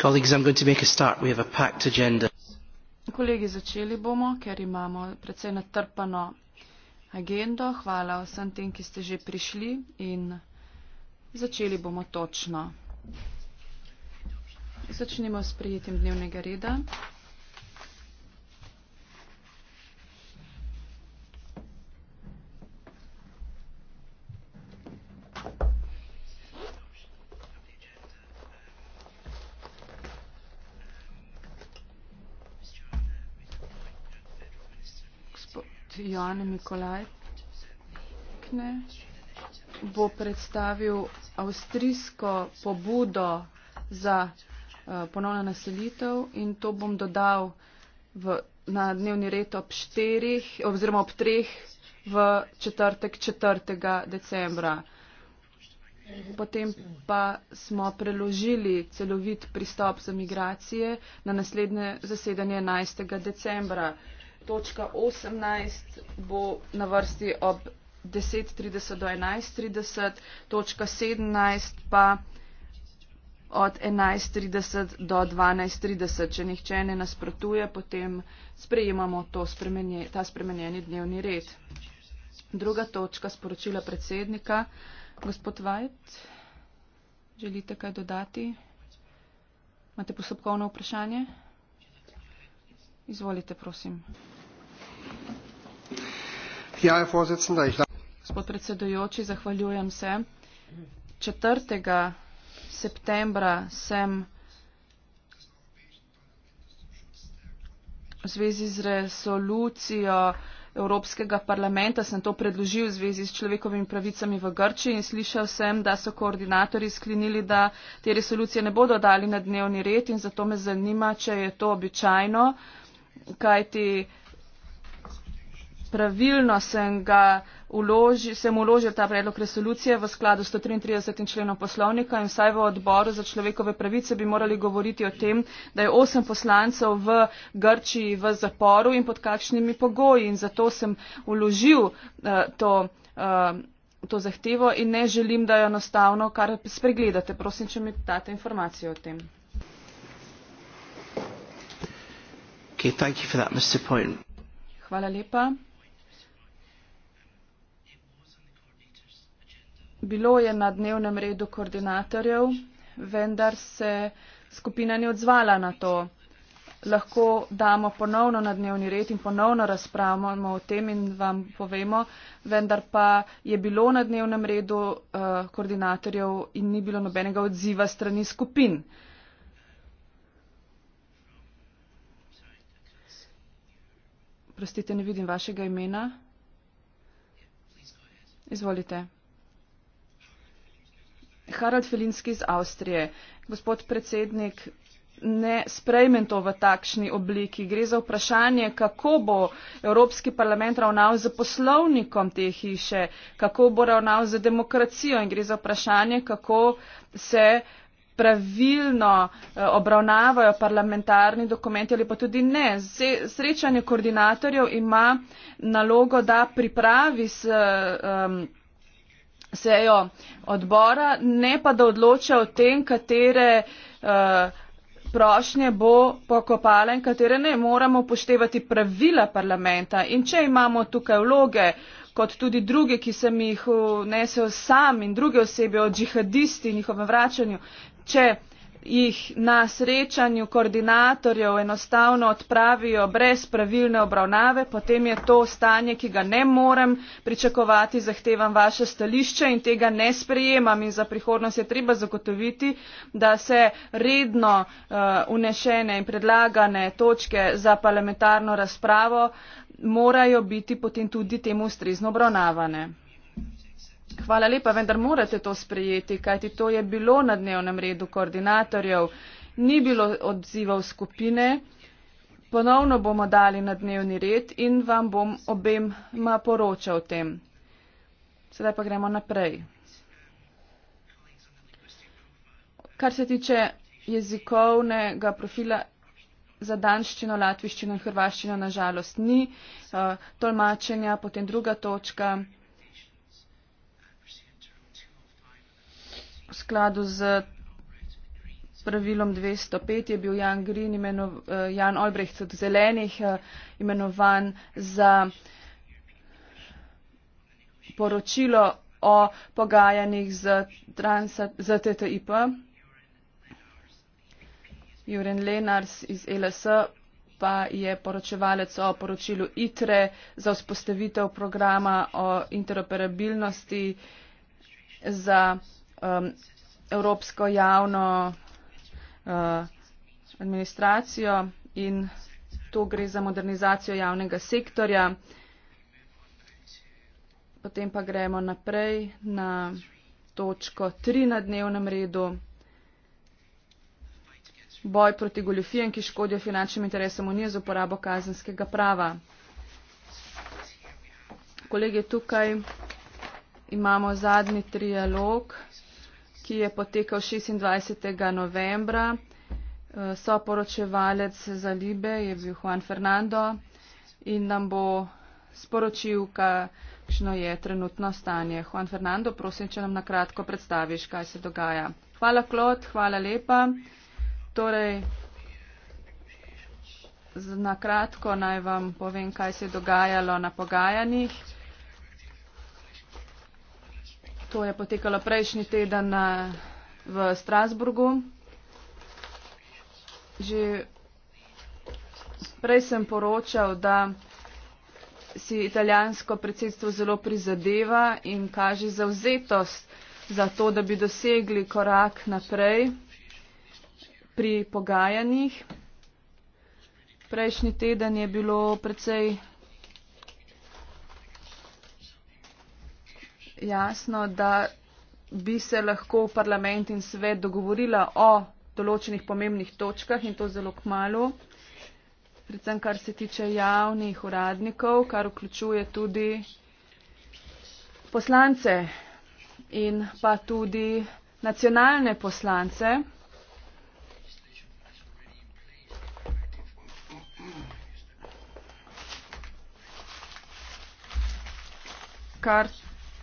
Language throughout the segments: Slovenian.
Kolegi, začeli bomo, ker imamo predvsej natrpano agendo. Hvala vsem tem, ki ste že prišli in začeli bomo točno. Začnimo s prijetjem dnevnega reda. Jane Mikolajkne bo predstavil avstrijsko pobudo za uh, ponovno naselitev in to bom dodal v, na dnevni red ob štirih oziroma ob treh v četrtek 4. decembra. Potem pa smo preložili celovit pristop za migracije na naslednje zasedanje 11. decembra točka 18 bo na vrsti ob 10.30 do 11.30, točka 17 pa od 11.30 do 12.30. Če nihče ne nasprotuje, potem sprejemamo spremenje, ta spremenjeni dnevni red. Druga točka sporočila predsednika. Gospod Vajt, želite kaj dodati? Imate postopkovno vprašanje? Izvolite, prosim. Ja, je vorsitzende. Gospod predsedujoči, zahvaljujem se. 4. septembra sem v zvezi z resolucijo Evropskega parlamenta, sem to predložil v zvezi s človekovimi pravicami v Grči in slišal sem, da so koordinatori sklinili, da te resolucije ne bodo dali na dnevni red in zato me zanima, če je to običajno kajti pravilno sem ga uloži, sem uložil ta predlog resolucije v skladu 133. členom poslovnika in vsaj v odboru za človekove pravice bi morali govoriti o tem, da je osem poslancev v Grčiji v zaporu in pod kakšnimi pogoji in zato sem uložil uh, eh, to. Uh, to zahtevo in ne želim, da jo enostavno kar spregledate. Prosim, če mi date informacijo o tem. Okay, thank you for that, Mr. Point. Hvala lepa. Bilo je na dnevnem redu koordinatorjev, vendar se skupina ni odzvala na to. Lahko damo ponovno na dnevni red in ponovno razpravljamo o tem in vam povemo, vendar pa je bilo na dnevnem redu uh, koordinatorjev in ni bilo nobenega odziva strani skupin. Uh, Prostite, ne vidim vašega imena. Izvolite. Harald Felinski iz Avstrije. Gospod predsednik, ne sprejmem to v takšni obliki. Gre za vprašanje, kako bo Evropski parlament ravnal z poslovnikom te hiše, kako bo ravnal z demokracijo in gre za vprašanje, kako se pravilno eh, obravnavajo parlamentarni dokumenti ali pa tudi ne. Srečanje koordinatorjev ima nalogo, da pripravi s, um, sejo odbora, ne pa da odloča o tem, katere uh, prošnje bo pokopala in katere ne. Moramo upoštevati pravila parlamenta in če imamo tukaj vloge kot tudi druge, ki sem jih vnesel sam in druge osebe o džihadisti in njihovem vračanju, če jih na srečanju koordinatorjev enostavno odpravijo brez pravilne obravnave, potem je to stanje, ki ga ne morem pričakovati, zahtevam vaše stališče in tega ne sprejemam in za prihodnost je treba zagotoviti, da se redno uh, unešene in predlagane točke za parlamentarno razpravo morajo biti potem tudi temu ustrezno obravnavane. Hvala lepa, vendar morate to sprejeti, kajti to je bilo na dnevnem redu koordinatorjev. Ni bilo odzivov skupine. Ponovno bomo dali na dnevni red in vam bom obema poročal o tem. Sedaj pa gremo naprej. Kar se tiče jezikovnega profila za danščino, latviščino in hrvaščino, nažalost ni. Eh, tolmačenja, potem druga točka. v skladu z pravilom 205 je bil Jan Green, imenov, eh, Jan Olbrecht od zelenih, eh, imenovan za poročilo o pogajanjih z, trans, z TTIP. Juren Lenars iz LS pa je poročevalec o poročilu ITRE za vzpostavitev programa o interoperabilnosti za um, evropsko javno uh, administracijo in to gre za modernizacijo javnega sektorja. Potem pa gremo naprej na točko 3 na dnevnem redu. Boj proti goljofijem, ki škodijo finančnim interesom unije z uporabo kazenskega prava. Kolege, tukaj imamo zadnji trialog ki je potekal 26. novembra. Eh, soporočevalec za Libe je bil Juan Fernando in nam bo sporočil, kakšno je trenutno stanje. Juan Fernando, prosim, če nam na kratko predstaviš, kaj se dogaja. Hvala, Klod, hvala lepa. Torej, na kratko naj vam povem, kaj se je dogajalo na pogajanjih. To je potekalo prejšnji teden eh, v Strasburgu. Že prej sem poročal, da si italijansko predsedstvo zelo prizadeva in kaže zauzetost za to, da bi dosegli korak naprej pri pogajanjih. Prejšnji teden je bilo precej jasno, da bi se lahko parlament in svet dogovorila o določenih pomembnih točkah in to zelo kmalo, predvsem kar se tiče javnih uradnikov, kar vključuje tudi poslance in pa tudi nacionalne poslance. Kar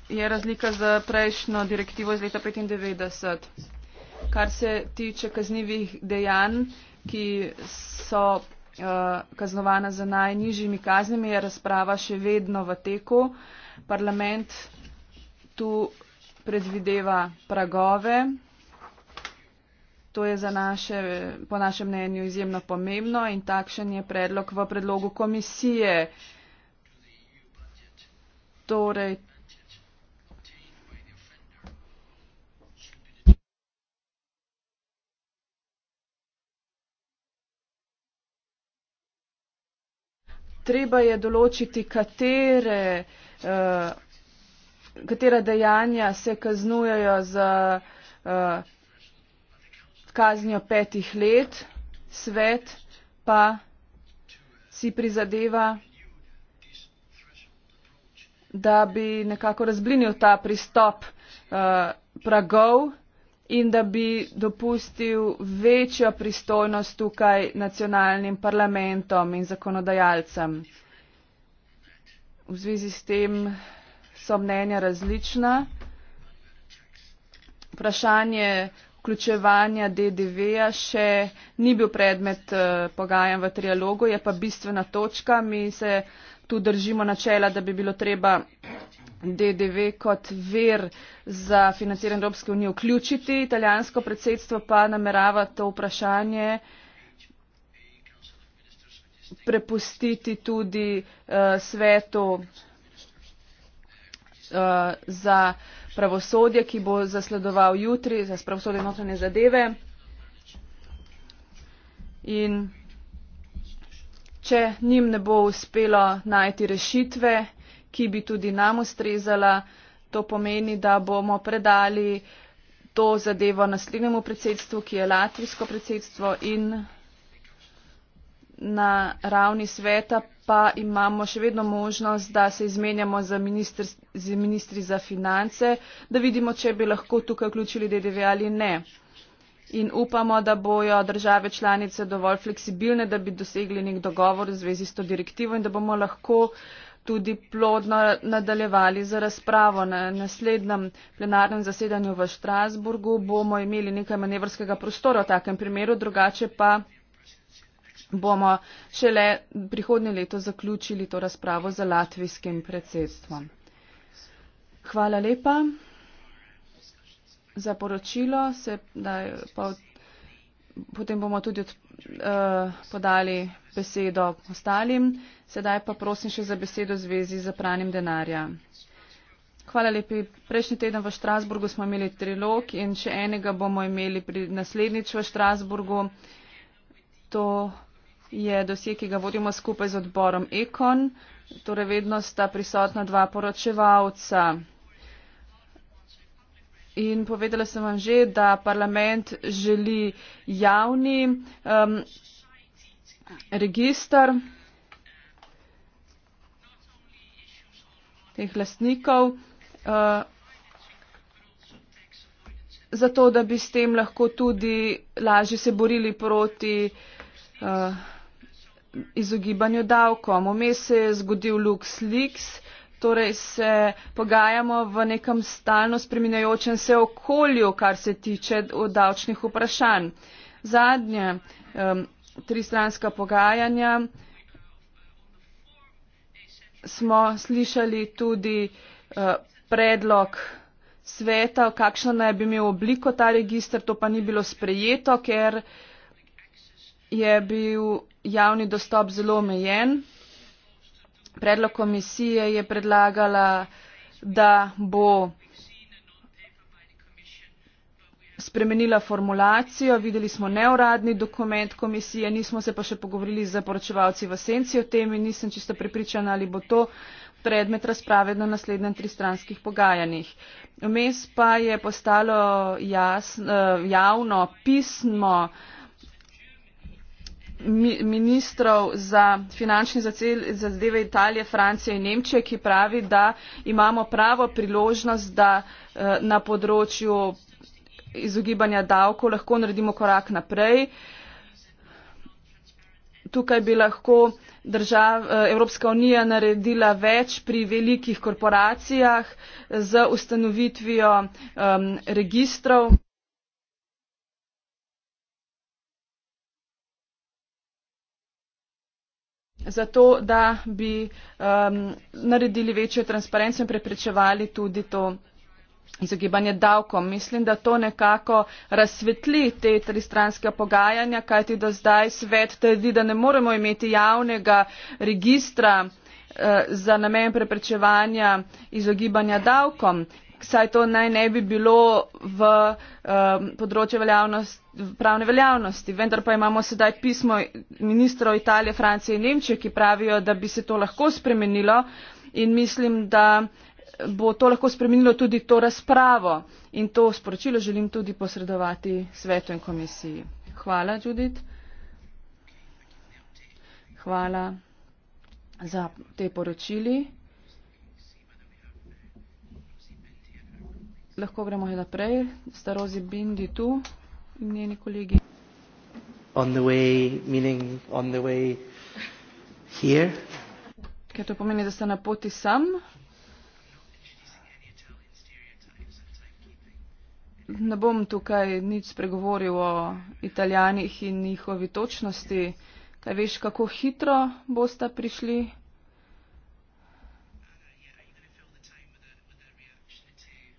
je razlika za prejšnjo direktivo iz leta 95. Kar se tiče kaznjivih dejanj, ki so uh, kaznovana za najnižjimi kaznimi, je razprava še vedno v teku. Parlament tu predvideva pragove. To je naše, po našem mnenju izjemno pomembno in takšen je predlog v predlogu komisije. Torej, treba je določiti, katere, uh, katera dejanja se kaznujejo z uh, eh, kaznjo petih let, svet pa si prizadeva, da bi nekako razblinil ta pristop uh, pragov in da bi dopustil večjo pristojnost tukaj nacionalnim parlamentom in zakonodajalcem. V zvezi s tem so mnenja različna. Vprašanje vključevanja DDV-ja še ni bil predmet eh, pogajanj v trialogu, je pa bistvena točka. Mi se tu držimo načela, da bi bilo treba DDV kot ver za financiranje Evropske unije vključiti. Italijansko predsedstvo pa namerava to vprašanje prepustiti tudi uh, svetu uh, za pravosodje, ki bo zasledoval jutri za pravosodje notranje zadeve. In če njim ne bo uspelo najti rešitve, ki bi tudi nam ustrezala. To pomeni, da bomo predali to zadevo naslednjemu predsedstvu, ki je latvijsko predsedstvo in na ravni sveta pa imamo še vedno možnost, da se izmenjamo z ministri, ministri za finance, da vidimo, če bi lahko tukaj vključili DDV ali ne. In upamo, da bojo države članice dovolj fleksibilne, da bi dosegli nek dogovor v zvezi s to direktivo in da bomo lahko uh, tudi plodno nadaljevali z razpravo. Na naslednjem plenarnem zasedanju v Štrasburgu bomo imeli nekaj manevrskega prostora v takem primeru, drugače pa bomo šele prihodnje leto zaključili to razpravo za latvijskim predsedstvom. Hvala lepa za poročilo, se da pa od potem bomo tudi od, uh, podali besedo ostalim. Sedaj pa prosim še za besedo v zvezi z pranjem denarja. Hvala lepi. Prejšnji teden v Štrasburgu smo imeli trilog in še enega bomo imeli pri naslednjič v Štrasburgu. To je dosje, ki ga vodimo skupaj z odborom Ekon. Torej vedno sta prisotna dva poročevalca. In povedala sem vam že, da parlament želi javni um, registar teh lastnikov, uh, zato da bi s tem lahko tudi lažje se borili proti uh, izogibanju davkom. Vmes se je zgodil LuxLeaks torej se pogajamo v nekem stalno spreminjajočem se okolju, kar se tiče davčnih vprašanj. Zadnje um, tristranska pogajanja smo slišali tudi uh, predlog sveta, kakšno naj bi imel obliko ta registr, to pa ni bilo sprejeto, ker je bil javni dostop zelo omejen predlog komisije je predlagala, da bo spremenila formulacijo. Videli smo neuradni dokument komisije, nismo se pa še pogovorili z poročevalci v senci o tem in nisem čisto prepričana, ali bo to predmet razprave na naslednjem tristranskih pogajanjih. Vmes pa je postalo jasno, eh, javno pismo, ministrov za finančne zadeve Italije, Francije in Nemčije, ki pravi, da imamo pravo priložnost, da eh, na področju izogibanja davkov lahko naredimo korak naprej. Tukaj bi lahko držav, eh, Evropska unija naredila več pri velikih korporacijah z ustanovitvijo um, registrov. za to, da bi um, naredili večjo transparentnost in preprečevali tudi to izogibanje davkom. Mislim, da to nekako razsvetli te tristranske pogajanja, kajti do zdaj svet trdi, da ne moremo imeti javnega registra eh, za namen preprečevanja izogibanja davkom saj to naj ne bi bilo v um, področju veljavnost, pravne veljavnosti. Vendar pa imamo sedaj pismo ministrov Italije, Francije in Nemčije, ki pravijo, da bi se to lahko spremenilo in mislim, da bo to lahko spremenilo tudi to razpravo in to sporočilo želim tudi posredovati svetu in komisiji. Hvala, Judith. Hvala za te poročili. lahko gremo že naprej. Starozi Bindi tu in njeni kolegi. On the way, meaning on the way here. Kaj to pomeni, da ste na poti sam? Ne bom tukaj nič spregovoril o italijanih in njihovi točnosti. Kaj veš, kako hitro boste prišli?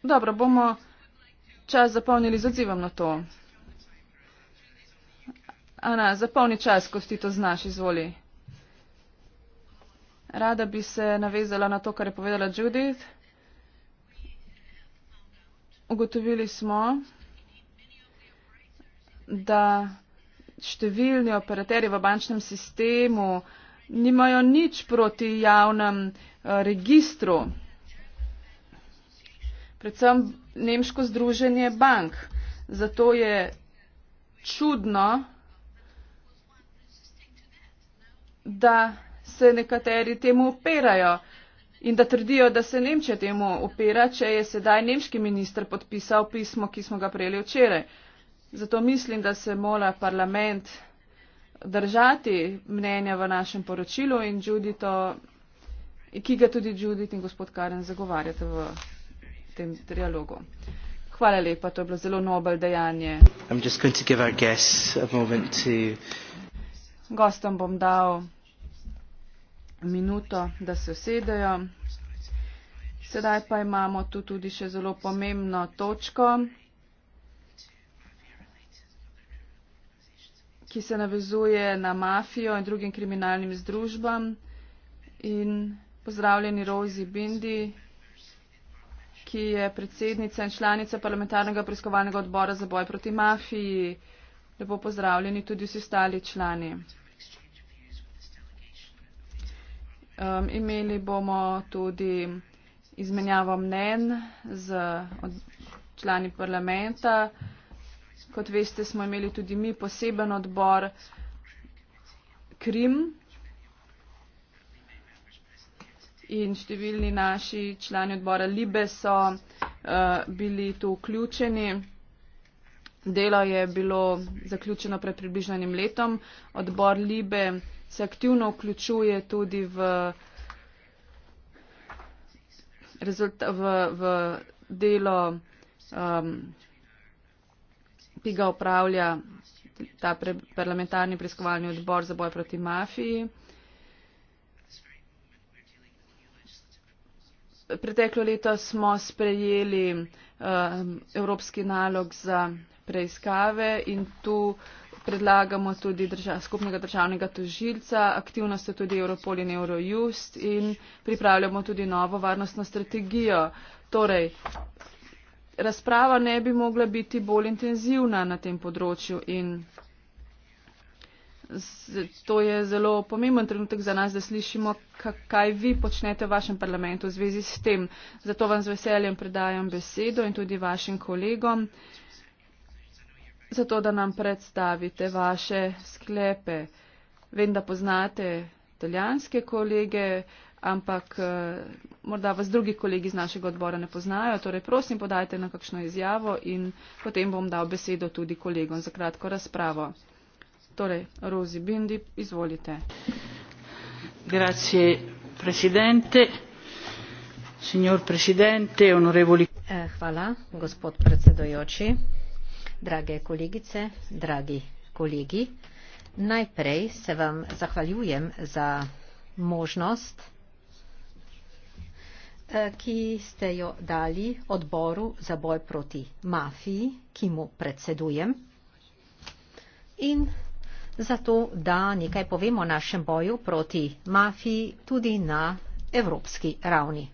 Dobro, bomo čas zapolnili z odzivom na to. Ana, zapolni čas, ko si to znaš, izvoli. Rada bi se navezala na to, kar je povedala Judith. Ugotovili smo, da številni operaterji v bančnem sistemu nimajo nič proti javnem eh, registru predvsem nemško združenje bank. Zato je čudno, da se nekateri temu operajo in da trdijo, da se Nemčija temu opera, če je sedaj nemški minister podpisal pismo, ki smo ga prejeli včeraj. Zato mislim, da se mora parlament držati mnenja v našem poročilu in Judito, ki ga tudi Judit in gospod Karen zagovarjate v tem trialogu. Hvala lepa, to je bilo zelo nobel dejanje. Gostom bom dal minuto, da se sedejo. Sedaj pa imamo tu tudi še zelo pomembno točko, ki se navezuje na mafijo in drugim kriminalnim združbam. In pozdravljeni Rozi Bindi, ki je predsednica in članica parlamentarnega preiskovalnega odbora za boj proti mafiji. Lepo pozdravljeni tudi vsi stali člani. Um, imeli bomo tudi izmenjavo mnen z člani parlamenta. Kot veste, smo imeli tudi mi poseben odbor Krim, in številni naši člani odbora Libe so uh, bili tu vključeni. Delo je bilo zaključeno pred približnim letom. Odbor Libe se aktivno vključuje tudi v, v, v delo, um, ki ga upravlja ta pre parlamentarni preiskovalni odbor za boj proti mafiji. preteklo leto smo sprejeli um, evropski nalog za preiskave in tu predlagamo tudi drža, skupnega državnega tožilca, aktivnost je tudi Europol in Eurojust in pripravljamo tudi novo varnostno strategijo. Torej, razprava ne bi mogla biti bolj intenzivna na tem področju in To je zelo pomemben trenutek za nas, da slišimo, kaj vi počnete v vašem parlamentu v zvezi s tem. Zato vam z veseljem predajam besedo in tudi vašim kolegom, zato da nam predstavite vaše sklepe. Vem, da poznate italijanske kolege, ampak eh, morda vas drugi kolegi z našega odbora ne poznajo. Torej, prosim, podajte na kakšno izjavo in potem bom dal besedo tudi kolegom za kratko razpravo torej rosi bindi izvolite grazie presidente signor presidente onorevoli eh, hvala gospod predsedujoči drage kolegice dragi kolegi najprej se vam zahvaljujem za možnost eh, ki ste jo dali odboru za boj proti mafiji, ki mu predsedujem. In zato da nekaj povemo našem boju proti mafiji tudi na evropski ravni.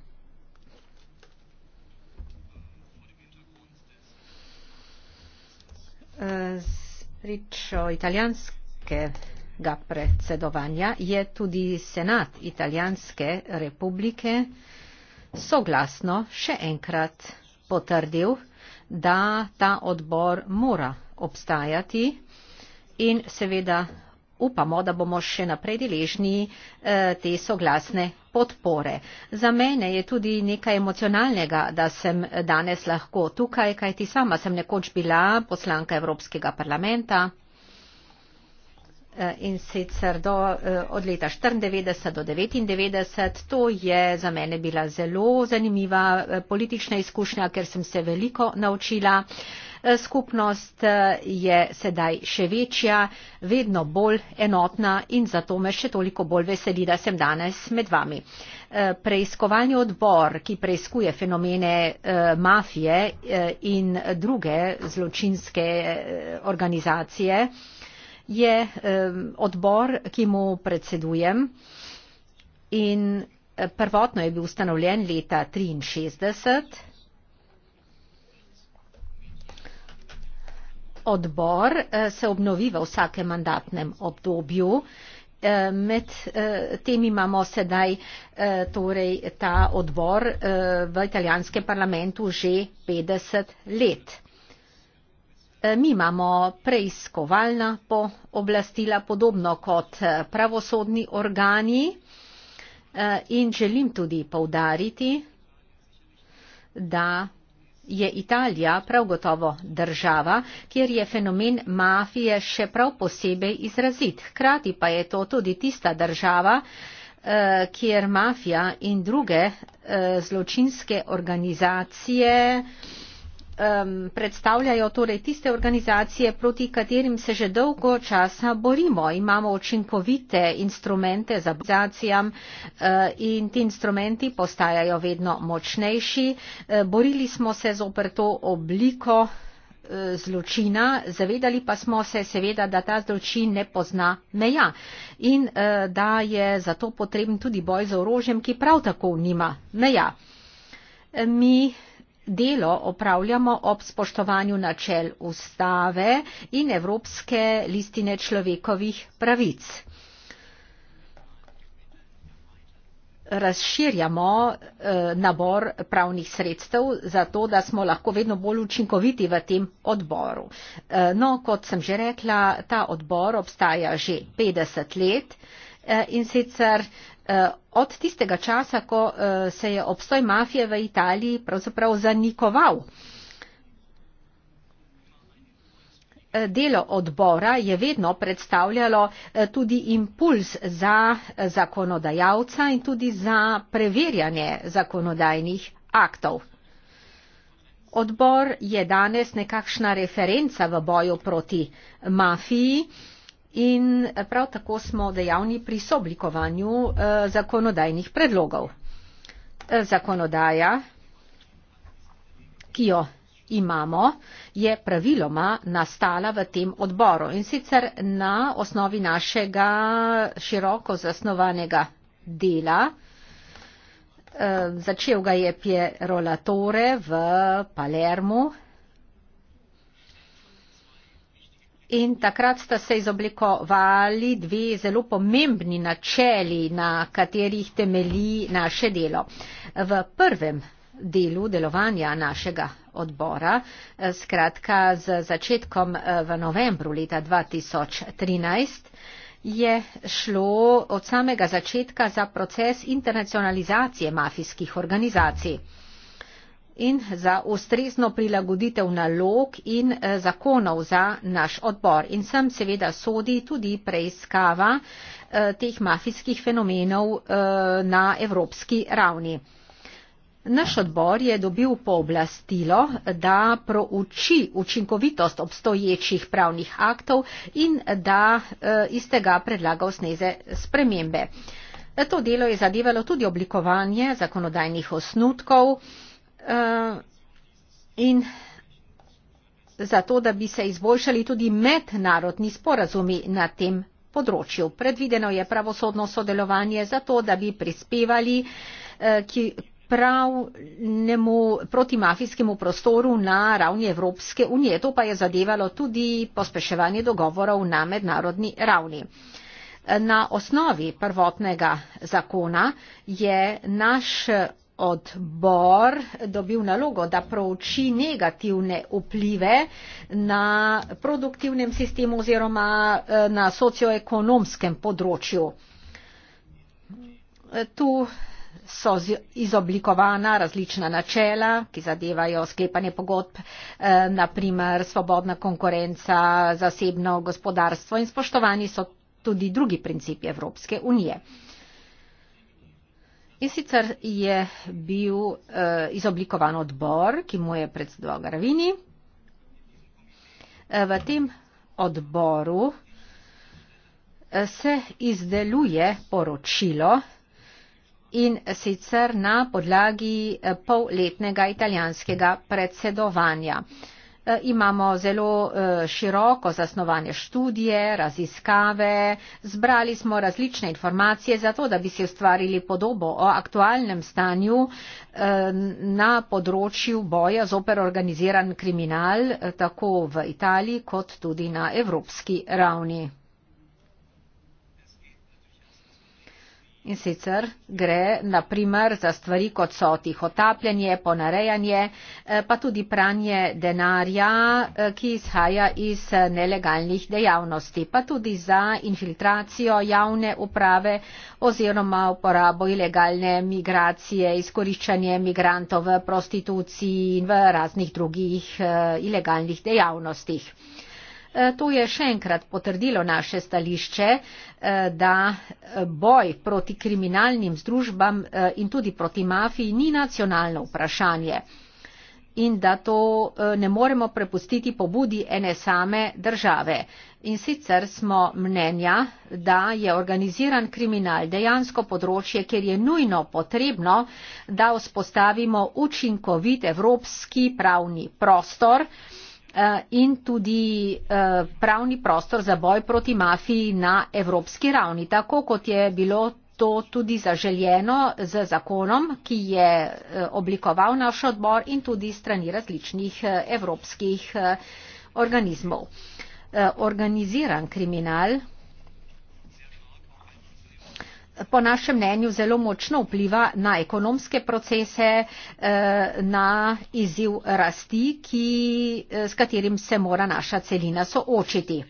E, s pričo italijanskega predsedovanja je tudi Senat Italijanske republike soglasno še enkrat potrdil, da ta odbor mora obstajati in seveda upamo, da bomo še naprej deležni eh, te soglasne podpore. Za mene je tudi nekaj emocionalnega, da sem danes lahko tukaj, kajti sama sem nekoč bila poslanka Evropskega parlamenta eh, in sicer do, eh, od leta 94 do 99. To je za mene bila zelo zanimiva politična izkušnja, ker sem se veliko naučila. Uh, Skupnost eh, je sedaj še večja, vedno bolj enotna in zato me še toliko bolj veseli, da sem danes med vami. Eh, preiskovalni odbor, ki preiskuje fenomene eh, mafije in druge zločinske organizacije, je odbor, ki mu predsedujem in prvotno je bil ustanovljen leta 1963. odbor eh, se obnovi v vsakem mandatnem obdobju. Eh, med eh, tem imamo sedaj torej, ta odbor v italijanskem parlamentu že 50 let. Mi imamo preiskovalna pooblastila, podobno kot pravosodni organi in želim tudi povdariti, da je Italija prav gotovo država, kjer je fenomen mafije še prav posebej izrazit. Hkrati pa je to tudi tista država, eh, kjer mafija in druge eh, zločinske organizacije um, predstavljajo torej tiste organizacije, proti katerim se že dolgo časa borimo. Imamo učinkovite instrumente za organizacijam uh, in ti instrumenti postajajo vedno močnejši. Uh, borili smo se z oprto obliko uh, zločina, zavedali pa smo se seveda, da ta zločin ne pozna meja in uh, da je zato potreben tudi boj za orožjem, ki prav tako nima meja. Mi delo opravljamo ob spoštovanju načel ustave in Evropske listine človekovih pravic. Razširjamo eh, nabor pravnih sredstev, zato da smo lahko vedno bolj učinkoviti v tem odboru. Eh, no, kot sem že rekla, ta odbor obstaja že 50 let eh, in sicer eh, Eh, od tistega časa, ko eh, se je obstoj mafije v Italiji pravzaprav zanikoval. Eh, delo odbora je vedno predstavljalo tudi impuls za zakonodajalca in tudi za preverjanje zakonodajnih aktov. Odbor je danes nekakšna referenca v boju proti mafiji in prav tako smo dejavni pri soblikovanju eh, zakonodajnih predlogov. Eh, zakonodaja, ki jo imamo, je praviloma nastala v tem odboru in sicer na osnovi našega široko zasnovanega dela. Eh, začel ga je Pierolatore v Palermu in takrat sta se izoblikovali dve zelo pomembni načeli, na katerih temelji naše delo. V prvem delu delovanja našega odbora, eh, skratka z začetkom eh, v novembru leta 2013, je šlo od samega začetka za proces internacionalizacije mafijskih organizacij in za ustrezno prilagoditev nalog in eh, zakonov za naš odbor. In sem seveda sodi tudi preiskava eh, teh mafijskih fenomenov eh, na evropski ravni. Naš odbor je dobil pooblastilo, da prouči učinkovitost obstoječih pravnih aktov in da iz tega predlaga osneze spremembe. To delo je zadevalo tudi oblikovanje zakonodajnih osnutkov, Eh, in zato, da bi se izboljšali tudi mednarodni sporazumi na tem področju. Predvideno je pravosodno sodelovanje zato, da bi prispevali eh, k pravnemu protimafijskemu prostoru na ravni Evropske unije. To pa je zadevalo tudi pospeševanje dogovorov na mednarodni ravni. Eh, na osnovi prvotnega zakona je naš odbor dobil nalogo, da prouči negativne vplive na produktivnem sistemu oziroma eh, na socioekonomskem področju. Tu so izoblikovana različna načela, ki zadevajo sklepanje pogodb, eh, naprimer svobodna konkurenca, zasebno gospodarstvo in spoštovani so tudi drugi principi Evropske unije. In sicer je bil uh, izoblikovan odbor, ki mu je predsedoval Garavini. Eh, v tem odboru eh, se izdeluje poročilo in sicer na podlagi polletnega italijanskega predsedovanja. Uh, Eh, imamo zelo eh, široko zasnovane študije, raziskave, zbrali smo različne informacije za to, da bi si ustvarili podobo o aktualnem stanju eh, na področju boja z oper organiziran kriminal, tako v Italiji kot tudi na evropski ravni. In sicer gre naprimer za stvari, kot so tihotapljanje, ponarejanje, eh, pa tudi pranje denarja, eh, ki izhaja iz eh, nelegalnih dejavnosti, pa tudi za infiltracijo javne uprave oziroma uporabo ilegalne migracije, izkoriščanje migrantov v prostituciji in v raznih drugih ilegalnih dejavnostih. Eh, to je še enkrat potrdilo naše stališče, eh, da eh, boj proti kriminalnim združbam in tudi proti mafiji ni nacionalno vprašanje in da to ne moremo prepustiti pobudi ene same države. In sicer smo mnenja, da je organiziran kriminal dejansko področje, kjer je nujno potrebno, da vzpostavimo učinkovit evropski pravni prostor, Eh, in tudi eh, pravni prostor za boj proti mafiji na evropski ravni, tako kot je bilo to tudi zaželjeno z zakonom, ki je eh, oblikoval naš odbor in tudi strani različnih evropskih organizmov. Organiziran kriminal po našem mnenju zelo močno vpliva na ekonomske procese, eh, na izziv rasti, ki, eh, s katerim se mora naša celina soočiti.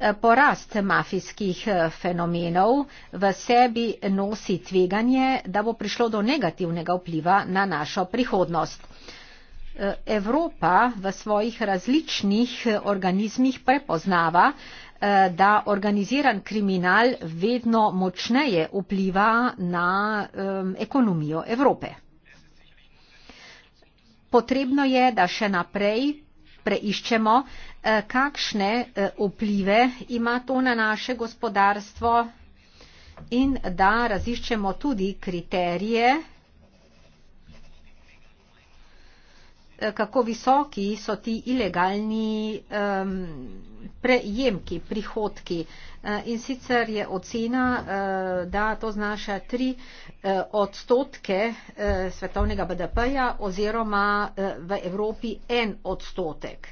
Eh, porast mafijskih fenomenov v sebi nosi tveganje, da bo prišlo do negativnega vpliva na našo prihodnost. Evropa v svojih različnih organizmih prepoznava, Eh, da organiziran kriminal vedno močneje vpliva na ekonomijo Evrope. Potrebno je, da še naprej preiščemo, eh, kakšne eh, vplive ima to na naše gospodarstvo in da raziščemo tudi kriterije, Eh, kako visoki so ti ilegalni um, prejemki, prihodki. Eh, in sicer je ocena, eh, da to znaša 3 odstotke svetovnega BDP-ja oziroma v Evropi en odstotek.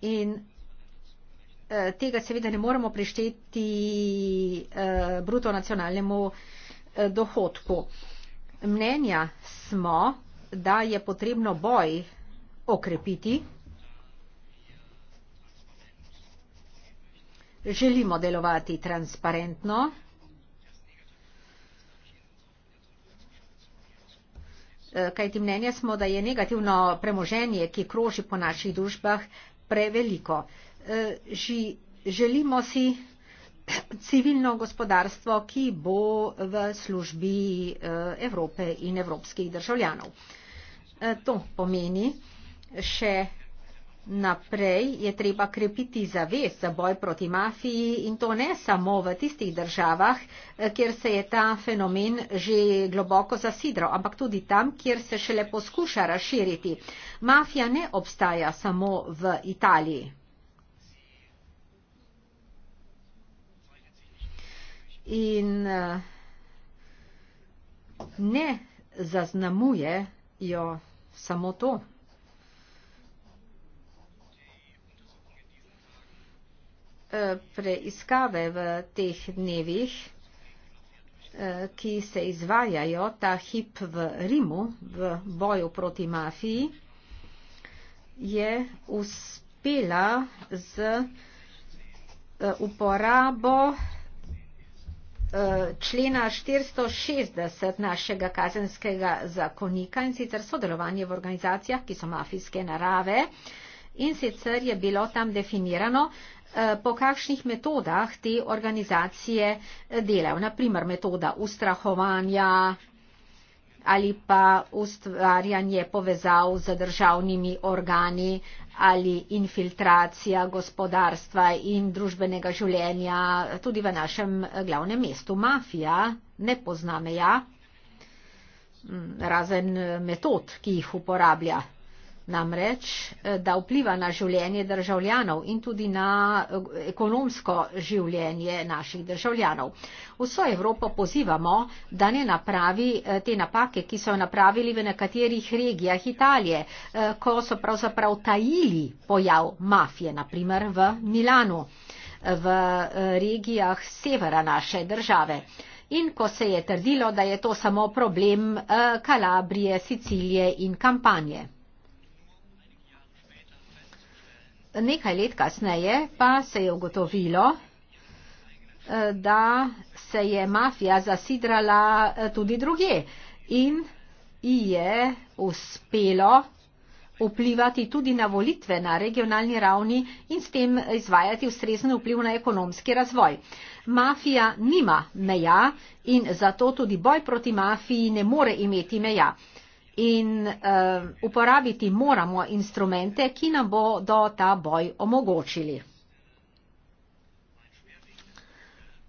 In tega seveda ne moremo prišteti bruto nacionalnemu dohodku. Mnenja smo, da je potrebno boj okrepiti. Želimo delovati transparentno. Eh, Kaj ti mnenja smo, da je negativno premoženje, ki kroži po naših družbah, preveliko. Eh, želimo si civilno gospodarstvo, ki bo v službi eh, Evrope in evropskih državljanov. Eh, to pomeni, še naprej je treba krepiti zavez za boj proti mafiji in to ne samo v tistih državah, eh, kjer se je ta fenomen že globoko zasidral, ampak tudi tam, kjer se šele poskuša razširiti. Mafija ne obstaja samo v Italiji. in eh, ne zaznamuje jo samo to. Eh, preiskave v teh dnevih, eh, ki se izvajajo ta hip v Rimu, v boju proti mafiji, je uspela z uporabo Eh, člena 460 našega kazenskega zakonika in sicer sodelovanje v organizacijah, ki so mafijske narave. In sicer je bilo tam definirano, eh, po kakšnih metodah te organizacije eh, delajo. Naprimer metoda ustrahovanja ali pa ustvarjanje povezav z državnimi organi ali infiltracija gospodarstva in družbenega življenja tudi v našem eh, glavnem mestu. Mafija ne pozna meja, mm, razen eh, metod, ki jih uporablja namreč, eh, da vpliva na življenje državljanov in tudi na eh, ekonomsko življenje naših državljanov. Vso Evropo pozivamo, da ne napravi eh, te napake, ki so napravili v nekaterih regijah Italije, ko so pravzaprav tajili pojav mafije, naprimer v Milanu, v regijah severa naše države. In ko se je trdilo, da je to samo problem Kalabrije, Sicilije in kampanje. Nekaj let kasneje pa se je ugotovilo, eh, da se je mafija zasidrala eh, tudi druge in je uspelo vplivati tudi na volitve na regionalni ravni in s tem izvajati ustrezen vpliv na ekonomski razvoj. Mafija nima meja in zato tudi boj proti mafiji ne more imeti meja in uh, uporabiti moramo instrumente, ki nam bodo ta boj omogočili.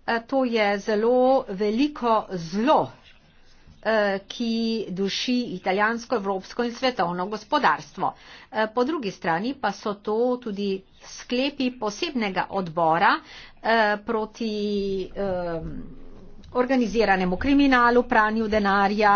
Eh, to je zelo veliko zlo, eh, ki duši italijansko, evropsko in svetovno gospodarstvo. Po drugi strani pa so to tudi sklepi posebnega odbora proti organiziranemu kriminalu, pranju denarja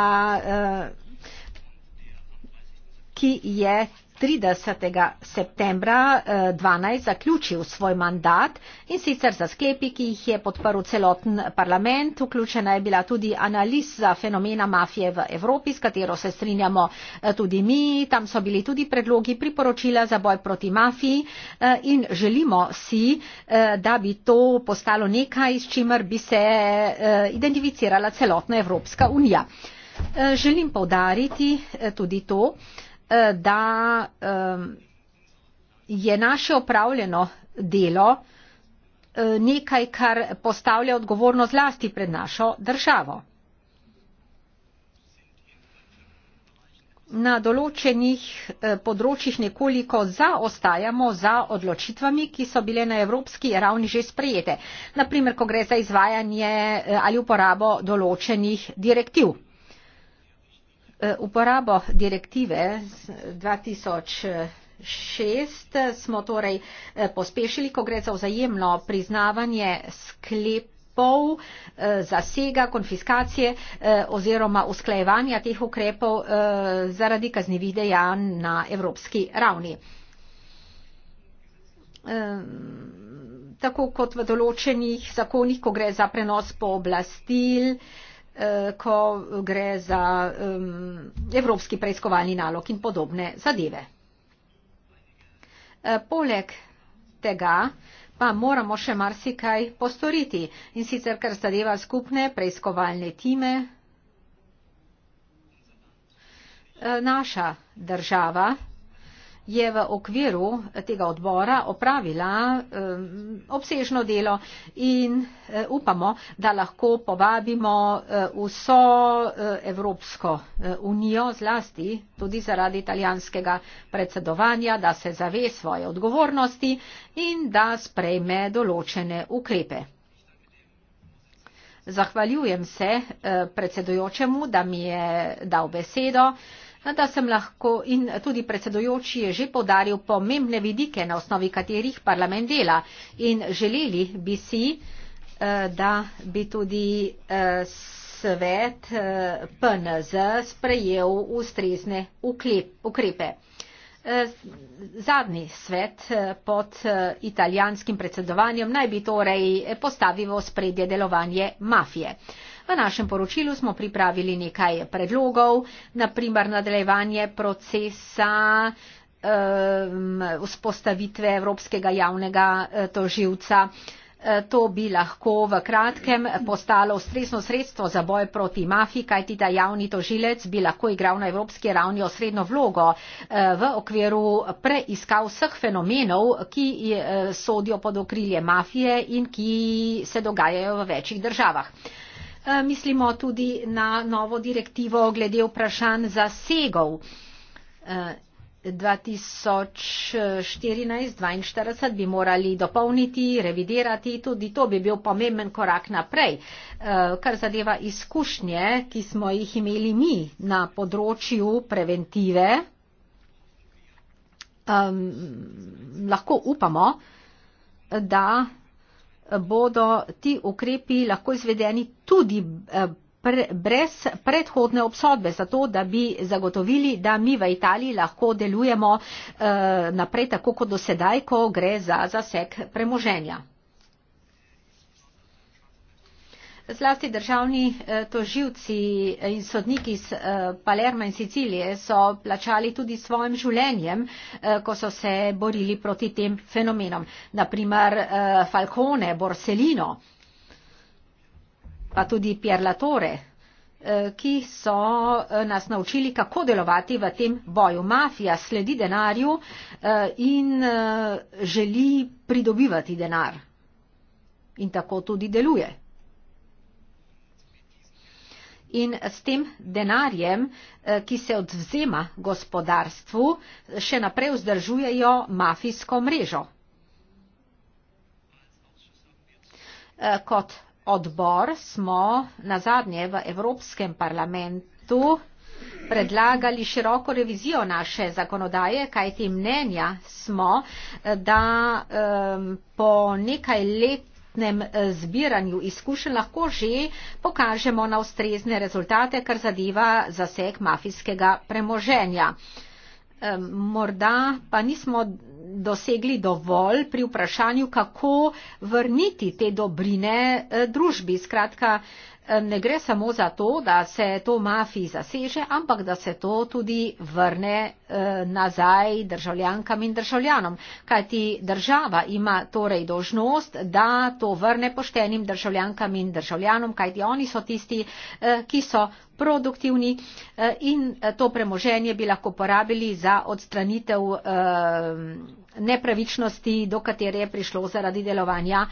ki je 30. septembra 2012 eh, zaključil svoj mandat in sicer za sklepi, ki jih je podprl celoten parlament. Vključena je bila tudi analiza fenomena mafije v Evropi, s katero se strinjamo eh, tudi mi. Tam so bili tudi predlogi priporočila za boj proti mafiji eh, in želimo si, da bi to postalo nekaj, s čimer bi se identificirala celotna Evropska unija. Želim povdariti tudi to, Eh, da eh, je naše opravljeno delo eh, nekaj, kar postavlja odgovorno zlasti pred našo državo. Na določenih področjih nekoliko zaostajamo za odločitvami, ki so bile na evropski ravni že sprejete. Naprimer, ko gre za izvajanje ali uporabo določenih direktiv. Eh, uporabo direktive 2006 smo torej eh, pospešili, ko gre za vzajemno priznavanje sklep pol eh, zasega, konfiskacije oziroma usklajevanja teh ukrepov zaradi kaznjivih dejanj na evropski ravni. Tako kot v določenih zakonih, ko gre za prenos pooblastil, po Eh, ko gre za um, evropski preiskovalni nalog in podobne zadeve. Eh, poleg tega pa moramo še marsikaj postoriti in sicer, kar zadeva skupne preiskovalne time. Eh, naša država je v okviru tega odbora opravila ehm, obsežno delo in eh, upamo, da lahko povabimo eh, vso eh, Evropsko unijo zlasti tudi zaradi italijanskega predsedovanja, da se zave svoje odgovornosti in da sprejme določene ukrepe. Zahvaljujem se predsedujočemu, da mi je dal besedo da sem lahko in tudi predsedojoči je že podaril pomembne vidike, na osnovi katerih parlament dela in želeli bi si, eh, da bi tudi eh, svet eh, PNZ sprejel ustrezne ukrepe. Zadnji svet pod italijanskim predsedovanjem naj bi torej postavil spredje delovanje mafije. V našem poročilu smo pripravili nekaj predlogov, naprimer nadaljevanje procesa vzpostavitve Evropskega javnega e, toživca. E, to bi lahko v kratkem postalo ustrezno sredstvo za boj proti mafiji, kajti ta javni tožilec bi lahko igral na evropski ravni osrednjo vlogo e, v okviru preiskav vseh fenomenov, ki sodijo pod okrilje mafije in ki se dogajajo v večjih državah. Eh, mislimo tudi na novo direktivo glede vprašanj zasegov 2014-42 eh, bi morali dopolniti, revidirati, tudi to bi bil pomemben korak naprej, eh, kar zadeva izkušnje, ki smo jih imeli mi na področju preventive. Um, lahko upamo, da bodo ti ukrepi lahko izvedeni tudi eh, brez predhodne obsodbe, zato da bi zagotovili, da mi v Italiji lahko delujemo eh, naprej tako kot do sedaj, ko gre za zasek premoženja. Zlasti državni eh, toživci in sodniki iz eh, Palerma in Sicilije so plačali tudi svojim življenjem, eh, ko so se borili proti tem fenomenom. Naprimer Falcone, Borsellino, pa tudi Pierlatore, ki so nas naučili, kako delovati v tem boju. Mafija sledi denarju in želi pridobivati denar. In tako tudi deluje in s tem denarjem, eh, ki se odvzema gospodarstvu, še naprej vzdržujejo mafijsko mrežo. Eh, kot odbor smo na zadnje v Evropskem parlamentu predlagali široko revizijo naše zakonodaje, kajti mnenja smo, eh, da ehm, po nekaj let dodatnem eh, zbiranju izkušenj lahko že pokažemo na ustrezne rezultate, kar zadeva zaseg mafijskega premoženja. Morda pa nismo dosegli dovolj pri vprašanju, kako vrniti te dobrine eh, družbi. Skratka, ne gre samo za to, da se to mafiji zaseže, ampak da se to tudi vrne eh, nazaj državljankam in državljanom. Kajti država ima torej dožnost, da to vrne poštenim državljankam in državljanom, kajti oni so tisti, eh, ki so produktivni eh, in to premoženje bi lahko porabili za odstranitev nepravičnosti, do katere je prišlo zaradi delovanja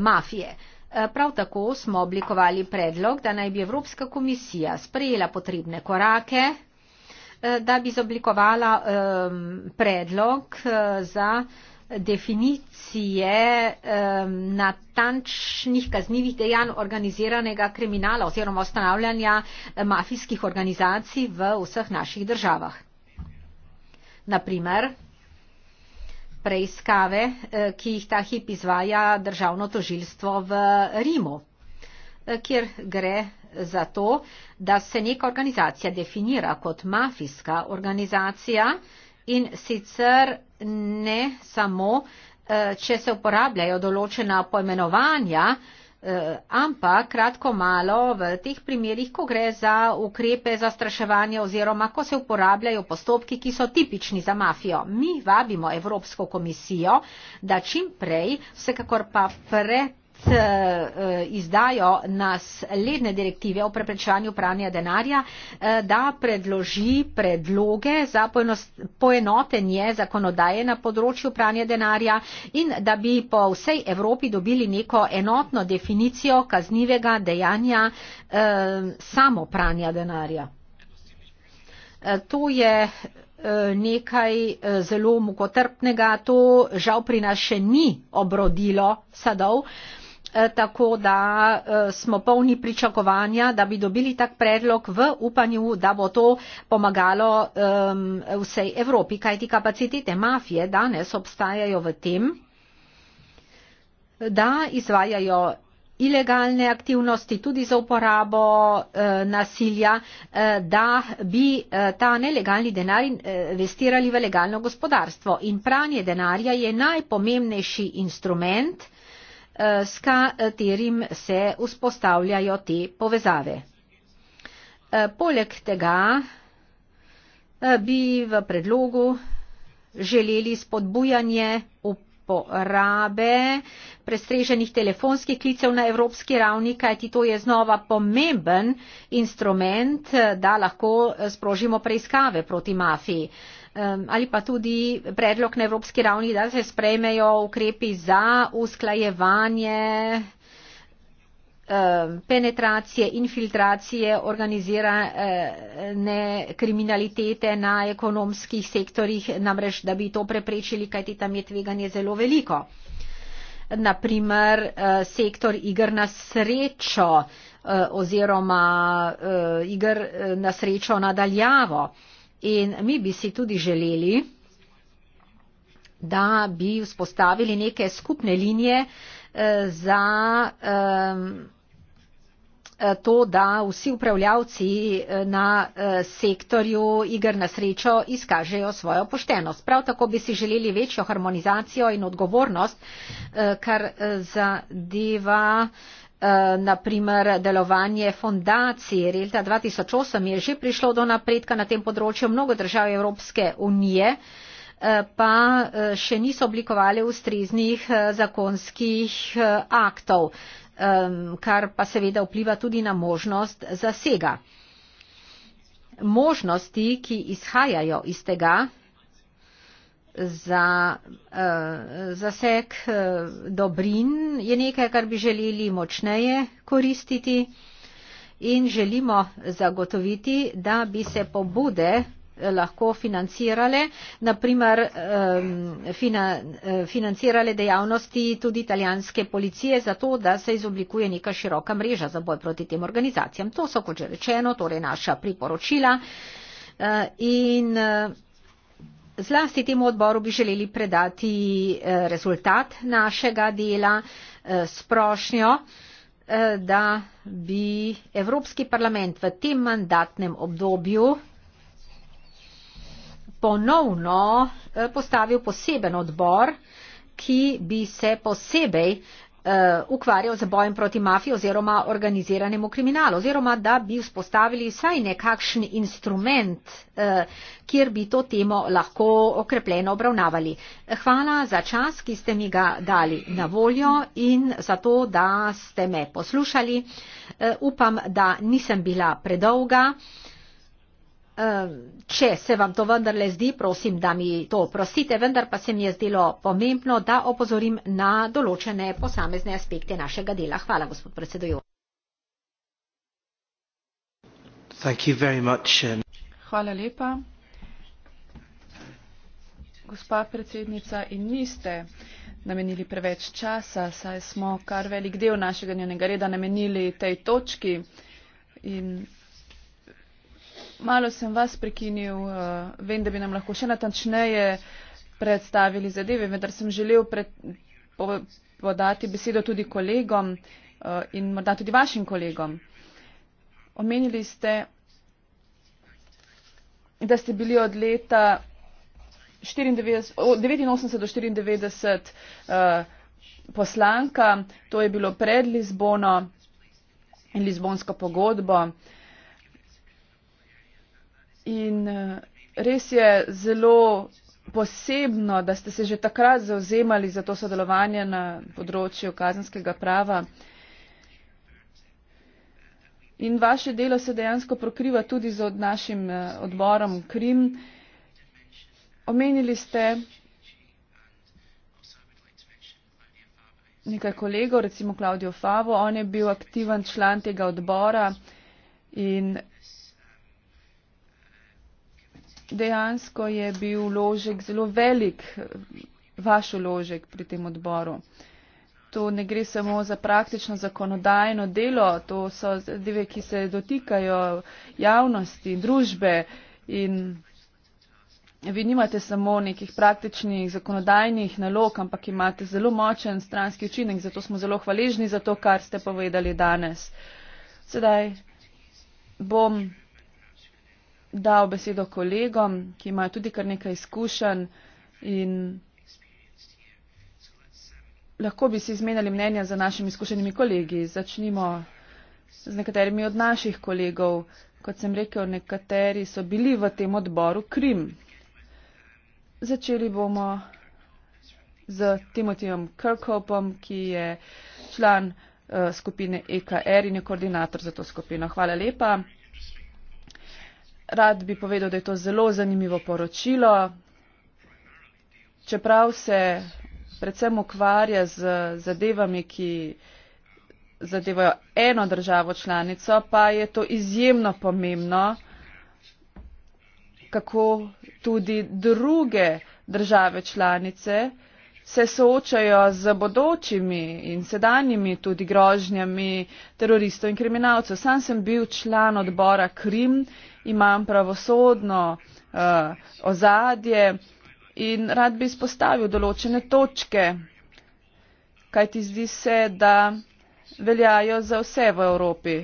mafije. Eh, prav tako smo oblikovali predlog, da naj bi Evropska komisija sprejela potrebne korake, eh, da bi izoblikovala ehm, predlog eh, za definicije ehm, natančnih kaznjivih dejanj organiziranega kriminala oziroma ustanavljanja mafijskih organizacij v vseh naših državah. Naprimer, preiskave, eh, ki jih ta hip izvaja državno tožilstvo v Rimu, eh, kjer gre za to, da se neka organizacija definira kot mafijska organizacija in sicer ne samo, eh, če se uporabljajo določena poimenovanja, Eh, ampak, kratko malo, v teh primerjih, ko gre za ukrepe za straševanje oziroma ko se uporabljajo postopki, ki so tipični za mafijo, mi vabimo Evropsko komisijo, da čim prej, vsekakor pa pred Eh, eh, izdajo nas ledne direktive o preprečevanju pranja denarja, eh, da predloži predloge za poenotenje zakonodaje na področju pranja denarja in da bi po vsej Evropi dobili neko enotno definicijo kaznivega dejanja samo pranja denarja. To je nekaj zelo mukotrpnega, to žal pri nas še ni obrodilo sadov. Eh, tako da eh, smo polni pričakovanja, da bi dobili tak predlog v upanju, da bo to pomagalo ehm, vsej Evropi, kajti kapacitete mafije danes obstajajo v tem, da izvajajo ilegalne aktivnosti tudi za uporabo eh, nasilja, da bi ta nelegalni denar investirali v legalno gospodarstvo. In pranje denarja je najpomembnejši instrument, Eh, s katerim se vzpostavljajo te povezave. Eh, poleg tega eh, bi v predlogu želeli spodbujanje uporabe prestreženih telefonskih klicev na evropski ravni, kajti to je znova pomemben instrument, da lahko sprožimo preiskave proti mafiji ali pa tudi predlog na evropski ravni, da se sprejmejo ukrepi za usklajevanje penetracije, infiltracije, organizirane kriminalitete na ekonomskih sektorjih, namreč da bi to preprečili, kajti tam je tveganje zelo veliko. Naprimer, e, sektor igr na srečo e, oziroma e, igr na srečo nadaljavo. In mi bi si tudi želeli, da bi vzpostavili neke skupne linije eh, za eh, eh, to, da vsi upravljavci na sektorju igr na srečo izkažejo svojo poštenost. Prav tako bi si želeli večjo harmonizacijo in odgovornost, kar zadeva Eh, na primer delovanje fondacije Relta 2008 je že prišlo do napredka na tem področju. Mnogo držav Evropske unije eh, pa eh, še niso oblikovali ustreznih zakonskih aktov, ehm, kar pa seveda vpliva tudi na možnost zasega. Možnosti, ki izhajajo iz tega, za uh, eh, zasek uh, eh, dobrin je nekaj, kar bi želeli močneje koristiti in želimo zagotoviti, da bi se pobude eh, lahko financirale, naprimer um, fina, uh, financirale dejavnosti tudi italijanske policije za to, da se izoblikuje neka široka mreža za boj proti tem organizacijam. To so, kot že rečeno, torej naša priporočila uh, in uh, Zlasti temu odboru bi želeli predati eh, rezultat našega dela eh, s prošnjo, eh, da bi Evropski parlament v tem mandatnem obdobju ponovno postavil poseben odbor, ki bi se posebej uh, ukvarjal z bojem proti mafiji oziroma organiziranemu kriminalu, oziroma da bi vzpostavili vsaj nekakšen instrument, uh, kjer bi to temo lahko okrepljeno obravnavali. Hvala za čas, ki ste mi ga dali na voljo in za to, da ste me poslušali. Uh, upam, da nisem bila predolga. Uh, če se vam to vendarle zdi, prosim, da mi to oprostite, vendar pa se mi je zdelo pomembno, da opozorim na določene posamezne aspekte našega dela. Hvala, gospod predsedujoč. Um, Hvala lepa. Gospa predsednica, in niste namenili preveč časa, saj smo kar velik del našega njenega reda namenili tej točki. In Malo sem vas prekinil, eh, vem, da bi nam lahko še natančneje predstavili zadeve, vendar sem želel pred, po, podati besedo tudi kolegom eh, in morda tudi vašim kolegom. Omenili ste, da ste bili od leta 1989 do 1994 eh, poslanka, to je bilo pred Lizbono in Lizbonsko pogodbo. In eh, res je zelo posebno, da ste se že takrat zauzemali za to sodelovanje na področju kazenskega prava. In vaše delo se dejansko prokriva tudi z našim eh, odborom Krim. Omenili ste nekaj kolegov, recimo Klaudijo Favo, on je bil aktiven član tega odbora in dejansko je bil ložek zelo velik, vaš ložek pri tem odboru. To ne gre samo za praktično zakonodajno delo, to so zadeve, ki se dotikajo javnosti, družbe in vi nimate samo nekih praktičnih zakonodajnih nalog, ampak imate zelo močen stranski učinek, zato smo zelo hvaležni za to, kar ste povedali danes. Sedaj bom dal besedo kolegom, ki imajo tudi kar nekaj izkušenj in lahko bi si izmenjali mnenja za našimi izkušenimi kolegi. Začnimo z nekaterimi od naših kolegov. Kot sem rekel, nekateri so bili v tem odboru Krim. Začeli bomo z Timotijem Kirkhopom, ki je član uh, skupine EKR in je koordinator za to skupino. Hvala lepa rad bi povedal, da je to zelo zanimivo poročilo, čeprav se predvsem ukvarja z zadevami, ki zadevajo eno državo članico, pa je to izjemno pomembno, kako tudi druge države članice se soočajo z bodočimi in sedanjimi tudi grožnjami teroristov in kriminalcev. Sam sem bil član odbora Krim, imam pravosodno uh, ozadje in rad bi izpostavil določene točke, kaj ti zdi se, da veljajo za vse v Evropi.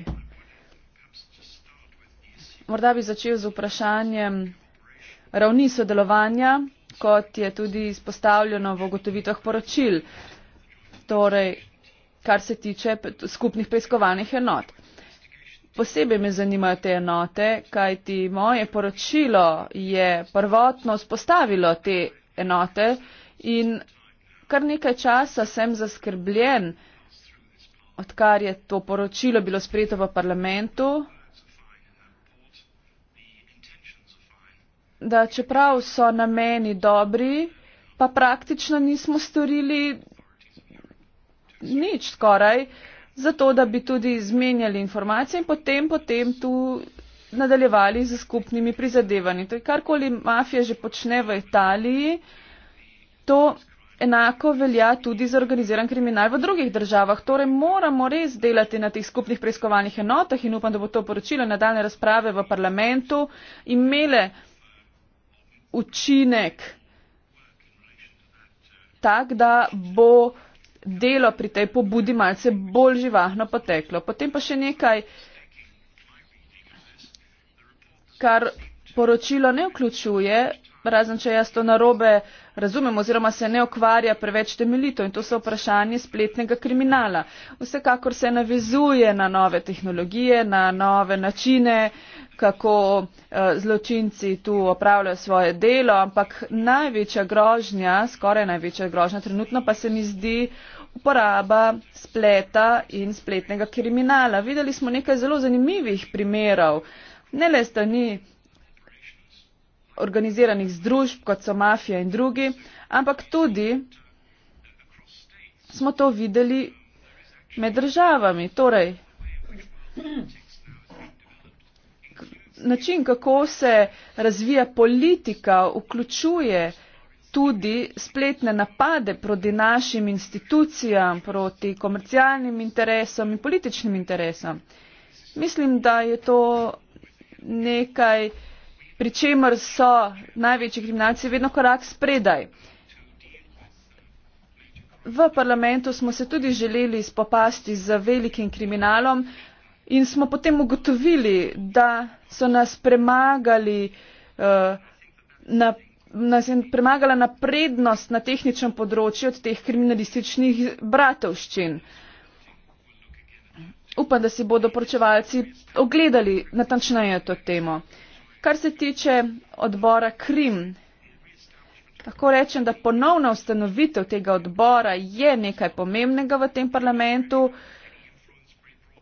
Morda bi začel z vprašanjem ravni sodelovanja kot je tudi izpostavljeno v ugotovitvah poročil, torej kar se tiče skupnih preiskovalnih enot. Posebej me zanimajo te enote, kajti moje poročilo je prvotno spostavilo te enote in kar nekaj časa sem zaskrbljen, odkar je to poročilo bilo sprejeto v parlamentu, da čeprav so nameni dobri, pa praktično nismo storili nič skoraj, zato da bi tudi izmenjali informacije in potem, potem tu nadaljevali z skupnimi prizadevanji. To je karkoli mafija že počne v Italiji, to enako velja tudi za organiziran kriminal v drugih državah. Torej moramo res delati na teh skupnih preiskovalnih enotah in upam, da bo to poročilo nadaljne razprave v parlamentu imele učinek tak, da bo delo pri tej pobudi malce bolj živahno poteklo. Potem pa še nekaj, kar poročilo ne vključuje, razen če jaz to narobe razumem oziroma se ne okvarja preveč temeljito in to so vprašanje spletnega kriminala. Vsekakor se navezuje na nove tehnologije, na nove načine, kako eh, zločinci tu opravljajo svoje delo, ampak največja grožnja, skoraj največja grožnja trenutno pa se mi zdi uporaba spleta in spletnega kriminala. Videli smo nekaj zelo zanimivih primerov, ne le strani organiziranih združb, kot so mafija in drugi, ampak tudi smo to videli med državami. Torej, način, kako se razvija politika, vključuje tudi spletne napade proti našim institucijam, proti komercialnim interesom in političnim interesom. Mislim, da je to nekaj, pri čemer so največji kriminalci vedno korak spredaj. V parlamentu smo se tudi želeli spopasti z velikim kriminalom in smo potem ugotovili, da so nas premagali, uh, na, nas je premagala naprednost na tehničnem področju od teh kriminalističnih bratovščin. Upam, da si bodo poročevalci ogledali natančneje to temo. Uh, Kar se tiče odbora Krim, lahko rečem, da ponovna ustanovitev tega odbora je nekaj pomembnega v tem parlamentu.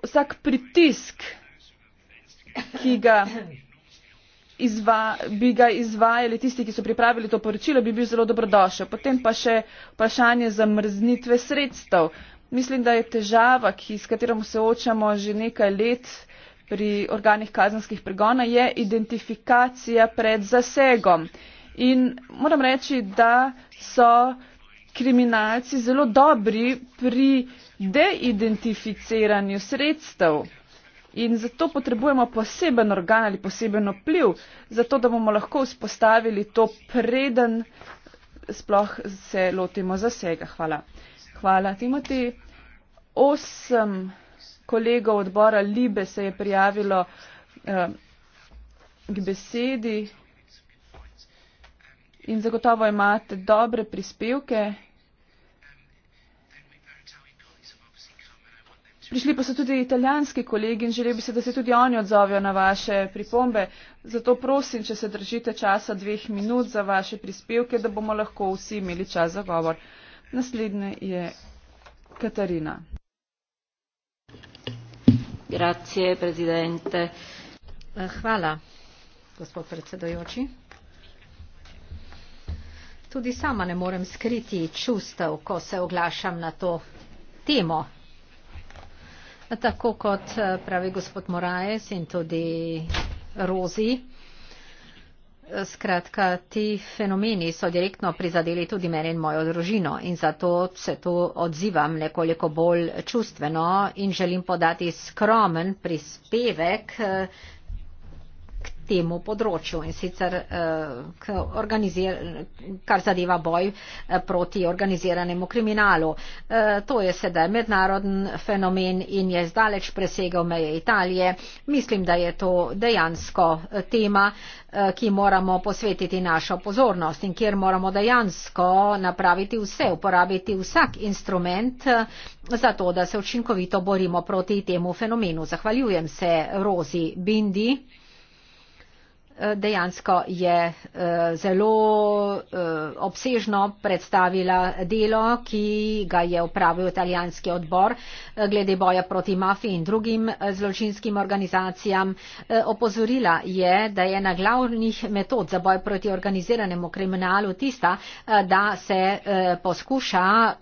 Vsak pritisk, ki ga izva, bi ga izvajali tisti, ki so pripravili to poročilo, bi bil zelo dobrodošel. Potem pa še vprašanje zamrznitve sredstev. Mislim, da je težava, ki, s katero se očamo že nekaj let, pri organih kazenskih pregona je identifikacija pred zasegom. In moram reči, da so kriminalci zelo dobri pri deidentificiranju sredstev. In zato potrebujemo poseben organ ali poseben vpliv, zato da bomo lahko vzpostavili to preden sploh se lotimo zasega. Hvala. Hvala, Timoti. 8. Awesome kolegov odbora Libe se je prijavilo eh, k besedi in zagotovo imate dobre prispevke. Prišli pa so tudi italijanski kolegi in želel bi se, da se tudi oni odzovijo na vaše pripombe. Zato prosim, če se držite časa dveh minut za vaše prispevke, da bomo lahko vsi imeli čas za govor. Naslednja je Katarina. Eh, tudi sama ne morem skriti čustev, ko se oglašam na to temo. Tako kot eh, pravi gospod Moraes in tudi Rozi, Skratka, ti fenomeni so direktno prizadeli tudi mene in mojo družino in zato se tu odzivam nekoliko bolj čustveno in želim podati skromen prispevek eh, temu področju in sicer eh, kar zadeva boj eh, proti organiziranemu kriminalu. Eh, to je sedaj mednaroden fenomen in je zdaleč presegal meje Italije. Mislim, da je to dejansko tema, ki moramo posvetiti našo pozornost in kjer moramo dejansko napraviti vse, uporabiti vsak instrument za to, da se učinkovito borimo proti temu fenomenu. Zahvaljujem se Rozi Bindi dejansko je eh, zelo eh, obsežno predstavila delo, ki ga je upravil italijanski odbor eh, glede boja proti mafiji in drugim zločinskim organizacijam. Opozorila je, da je ena glavnih metod za boj proti organiziranemu kriminalu tista, da se poskuša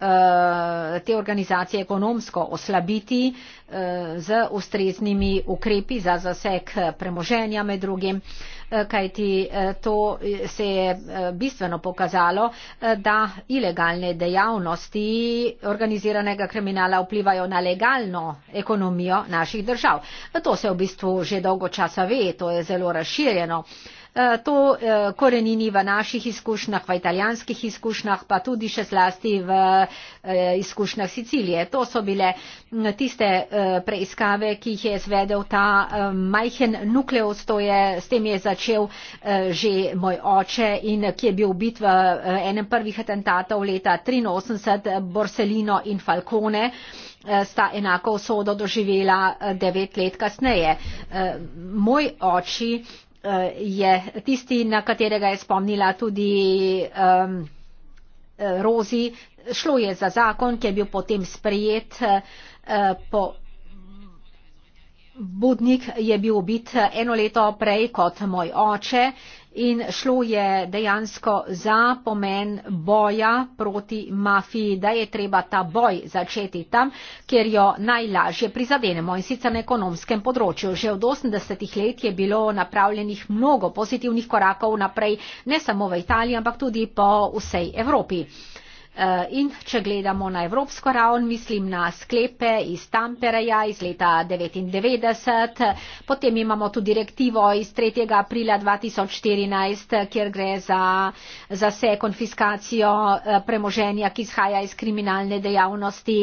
te organizacije ekonomsko oslabiti z ustreznimi ukrepi za zasek premoženja med drugim Eh, kajti eh, to eh, se je bistveno pokazalo, da ilegalne dejavnosti organiziranega kriminala vplivajo na legalno ekonomijo naših držav. To se v bistvu že dolgo časa ve, to je zelo razširjeno. Eh, to eh, korenini v naših izkušnjah, v italijanskih izkušnjah, pa tudi še zlasti v eh, izkušnjah Sicilije. To so bile tiste preiskave, ki jih je izvedel ta majhen nukleus, to je, s tem je začel že moj oče in ki je bil bit v enem prvih atentatov leta 83, Borsellino in Falcone sta enako usodo doživela devet let kasneje. Moj oči Eh, je tisti, na katerega je spomnila tudi um, Rozi. Šlo je za zakon, ki je bil potem sprejet. Uh, po Budnik je bil ubit eno leto prej kot moj oče. Uh, in šlo je dejansko za pomen boja proti mafiji, da je treba ta boj začeti tam, kjer jo najlažje prizadenemo in sicer na ekonomskem področju. Že od 80-ih let je bilo napravljenih mnogo pozitivnih korakov naprej, ne samo v Italiji, ampak tudi po vsej Evropi. Eh, in če gledamo na evropsko raven, mislim na sklepe iz Tampereja iz leta 1999, potem imamo tudi direktivo iz 3. aprila 2014, kjer gre za zase konfiskacijo eh, premoženja, ki izhaja iz kriminalne dejavnosti.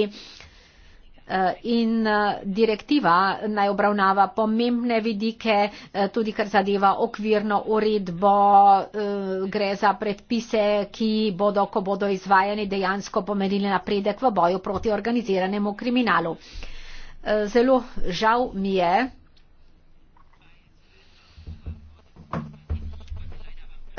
Eh, in eh, direktiva naj obravnava pomembne vidike, eh, tudi kar zadeva okvirno uredbo, gre za predpise, ki bodo, ko bodo izvajani, dejansko pomenili napredek v boju proti organiziranemu kriminalu. Zelo žal mi je,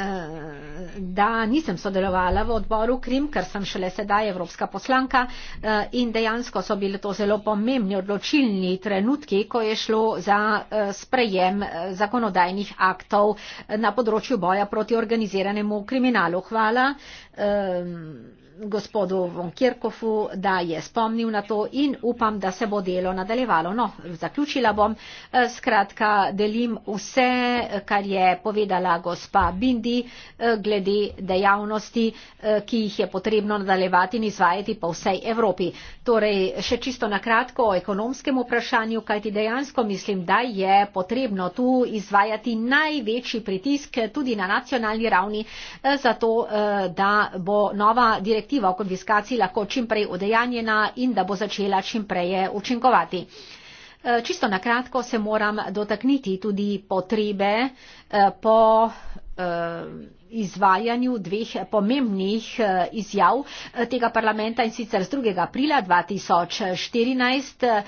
Eh, da nisem sodelovala v odboru Krim, ker sem šele sedaj evropska poslanka eh, in dejansko so bili to zelo pomembni odločilni trenutki, ko je šlo za eh, sprejem zakonodajnih aktov na področju boja proti organiziranemu kriminalu. Hvala. Ehm, gospodu von Kirkofu, da je spomnil na to in upam, da se bo delo nadaljevalo. No, zaključila bom. E, skratka, delim vse, kar je povedala gospa Bindi e, glede dejavnosti, e, ki jih je potrebno nadaljevati in izvajati po vsej Evropi. Torej, še čisto na kratko o ekonomskem vprašanju, kajti dejansko mislim, da je potrebno tu izvajati največji pritisk tudi na nacionalni ravni, zato da bo nova direktiva direktiva o konfiskaciji lahko čimprej odejanjena in da bo začela čimpreje učinkovati. E, čisto na kratko se moram dotakniti tudi potrebe e, po e, izvajanju dveh pomembnih izjav tega parlamenta in sicer z 2. aprila 2014.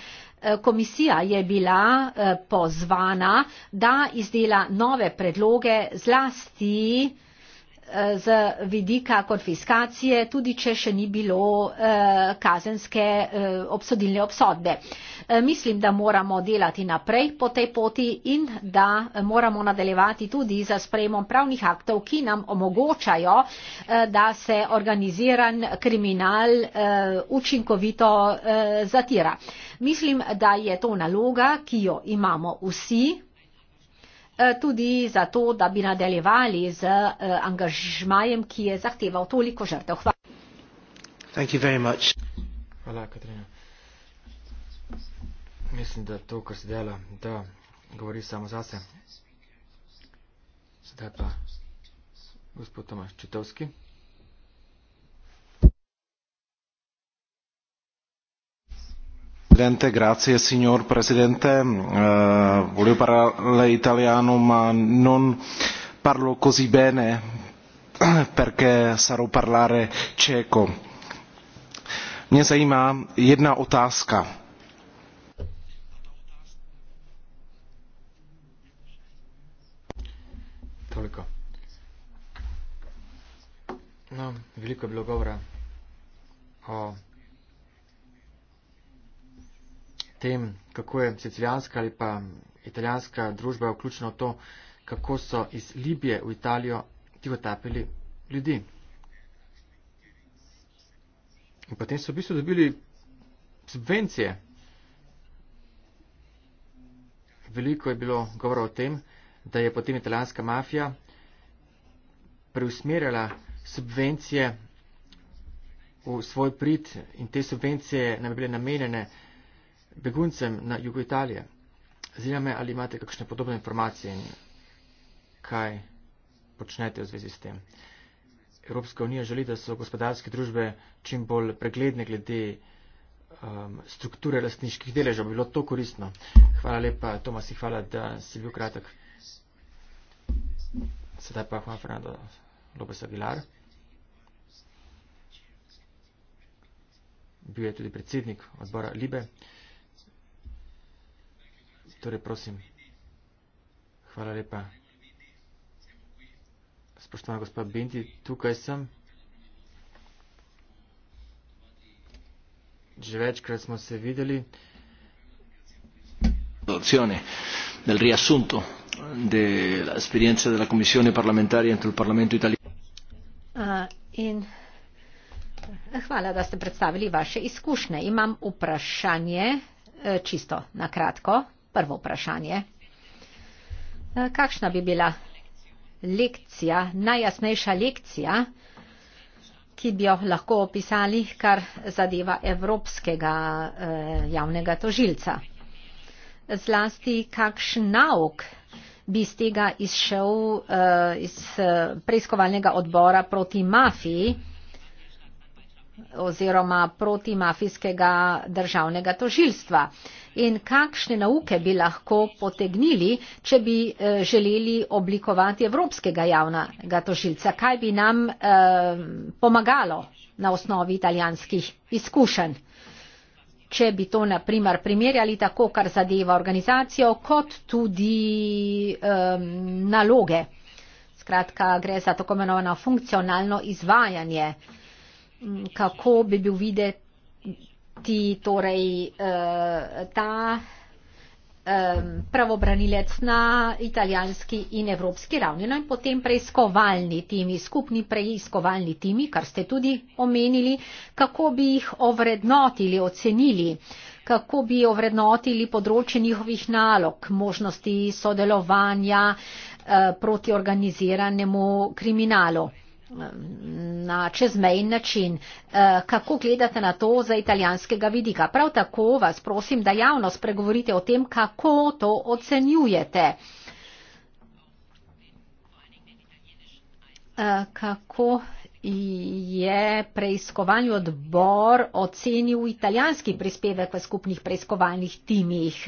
Komisija je bila pozvana, da izdela nove predloge zlasti z vidika konfiskacije, tudi če še ni bilo eh, kazenske eh, obsodilne obsodbe. Eh, mislim, da moramo delati naprej po tej poti in da moramo nadaljevati tudi za sprejemom pravnih aktov, ki nam omogočajo, da se organiziran kriminal učinkovito zatira. Mislim, da je to naloga, ki jo imamo vsi, Eh, tudi zato, da bi nadaljevali z eh, angažmajem, ki je zahteval toliko žrtev. Hvala. Hvala, Katrina. Mislim, da to, kar si dela, da govori samo zase. Sedaj pa gospod Tomaš Čitovski. presidente grazie signor presidente eh, volevo parlare italiano ma non parlo così bene perché sarò parlare cieco mi sembra jedna otázka toliko no veliko je bilo govora o tem, kako je sicilijanska ali pa italijanska družba vključena v to, kako so iz Libije v Italijo tihotapili ljudi. In potem so v bistvu dobili subvencije. Veliko je bilo govora o tem, da je potem italijanska mafija preusmerjala subvencije v svoj prid in te subvencije nam bile namenjene beguncem na jugu Italije. Zanima me, ali imate kakšne podobne informacije in kaj počnete v zvezi s tem. Evropska unija želi, da so gospodarske družbe čim bolj pregledne glede um, strukture lastniških deležev. Bilo to koristno. Hvala lepa, Tomas, in hvala, da si bil kratek. Sedaj pa Juan Fernando López Aguilar. Bil je tudi predsednik odbora Libe. Torej, prosim. Hvala lepa. Spoštovana gospa Binti, tukaj sem. Že večkrat smo se videli. Del riassunto dell'esperienza della Commissione parlamentare entro il Parlamento italiano. Uh, in... Eh, hvala, da ste predstavili vaše izkušnje. Imam vprašanje, eh, čisto na kratko, prvo vprašanje. E, kakšna bi bila lekcija, najjasnejša lekcija, ki bi jo lahko opisali, kar zadeva evropskega e, javnega tožilca? Zlasti kakšen nauk bi iz tega izšel e, iz preiskovalnega odbora proti mafiji? oziroma protimafijskega državnega tožilstva. In kakšne nauke bi lahko potegnili, če bi eh, želeli oblikovati evropskega javnega tožilca? Kaj bi nam eh, pomagalo na osnovi italijanskih izkušenj? Če bi to na primer primerjali tako, kar zadeva organizacijo, kot tudi eh, naloge. Skratka, gre za tako imenovano funkcionalno izvajanje. Mm, kako bi bil videti torej, eh, ta pravobranilec na italijanski in evropski ravni. No in potem preiskovalni timi, skupni preiskovalni timi, kar ste tudi omenili, kako bi jih ovrednotili, ocenili, kako bi ovrednotili področje njihovih nalog, možnosti sodelovanja eh, proti organiziranemu kriminalu na čezmejn način. Eh, kako gledate na to za italijanskega vidika? Prav tako vas prosim, da javnost pregovorite o tem, kako to ocenjujete. Eh, kako je preiskovalni odbor ocenil italijanski prispevek v skupnih preiskovalnih timih?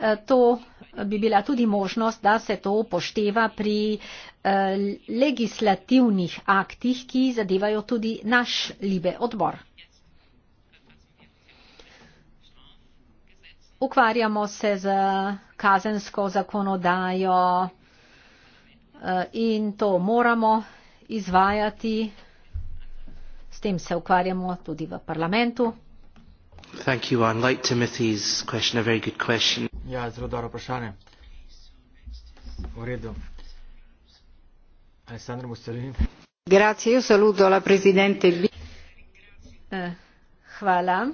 Eh, to bi bila tudi možnost, da se to upošteva pri eh, legislativnih aktih, ki zadevajo tudi naš libe odbor. Ukvarjamo se z kazensko zakonodajo eh, in to moramo izvajati. S tem se ukvarjamo tudi v parlamentu. Thank you. I like Timothy's question, a very good question. Ja, zelo dobro vprašanje. V redu. Alessandro Mussolini. Grazie, io saluto la presidente. Eh, hvala.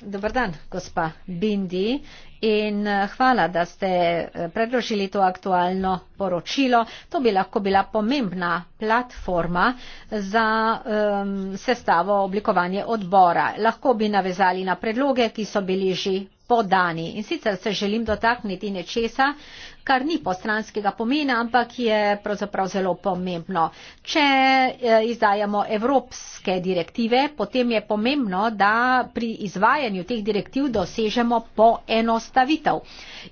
Dobar dan, gospa Bindi. In eh, hvala, da ste eh, predložili to aktualno poročilo. To bi lahko bila pomembna platforma za um, sestavo oblikovanje odbora. Lahko bi navezali na predloge, ki so bili že podani. In sicer se želim dotakniti nečesa, kar ni postranskega pomena, ampak je pravzaprav zelo pomembno. Če e, izdajamo evropske direktive, potem je pomembno, da pri izvajanju teh direktiv dosežemo poenostavitev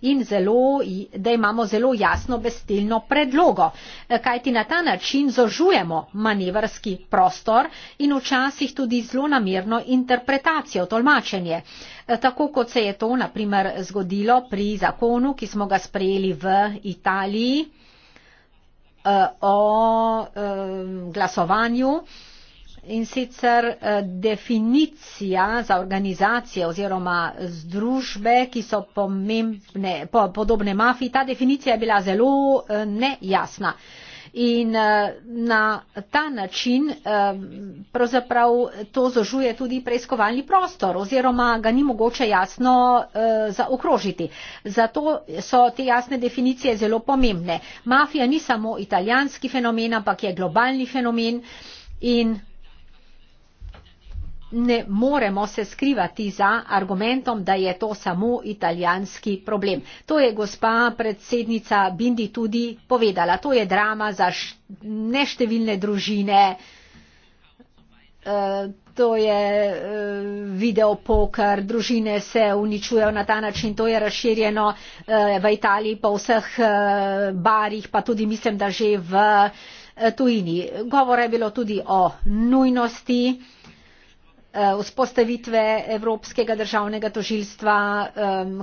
in zelo, da imamo zelo jasno bestilno predlogo, e, kajti na ta način zožujemo manevrski prostor in včasih tudi zelo namirno interpretacijo, tolmačenje tako kot se je to naprimer zgodilo pri zakonu, ki smo ga sprejeli v Italiji eh, o eh, glasovanju in sicer eh, definicija za organizacije oziroma združbe, ki so pomembne, podobne mafiji, ta definicija je bila zelo nejasna in eh, na ta način eh, pravzaprav to zožuje tudi preiskovalni prostor oziroma ga ni mogoče jasno eh, zaokrožiti. Zato so te jasne definicije zelo pomembne. Mafija ni samo italijanski fenomen, ampak je globalni fenomen in ne moremo se skrivati za argumentom, da je to samo italijanski problem. To je gospa predsednica Bindi tudi povedala. To je drama za neštevilne družine. E, to je e, video poker, družine se uničujejo na ta način, to je razširjeno e, v Italiji po vseh barih, pa tudi mislim, da že v tujini. Govore je bilo tudi o nujnosti Eh, vzpostavitve Evropskega državnega tožilstva.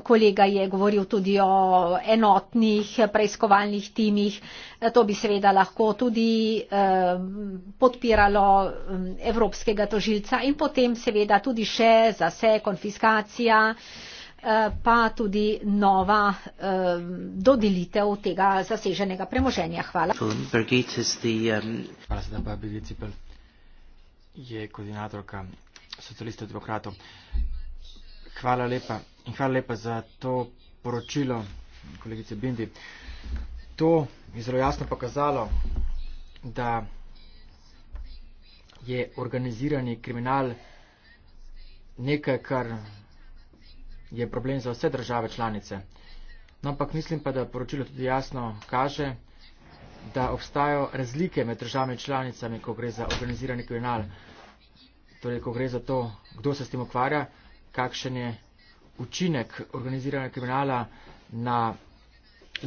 Kolega je govoril tudi o enotnih preiskovalnih timih. Eh, to bi seveda lahko tudi podpiralo Evropskega tožilca in potem seveda tudi še za vse konfiskacija eh, pa tudi nova uh, dodelitev tega zaseženega premoženja. Hvala. Hvala, sedaj pa Birgit Cipel je koordinatorka socialistov demokratov. Hvala lepa in hvala lepa za to poročilo, kolegice Bindi. To je zelo jasno pokazalo, da je organizirani kriminal nekaj, kar je problem za vse države članice. No, ampak mislim pa, da poročilo tudi jasno kaže, da obstajajo razlike med državami članicami, ko gre za organizirani kriminal torej ko gre za to, kdo se s tem ukvarja, kakšen je učinek organiziranega kriminala na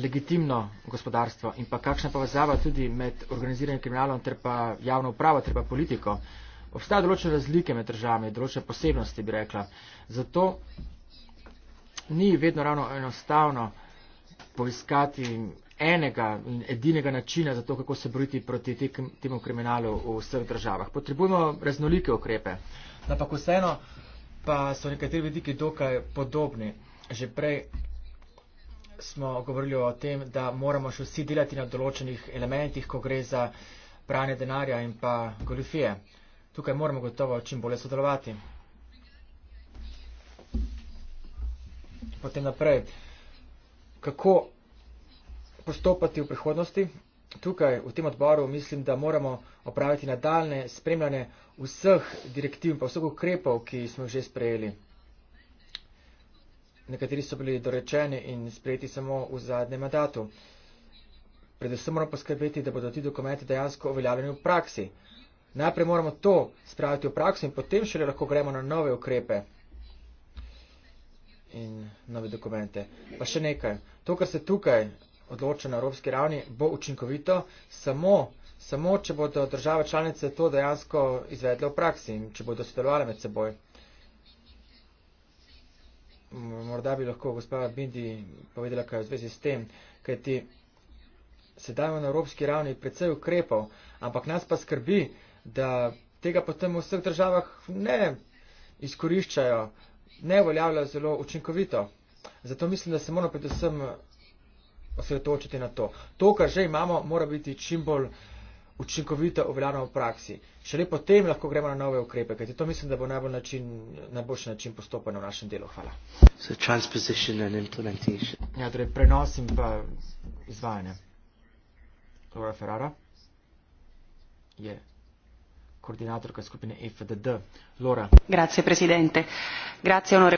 legitimno gospodarstvo in pa kakšna povezava tudi med organiziranim kriminalom ter pa javno upravo, ter pa politiko. Obstajajo določene razlike med državami, določene posebnosti, bi rekla. Zato ni vedno ravno enostavno poiskati enega in edinega načina za to, kako se boriti proti temu kriminalu v vseh državah. Potrebujemo raznolike ukrepe. Ampak vseeno pa so nekateri vidiki dokaj podobni. Že prej smo govorili o tem, da moramo še vsi delati na določenih elementih, ko gre za pranje denarja in pa goljufije. Tukaj moramo gotovo čim bolje sodelovati. Potem naprej. Kako postopati v prihodnosti. Tukaj v tem odboru mislim, da moramo opraviti nadaljne spremljanje vseh direktiv in pa vseh ukrepov, ki smo že sprejeli. Nekateri so bili dorečeni in sprejeti samo v zadnjem mandatu. Predvsem moramo poskrbeti, da bodo ti dokumenti dejansko uveljavljeni v praksi. Najprej moramo to spraviti v praksi in potem šele lahko gremo na nove ukrepe in nove dokumente. Pa še nekaj. To, kar se tukaj odloča na evropski ravni, bo učinkovito samo, samo, če bodo države članice to dejansko izvedle v praksi in če bodo sodelovali med seboj. Morda bi lahko gospa Bindi povedala kaj v zvezi s tem, kaj ti sedaj na evropski ravni predvsej ukrepov, ampak nas pa skrbi, da tega potem v vseh državah ne izkoriščajo, ne uveljavljajo zelo učinkovito. Zato mislim, da se moramo predvsem osredotočiti na to. To, kar že imamo, mora biti čim bolj učinkovito uveljavljeno v praksi. Šele potem lahko gremo na nove ukrepe, kajti to mislim, da bo najbolj način, najboljši način postopanja v našem delu. Hvala. So transposition and implementation. Ja, torej prenos in pa izvajanje. Laura Ferrara je koordinatorka skupine e FDD. Laura. Grazie, presidente. Grazie, onore.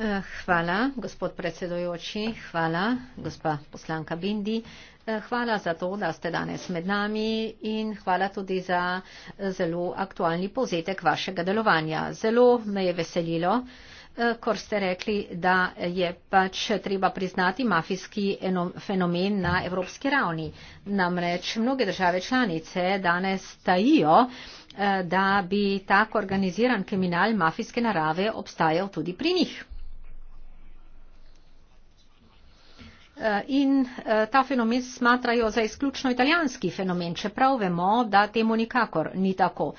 Eh, hvala, gospod predsedojoči, hvala, gospa poslanka Bindi. Eh, hvala za to, da ste danes med nami in hvala tudi za eh, zelo aktualni povzetek vašega delovanja. Zelo me je veselilo, ko ste rekli, da je pač treba priznati mafijski fenomen na evropski ravni. Namreč mnoge države članice danes tajijo da bi tak organiziran kriminal mafijske narave obstajal tudi pri njih. Eh, in eh, ta fenomen smatrajo za izključno italijanski fenomen, čeprav vemo, da temu nikakor ni tako.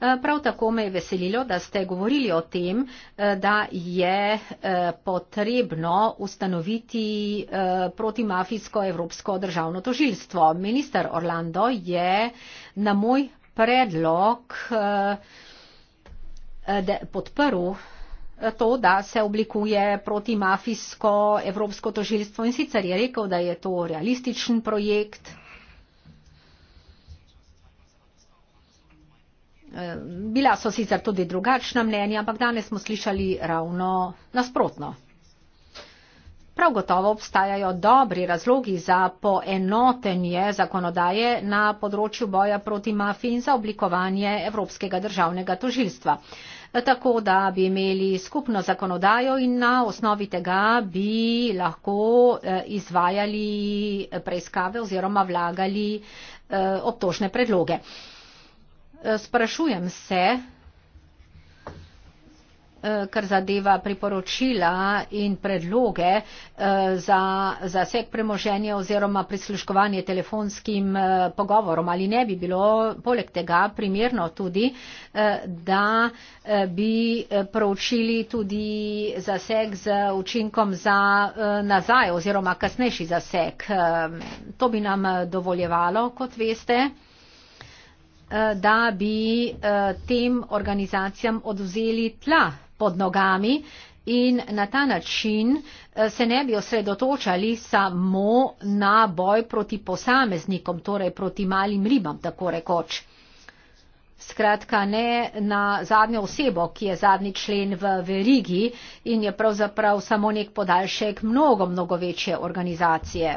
Eh, prav tako me je veselilo, da ste govorili o tem, da je potrebno ustanoviti protimafijsko Evropsko državno tožilstvo. Minister Orlando je na moj predlog podprl to, da se oblikuje protimafijsko evropsko toživstvo in sicer je rekel, da je to realističen projekt. E, bila so sicer tudi drugačna mnenja, ampak danes smo slišali ravno nasprotno. Prav gotovo obstajajo dobri razlogi za poenotenje zakonodaje na področju boja proti mafiji in za oblikovanje Evropskega državnega tožilstva tako da bi imeli skupno zakonodajo in na osnovi tega bi lahko eh, izvajali eh, preiskave oziroma vlagali eh, obtožne predloge. Sprašujem se, Eh, kar zadeva priporočila in predloge eh, za zaseg premoženja oziroma prisluškovanje telefonskim eh, pogovorom. Ali ne bi bilo poleg tega primerno tudi, da bi proučili tudi zaseg z učinkom za nazaj oziroma kasnejši zaseg. To bi nam dovoljevalo, kot veste da bi tem organizacijam oduzeli tla pod nogami in na ta način eh, se ne bi osredotočali samo na boj proti posameznikom, torej proti malim ribam, tako rekoč. Skratka, ne na zadnjo osebo, ki je zadnji člen v verigi in je pravzaprav samo nek podaljšek mnogo, mnogo večje organizacije.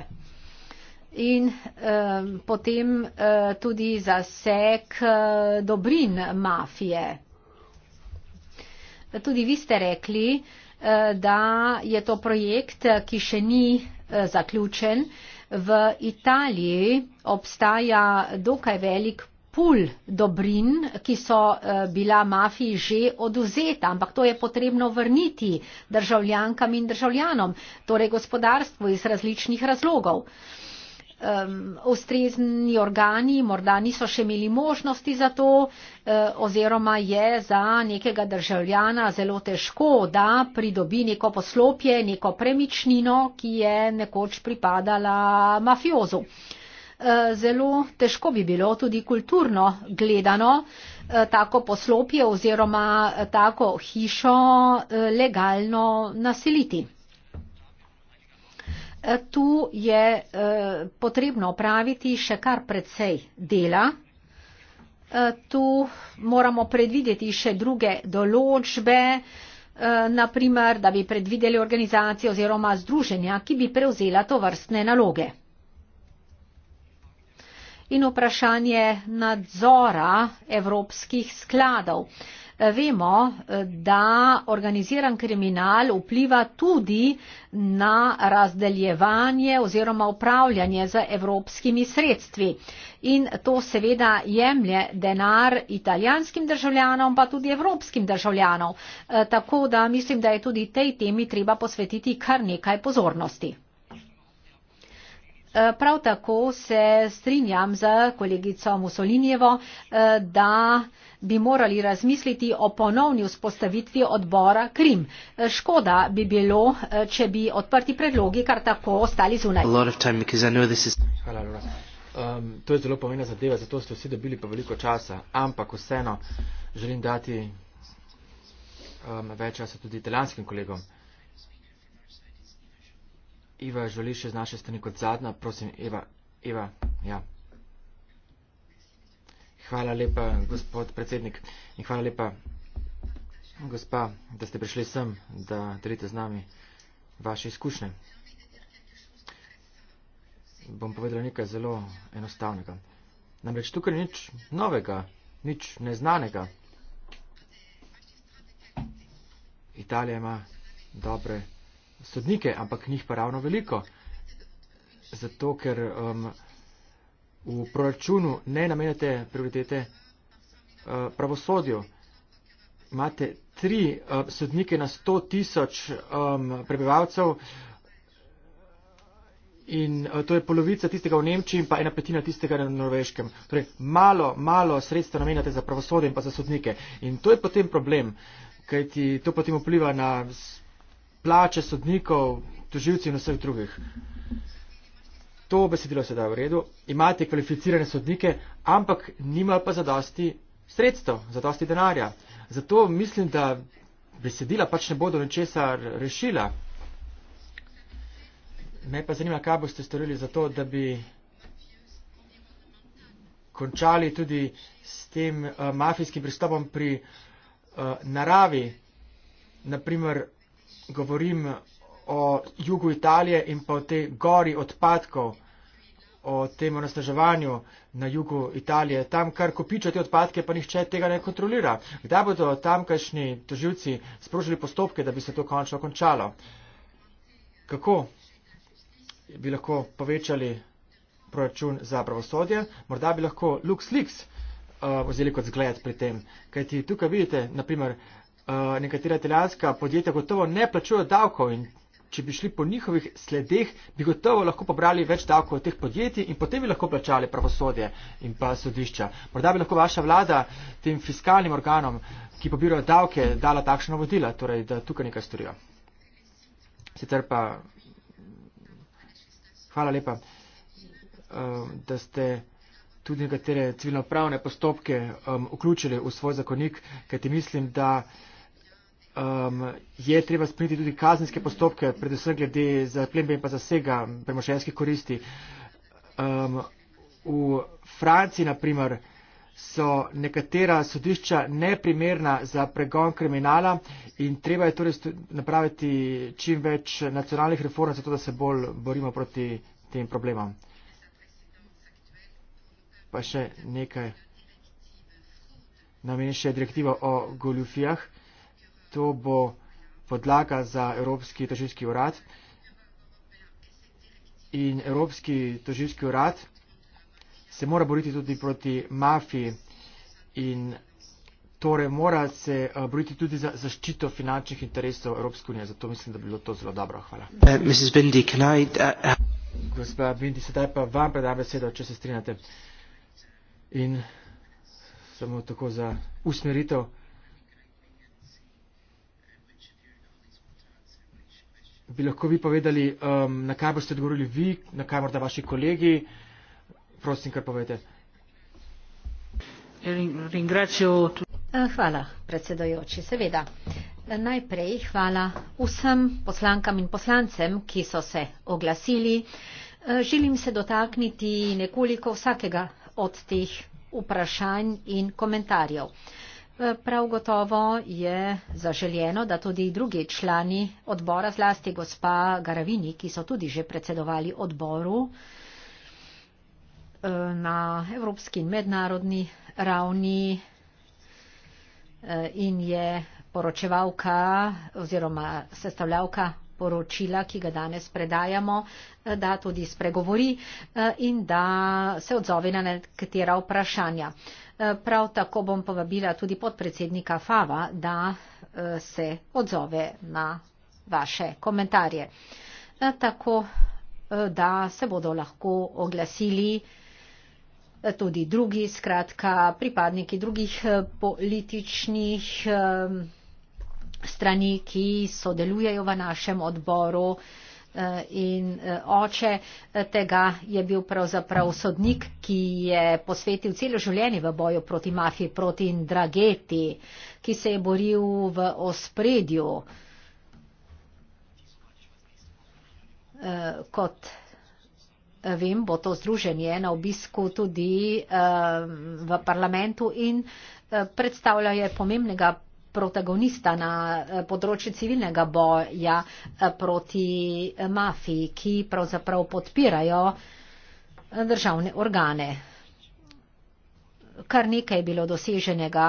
In eh, potem eh, tudi zasek eh, dobrin mafije. Tudi vi ste rekli, eh, da je to projekt, eh, ki še ni eh, zaključen. V Italiji obstaja dokaj velik pul dobrin, ki so bila mafiji že oduzeta, ampak to je potrebno vrniti državljankam in državljanom, torej gospodarstvu iz različnih razlogov um, ustrezni organi morda niso še imeli možnosti za to eh, oziroma je za nekega državljana zelo težko, da pridobi neko poslopje, neko premičnino, ki je nekoč pripadala mafiozu. Eh, zelo težko bi bilo tudi kulturno gledano eh, tako poslopje oziroma tako hišo legalno nasiliti tu je eh, potrebno opraviti še kar predsej dela. Eh, tu moramo predvideti še druge določbe, eh, naprimer, da bi predvideli organizacijo oziroma združenja, ki bi prevzela to vrstne naloge. In vprašanje nadzora evropskih skladov vemo, da organiziran kriminal vpliva tudi na razdeljevanje oziroma upravljanje z evropskimi sredstvi. In to seveda jemlje denar italijanskim državljanom, pa tudi evropskim državljanom. E, tako da mislim, da je tudi tej temi treba posvetiti kar nekaj pozornosti. E, prav tako se strinjam z kolegico Mussolinjevo, e, da bi morali razmisliti o ponovni vzpostavitvi odbora Krim. Škoda bi bilo, eh, če bi odprti predlogi kar tako ostali zunaj. Hvala, um, to je zelo pomembna zadeva, zato ste vsi dobili pa veliko časa, ampak vseeno želim dati um, več časa tudi italijanskim kolegom. Iva, želiš še z naše strani kot zadnja? Prosim, Eva. Eva, ja. Hvala lepa, gospod predsednik. In hvala lepa, gospa, da ste prišli sem, da delite z nami vaše izkušnje. Bom povedala nekaj zelo enostavnega. Namreč tukaj ni nič novega, nič neznanega. Italija ima dobre sodnike, ampak njih pa ravno veliko. Zato, ker um, v proračunu ne namenjate prioritete eh, pravosodju. Imate tri eh, sodnike na sto tisoč prebivalcev in eh, to je polovica tistega v Nemčiji in pa ena petina tistega na Norveškem. Torej, malo, malo sredstva namenjate za pravosodje in pa za sodnike. In to je potem problem, kajti to potem vpliva na plače sodnikov, tuživci in vseh drugih to besedilo se da v redu, imate kvalificirane sodnike, ampak nimajo pa zadosti sredstev, zadosti denarja. Zato mislim, da besedila pač ne bodo ničesar rešila. Me pa zanima, kaj boste storili za to, da bi končali tudi s tem uh, mafijskim pristopom pri uh, naravi. Naprimer, govorim o jugu Italije in pa o tej gori odpadkov o tem onesnaževanju na jugu Italije. Tam, kar kopiča te odpadke, pa nihče tega ne kontrolira. Kdaj bodo tamkajšnji toživci sprožili postopke, da bi se to končno končalo? Kako bi lahko povečali proračun za pravosodje? Morda bi lahko LuxLeaks uh, vzeli kot zgled pri tem. Kajti tukaj vidite, naprimer, uh, eh, nekatera italijanska podjetja gotovo ne plačujejo davkov in če bi šli po njihovih sledeh, bi gotovo lahko pobrali več davkov od teh podjetij in potem bi lahko plačali pravosodje in pa sodišča. Morda bi lahko vaša vlada tem fiskalnim organom, ki pobirajo davke, dala takšno vodila, torej, da tukaj nekaj storijo. Sicer pa hvala lepa, eh, da ste tudi nekatere civilno-pravne postopke um, vključili v svoj zakonik, kajti mislim, da um, je treba spremeniti tudi kazenske postopke, predvsem glede zaplembe in pa zasega premoženjskih koristi. Um, v Franciji, naprimer, so nekatera sodišča neprimerna za pregon kriminala in treba je torej napraviti čim več nacionalnih reform, zato da se bolj borimo proti tem problemom. Pa še nekaj. Namenjše direktivo o goljufijah to bo podlaga za Evropski tožilski urad. In Evropski tožilski urad se mora boriti tudi proti mafiji in torej mora se eh, boriti tudi za zaščito finančnih interesov Evropske unije. Zato mislim, da bi bilo to zelo dobro. Hvala. Eh, eh, Gospa Bindi, sedaj pa vam predam besedo, če se strinjate. In samo tako za usmeritev. bi lahko vi povedali, um, na kaj boste odgovorili vi, na kaj morda vaši kolegi. Prosim, kar povete. Eh, hvala, predsedojoči, seveda. Najprej hvala vsem poslankam in poslancem, ki so se oglasili. Eh, želim se dotakniti nekoliko vsakega od teh vprašanj in komentarjev. Uh, Eh, prav gotovo je zaželjeno, da tudi drugi člani odbora, zlasti gospa Garavini, ki so tudi že predsedovali odboru eh, na evropski in mednarodni ravni eh, in je poročevalka oziroma sestavljavka poročila, ki ga danes predajamo, da tudi spregovori in da se odzove na nekatera vprašanja. Eh, prav tako bom povabila tudi podpredsednika FAVA, da eh, se odzove na vaše komentarje. Eh, tako da se bodo lahko oglasili tudi drugi, skratka, pripadniki drugih političnih strani, ki sodelujejo v našem odboru. Eh, in eh, oče eh, tega je bil pravzaprav sodnik, ki je posvetil celo življenje v boju proti mafiji, proti drageti, ki se je boril v ospredju kot vem, bo to združenje na obisku tudi v parlamentu in predstavljajo pomembnega protagonista na eh, področju civilnega boja eh, proti eh, mafiji, ki pravzaprav podpirajo državne organe. Kar nekaj je bilo doseženega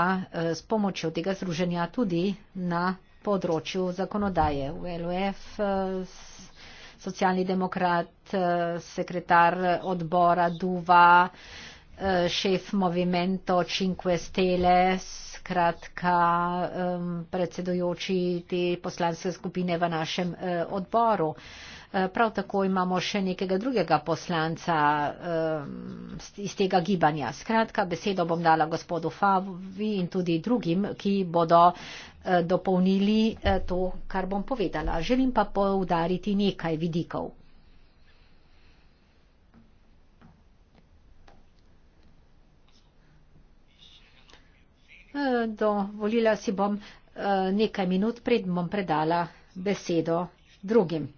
s pomočjo tega združenja tudi na področju zakonodaje. V LOF socialni demokrat, sekretar odbora Duva, šef Movimento Cinque Stele, s skratka um, predsedujoči te poslanske skupine v našem uh, odboru. Eh, prav tako imamo še nekega drugega poslanca iz tega gibanja. Skratka, besedo bom dala gospodu Favvi in tudi drugim, ki bodo eh, dopolnili to, kar bom povedala. Želim pa poudariti nekaj vidikov. dovolila si bom eh, nekaj minut, predem bom predala besedo drugim.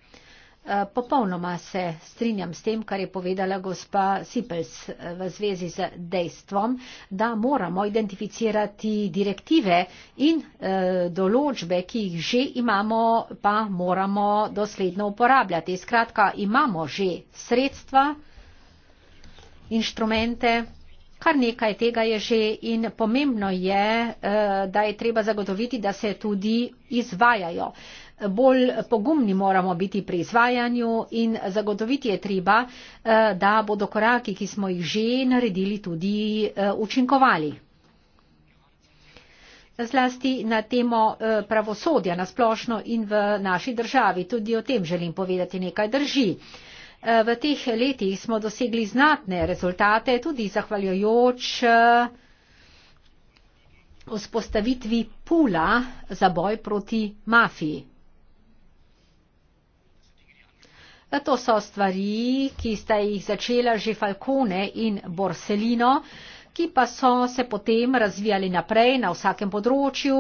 Eh, popolnoma se strinjam s tem, kar je povedala gospa Sipels eh, v zvezi z dejstvom, da moramo identificirati direktive in določbe, ki jih že imamo, pa moramo dosledno uporabljati. Skratka, imamo že sredstva, inštrumente, Kar nekaj tega je že in pomembno je, eh, da je treba zagotoviti, da se tudi izvajajo. Bolj pogumni moramo biti pri izvajanju in zagotoviti je treba, eh, da bodo koraki, ki smo jih že naredili, tudi eh, učinkovali. Zlasti na temo pravosodja na splošno in v naši državi. Tudi o tem želim povedati nekaj drži. V teh letih smo dosegli znatne rezultate, tudi zahvaljujoč eh, vzpostavitvi pula za boj proti mafiji. To so stvari, ki sta jih začela že Falcone in Borsellino, ki pa so se potem razvijali naprej na vsakem področju,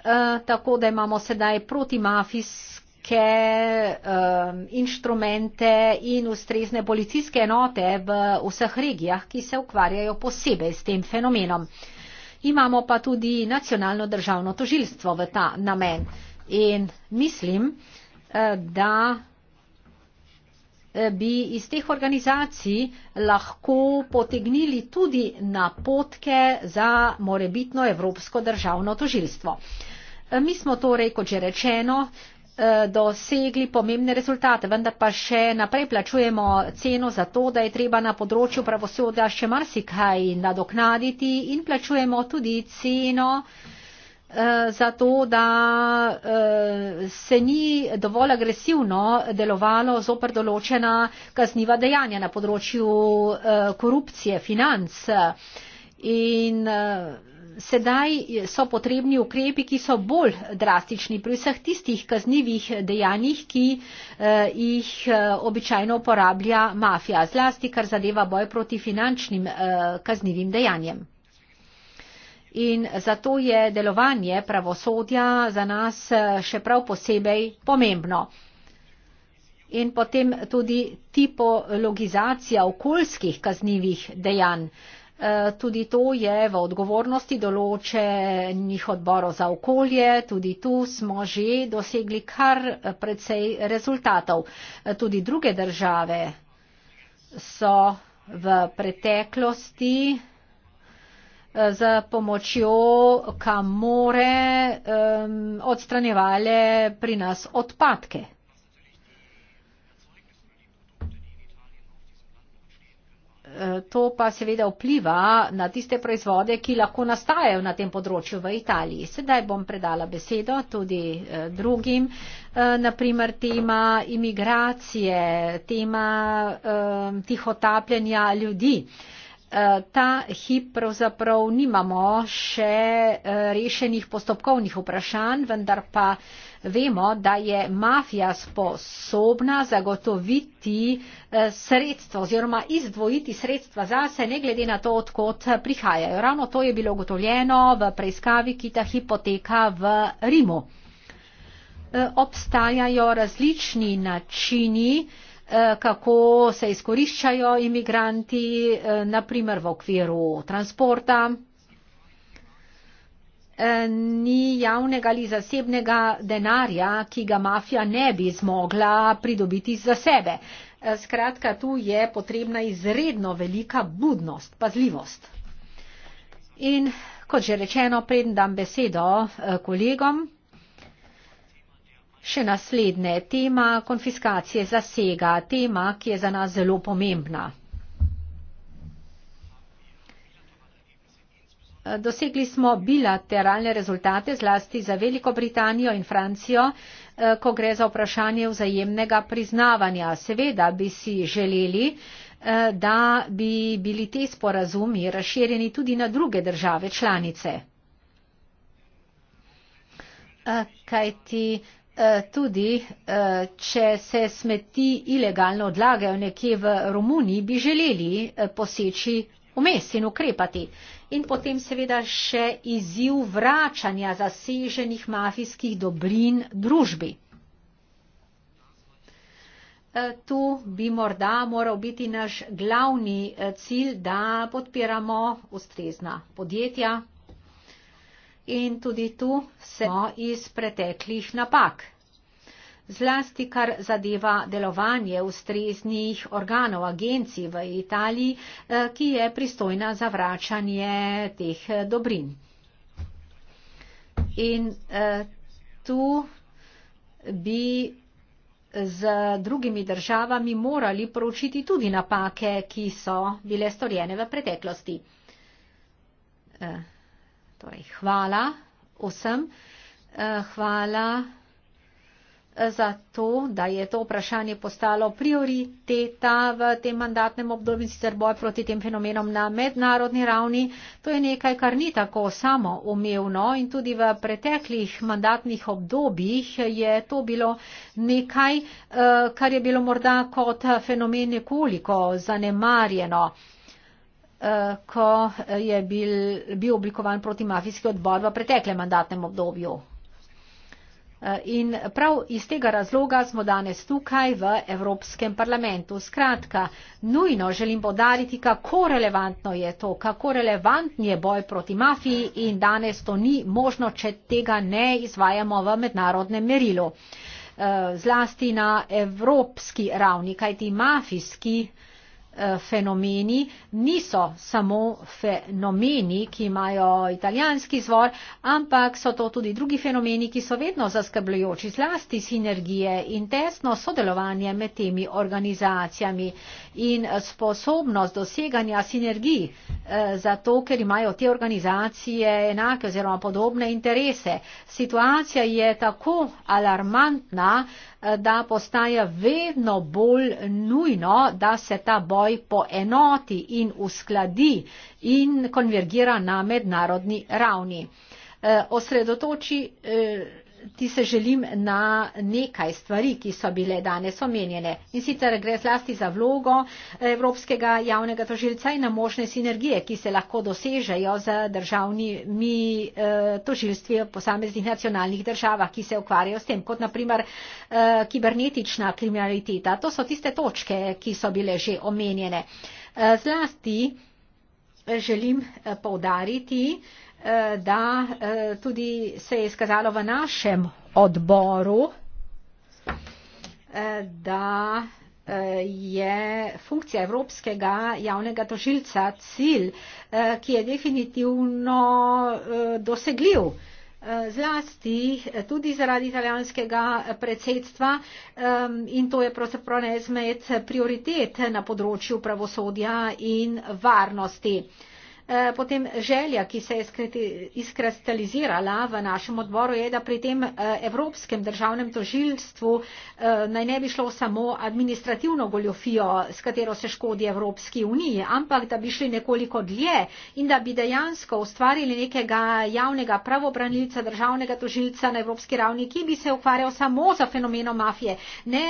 eh, tako da imamo sedaj protimafijsko vojake, um, inštrumente in ustrezne policijske enote v vseh regijah, ki se ukvarjajo posebej s tem fenomenom. Imamo pa tudi nacionalno državno tožilstvo v ta namen in mislim, eh, da eh, bi iz teh organizacij lahko potegnili tudi napotke za morebitno evropsko državno tožilstvo. Eh, mi smo torej, kot že rečeno, Eh, dosegli pomembne rezultate, vendar pa še naprej plačujemo ceno za to, da je treba na področju pravosodja še marsikaj nadoknaditi in plačujemo tudi ceno eh, za to, da eh, se ni dovolj agresivno delovalo zoper določena kazniva dejanja na področju korupcije, financ in sedaj so potrebni ukrepi, ki so bolj drastični pri vseh tistih kaznivih dejanjih, ki eh, jih eh, običajno uporablja mafija, zlasti kar zadeva boj proti finančnim eh, kaznivim dejanjem. In zato je delovanje pravosodja za nas eh, še prav posebej pomembno. In potem tudi tipologizacija okoljskih kaznivih dejanj. Eh, tudi to je v odgovornosti določenih odborov za okolje, tudi tu smo že dosegli kar precej rezultatov. Eh, tudi druge države so v preteklosti eh, z pomočjo kamore odstranjevale pri nas odpadke. to pa seveda vpliva na tiste proizvode, ki lahko nastajajo na tem področju v Italiji. Sedaj bom predala besedo tudi eh, drugim, eh, naprimer tema imigracije, tema eh, tihotapljanja ljudi. Eh, ta hip pravzaprav nimamo še eh, rešenih postopkovnih vprašanj, vendar pa vemo, da je mafija sposobna zagotoviti eh, sredstvo oziroma izdvojiti sredstva zase, ne glede na to, odkot prihajajo. Ravno to je bilo ugotovljeno v preiskavi, ki ta hipoteka v Rimu. Obstajajo različni načini, Eh, kako se izkoriščajo imigranti, eh, naprimer v okviru transporta. Eh, ni javnega ali zasebnega denarja, ki ga mafija ne bi zmogla pridobiti za sebe. Skratka, tu je potrebna izredno velika budnost, pazljivost. In kot že rečeno, predem dam besedo kolegom. Še naslednje tema konfiskacije zasega, tema, ki je za nas zelo pomembna. Dosegli smo bilateralne rezultate zlasti za Veliko Britanijo in Francijo, eh, ko gre za vprašanje vzajemnega priznavanja. Seveda bi si želeli, eh, da bi bili te sporazumi razširjeni tudi na druge države članice. Eh, kajti Eh, tudi eh, če se smeti ilegalno odlagajo nekje v Romuniji, bi želeli eh, poseči vmes in ukrepati. In potem seveda še izziv vračanja zaseženih mafijskih dobrin družbi. Tu bi morda moral biti naš glavni cilj, da podpiramo ustrezna podjetja, in tudi tu smo iz preteklih napak. Zlasti, kar zadeva delovanje ustreznih organov agencij v Italiji, eh, ki je pristojna za vračanje teh eh, dobrin. In eh, tu bi z drugimi državami morali poročiti tudi napake, ki so bile storjene v preteklosti. Torej, hvala vsem, eh, hvala eh, za to, da je to vprašanje postalo prioriteta v tem mandatnem obdobju, sicer boj proti tem fenomenom na mednarodni ravni. To je nekaj, kar ni tako samo umevno in tudi v preteklih mandatnih obdobjih je to bilo nekaj, eh, kar je bilo morda kot fenomen nekoliko zanemarjeno. Eh, ko je bil, bil oblikovan protimafijski odbor v preteklem mandatnem obdobju. Eh, in prav iz tega razloga smo danes tukaj v Evropskem parlamentu. Skratka, nujno želim podariti, kako relevantno je to, kako relevantni je boj proti mafiji in danes to ni možno, če tega ne izvajamo v mednarodnem merilu. Eh, zlasti na evropski ravni, kajti mafijski. Eh, fenomeni niso samo fenomeni, ki imajo italijanski zvor, ampak so to tudi drugi fenomeni, ki so vedno zaskrbljujoči, zlasti sinergije in tesno sodelovanje med temi organizacijami in sposobnost doseganja sinergij, eh, zato ker imajo te organizacije enake oziroma podobne interese. Situacija je tako alarmantna, eh, da postaja vedno bolj nujno, da se ta boj razvoj poenoti in uskladi in konvergira na mednarodni ravni. Eh, osredotoči eh, osredotočiti se želim na nekaj stvari, ki so bile danes omenjene. In sicer gre zlasti za vlogo eh, Evropskega javnega tožilca in na možne sinergije, ki se lahko dosežejo z državnimi eh, tožilstvi v posameznih nacionalnih državah, ki se ukvarjajo s tem, kot naprimer eh, kibernetična kriminaliteta. To so tiste točke, ki so bile že omenjene. Eh, zlasti eh, želim eh, povdariti, eh, Eh, da eh, tudi se je skazalo v našem odboru, eh, da je funkcija Evropskega javnega tožilca cilj, ki je definitivno dosegljiv. Zlasti tudi zaradi italijanskega predsedstva in to je pravzaprav ne izmed prioritet na področju pravosodja in varnosti. Eh, potem želja, ki se je izkristalizirala v našem odboru, je, da pri tem eh, Evropskem državnem tožilstvu eh, naj ne bi šlo samo administrativno goljofijo, s katero se škodi Evropski uniji, ampak da bi šli nekoliko dlje in da bi dejansko ustvarili nekega javnega pravobranilca, državnega tožilca na evropski ravni, ki bi se ukvarjal samo za fenomeno mafije. Ne,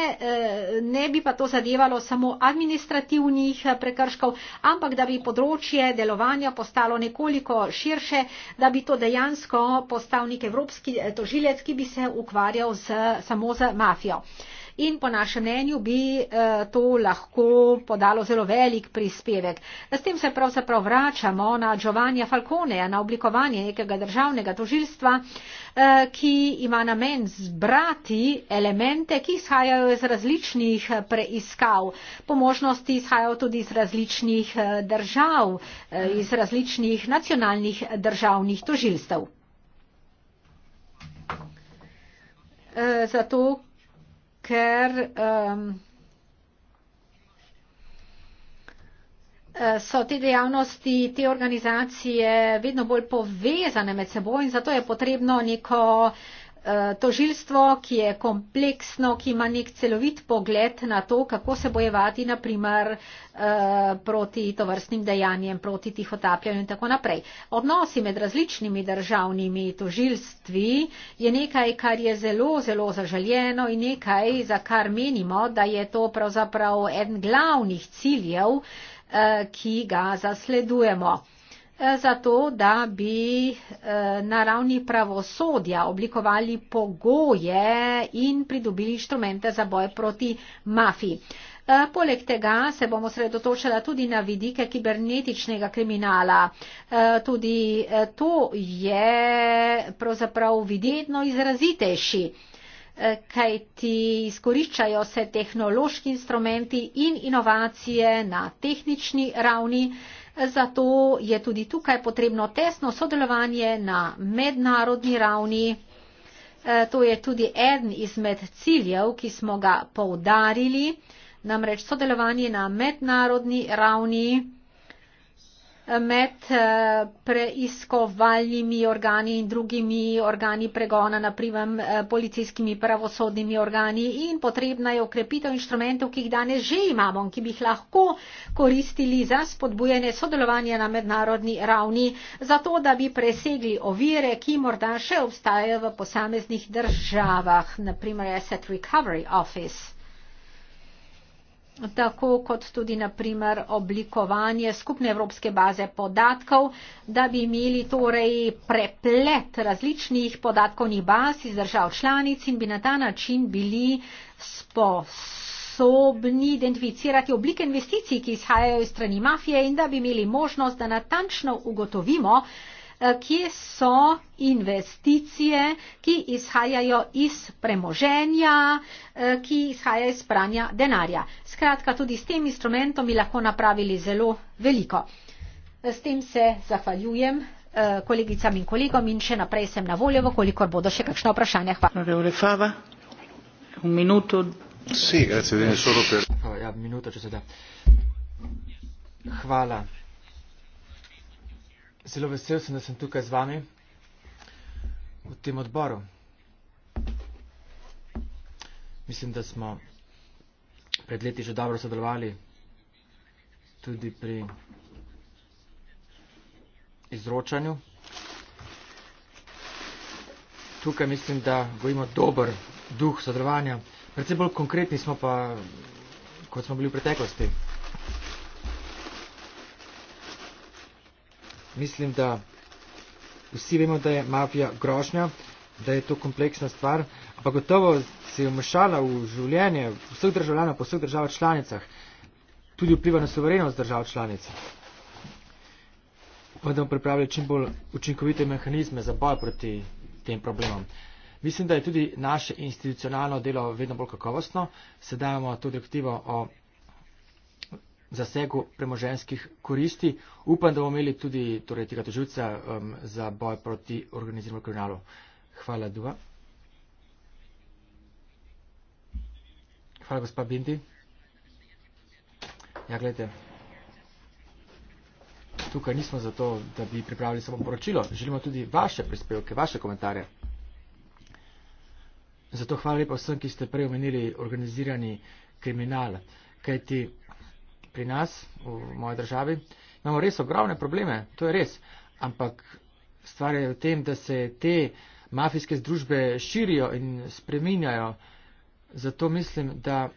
ne bi pa to zadevalo samo administrativnih prekrškov, ampak da bi področje delovanja Slovenijo postalo nekoliko širše, da bi to dejansko postal nek evropski eh, tožilec, ki bi se ukvarjal z, samo z mafijo. Uh, in po našem mnenju bi eh, to lahko podalo zelo velik prispevek. S tem se pravzaprav vračamo na Giovanni Falconeja, na oblikovanje nekega državnega tožilstva, eh, ki ima namen zbrati elemente, ki izhajajo iz različnih eh, preiskav. Po možnosti izhajajo tudi iz različnih držav, iz različnih nacionalnih državnih tožilstv. Zato, ker um, so te dejavnosti, te organizacije vedno bolj povezane med seboj in zato je potrebno neko uh, Eh, tožilstvo, ki je kompleksno, ki ima nek celovit pogled na to, kako se bojevati, naprimer, eh, proti tovrstnim dejanjem, proti tih otapljanju in tako naprej. Odnosi med različnimi državnimi tožilstvi je nekaj, kar je zelo, zelo zaželjeno in nekaj, za kar menimo, da je to pravzaprav en glavnih ciljev, eh, ki ga zasledujemo. Eh, zato, da bi eh, na ravni pravosodja oblikovali pogoje in pridobili inštrumente za boj proti mafiji. Eh, poleg tega se bomo sredotočila tudi na vidike kibernetičnega kriminala. Tudi to je pravzaprav vidjetno izrazitejši, kaj ti izkoriščajo se tehnološki instrumenti in inovacije na tehnični ravni. Zato je tudi tukaj potrebno tesno sodelovanje na mednarodni ravni. E, to je tudi eden izmed ciljev, ki smo ga poudarili, namreč sodelovanje na mednarodni ravni med eh, preiskovalnimi organi in drugimi organi pregona, naprimer eh, policijskimi pravosodnimi organi in potrebna je okrepitev inštrumentov, ki jih danes že imamo in ki bi jih lahko koristili za spodbujanje sodelovanja na mednarodni ravni, zato da bi presegli ovire, ki morda še obstajajo v posameznih državah, naprimer Asset Recovery Office tako kot tudi naprimer oblikovanje skupne evropske baze podatkov, da bi imeli torej preplet različnih podatkovnih baz iz držav članic in bi na ta način bili sposobni identificirati oblike investicij, ki izhajajo iz strani mafije in da bi imeli možnost, da natančno ugotovimo, Eh, kje so investicije, ki izhajajo iz premoženja, eh, ki izhajajo iz pranja denarja. Skratka, tudi s tem instrumentom bi lahko napravili zelo veliko. Eh, s tem se zahvaljujem kolegicam in kolegom in še naprej sem na voljo, kolikor bodo še kakšno vprašanje. Oh, ja, Hvala. Hvala. Zelo vesel sem, da sem tukaj z vami v tem odboru. Mislim, da smo pred leti že dobro sodelovali tudi pri izročanju. Tukaj mislim, da gojimo dober duh sodelovanja. Predvsem bolj konkretni smo pa, kot smo bili v preteklosti. mislim, da vsi vemo, da je mafija grošnja, da je to kompleksna stvar, ampak gotovo se je vmešala v življenje vseh državljanov po vseh državah članicah, tudi vpliva na soverenost držav članic. Upam, da bomo pripravili čim bolj učinkovite mehanizme za boj proti tem problemom. Mislim, da je tudi naše institucionalno delo vedno bolj kakovostno. Sedaj imamo to direktivo o zasegu premoženskih koristi. Upam, da bomo imeli tudi torej, tega toživca um, za boj proti organiziranemu kriminalu. Hvala, Duva. Hvala, gospod Bindi. Ja, gledajte, tukaj nismo zato, da bi pripravili samo poročilo. Želimo tudi vaše prispevke, vaše komentarje. Zato hvala lepa vsem, ki ste prej omenili organizirani kriminal, kajti pri nas, v moji državi, imamo res ogromne probleme, to je res. Ampak stvar je v tem, da se te mafijske združbe širijo in spreminjajo. Zato mislim, da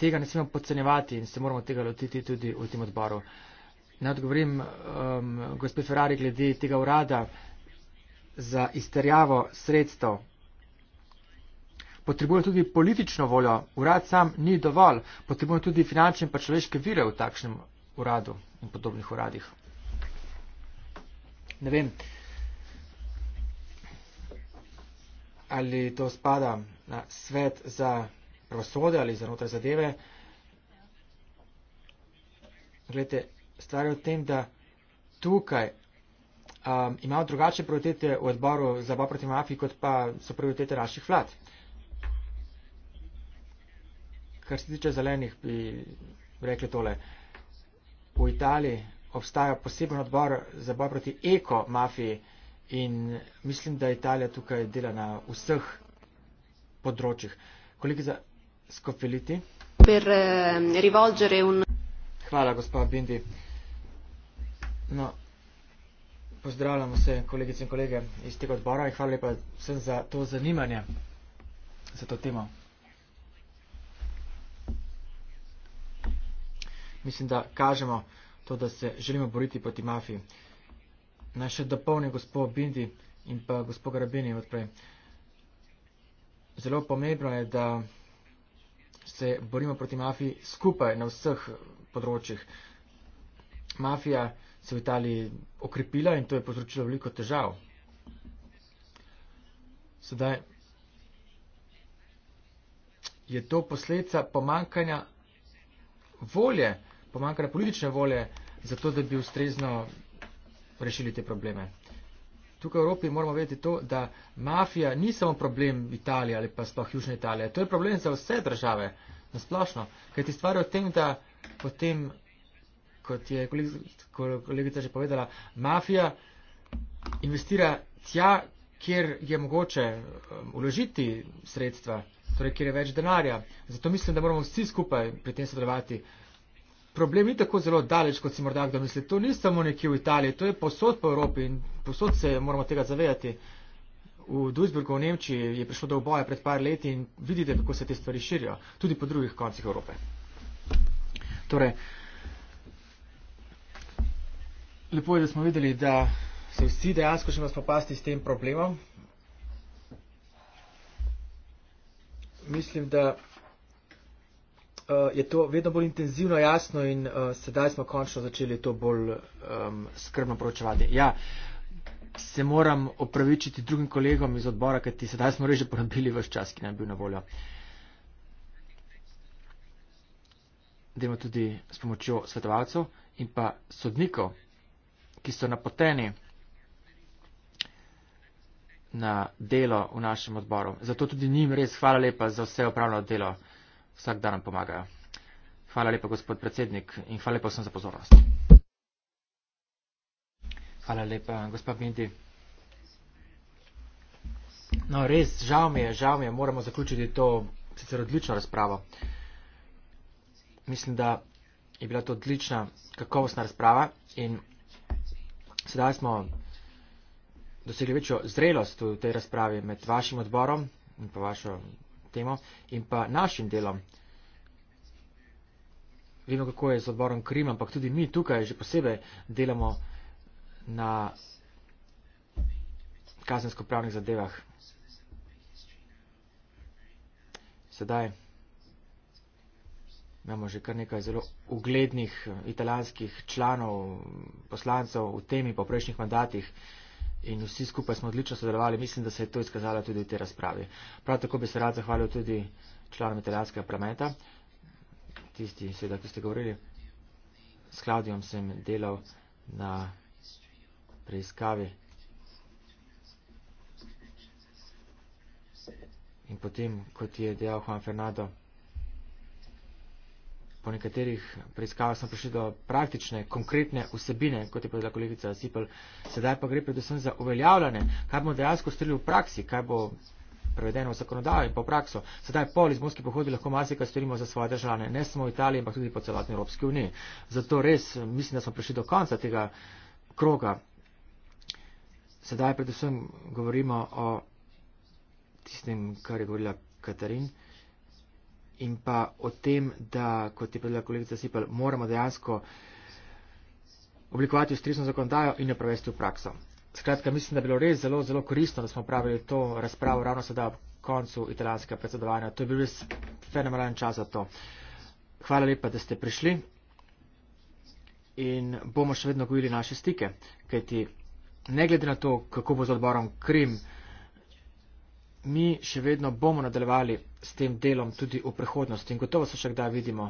tega ne smemo podcenjevati in se moramo tega lotiti tudi v tem odboru. Ne odgovorim, um, gospod Ferrari, glede tega urada za izterjavo sredstev potrebuje tudi politično voljo. Urad sam ni dovolj, potrebuje tudi finančne in človeške vire v takšnem uradu in podobnih uradih. Ne vem, ali to spada na svet za pravosodje ali za notranje zadeve. Glede, stvar je v tem, da tukaj um, imamo drugačne prioritete v odboru za boj proti mafiji, kot pa so prioritete naših vlad. Uh, kar se tiče zelenih, bi rekli tole. V Italiji obstaja poseben odbor za boj proti ekomafiji in mislim, da Italija tukaj dela na vseh področjih. Koliko za skofiliti? Per eh, rivolgere un. Hvala, gospa Bindi. No, pozdravljam vse kolegice in kolege iz tega odbora in hvala lepa vsem za to zanimanje, za to temo. mislim, da kažemo to, da se želimo boriti proti mafiji. Naj še dopolni gospod Bindi in pa gospod Rabini odprej. Zelo pomembno je, da se borimo proti mafiji skupaj na vseh področjih. Mafija se v Italiji okrepila in to je povzročilo veliko težav. Sedaj je to posledica pomankanja volje pomankale politične volje, zato da bi ustrezno rešili te probleme. Tukaj v Evropi moramo vedeti to, da mafija ni samo problem Italije ali pa sploh Južne Italije, to je problem za vse države nasplošno, ker ti stvari o tem, da potem, kot je kolegica že povedala, mafija investira tja, kjer je mogoče uložiti um, sredstva, torej kjer je več denarja. Zato mislim, da moramo vsi skupaj pri tem sodelovati, problem ni tako zelo daleč, kot si morda kdo misli. To ni samo nekje v Italiji, to je posod po Evropi in posod se moramo tega zavedati. V Duisburgu v Nemčiji je prišlo do oboja pred par leti in vidite, kako se te stvari širijo, tudi po drugih koncih Evrope. Torej, lepo je, da smo videli, da se vsi dejansko še nas popasti s tem problemom. Mislim, da uh, je to vedno bolj intenzivno jasno in uh, sedaj smo končno začeli to bolj um, skrbno proučevati. Ja, se moram opravičiti drugim kolegom iz odbora, ker ti sedaj smo reže porabili vaš čas, ki naj bi bil na voljo. Dajmo tudi s pomočjo svetovalcev in pa sodnikov, ki so napoteni na delo v našem odboru. Zato tudi njim res hvala lepa za vse upravno delo vsak dan nam pomagajo. Hvala lepa, gospod predsednik, in hvala lepa vsem za pozornost. Hvala lepa, gospod Bindi. No, res, žal mi je, žal mi je, moramo zaključiti to sicer odlično razpravo. Mislim, da je bila to odlična, kakovostna razprava in sedaj smo dosegli večjo zrelost v tej razpravi med vašim odborom in pa vašo temo in pa našim delom. Vemo, kako je z odborom Krim, ampak tudi mi tukaj že posebej delamo na kazensko-pravnih zadevah. Sedaj imamo že kar nekaj zelo uglednih italijanskih članov, poslancev v temi po prejšnjih mandatih in vsi skupaj smo odlično sodelovali. Mislim, da se je to izkazalo tudi v tej razpravi. Prav tako bi se rad zahvalil tudi članom italijanskega parlamenta, tisti, seveda, ki ste govorili. S Klaudijom sem delal na preiskavi in potem, kot je dejal Juan Fernando, po nekaterih preiskavah smo prišli do praktične, konkretne vsebine, kot je povedala kolegica Sipel. Sedaj pa gre predvsem za uveljavljanje, kaj bomo dejansko storili v praksi, kaj bo prevedeno v zakonodajo in po prakso. Sedaj po Lizbonski pohodi lahko marsikaj storimo za svoje državljane, ne samo v Italiji, ampak tudi po celotni Evropski uniji. Zato res mislim, da smo prišli do konca tega kroga. Sedaj predvsem govorimo o tistem, kar je govorila Katarin in pa o tem, da, kot je predala kolegica Sipel, moramo dejansko oblikovati ustrezno zakonodajo in jo prevesti v prakso. Skratka, mislim, da bi bilo res zelo, zelo koristno, da smo pravili to razpravo ravno sedaj ob koncu italijanskega predsedovanja. To je bil res fenomenalen čas za to. Hvala lepa, da ste prišli in bomo še vedno gojili naše stike, kajti ne glede na to, kako bo z odborom Krim, mi še vedno bomo nadaljevali s tem delom tudi v prihodnosti in gotovo se še kdaj vidimo,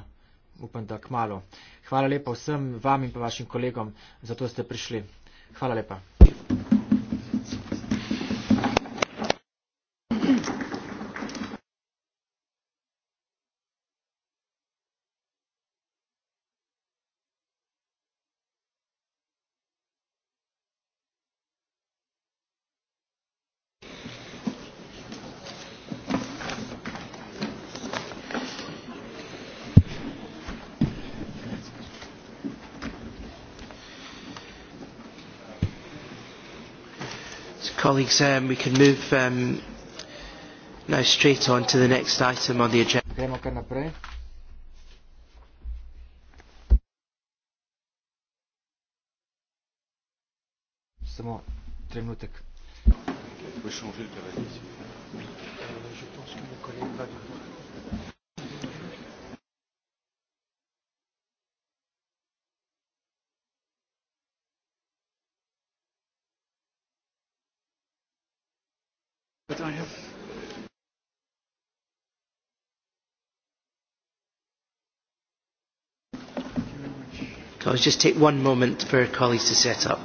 upam, da kmalo. Hvala lepa vsem vam in pa vašim kolegom, zato ste prišli. Hvala lepa. colleagues, um, we can move um, now straight on to the next item on the agenda. Samo trenutek. Euh, je pa šlo že, da je bilo. Je pa šlo že, da je bilo. But I have. I'll just take one moment for colleagues to set up.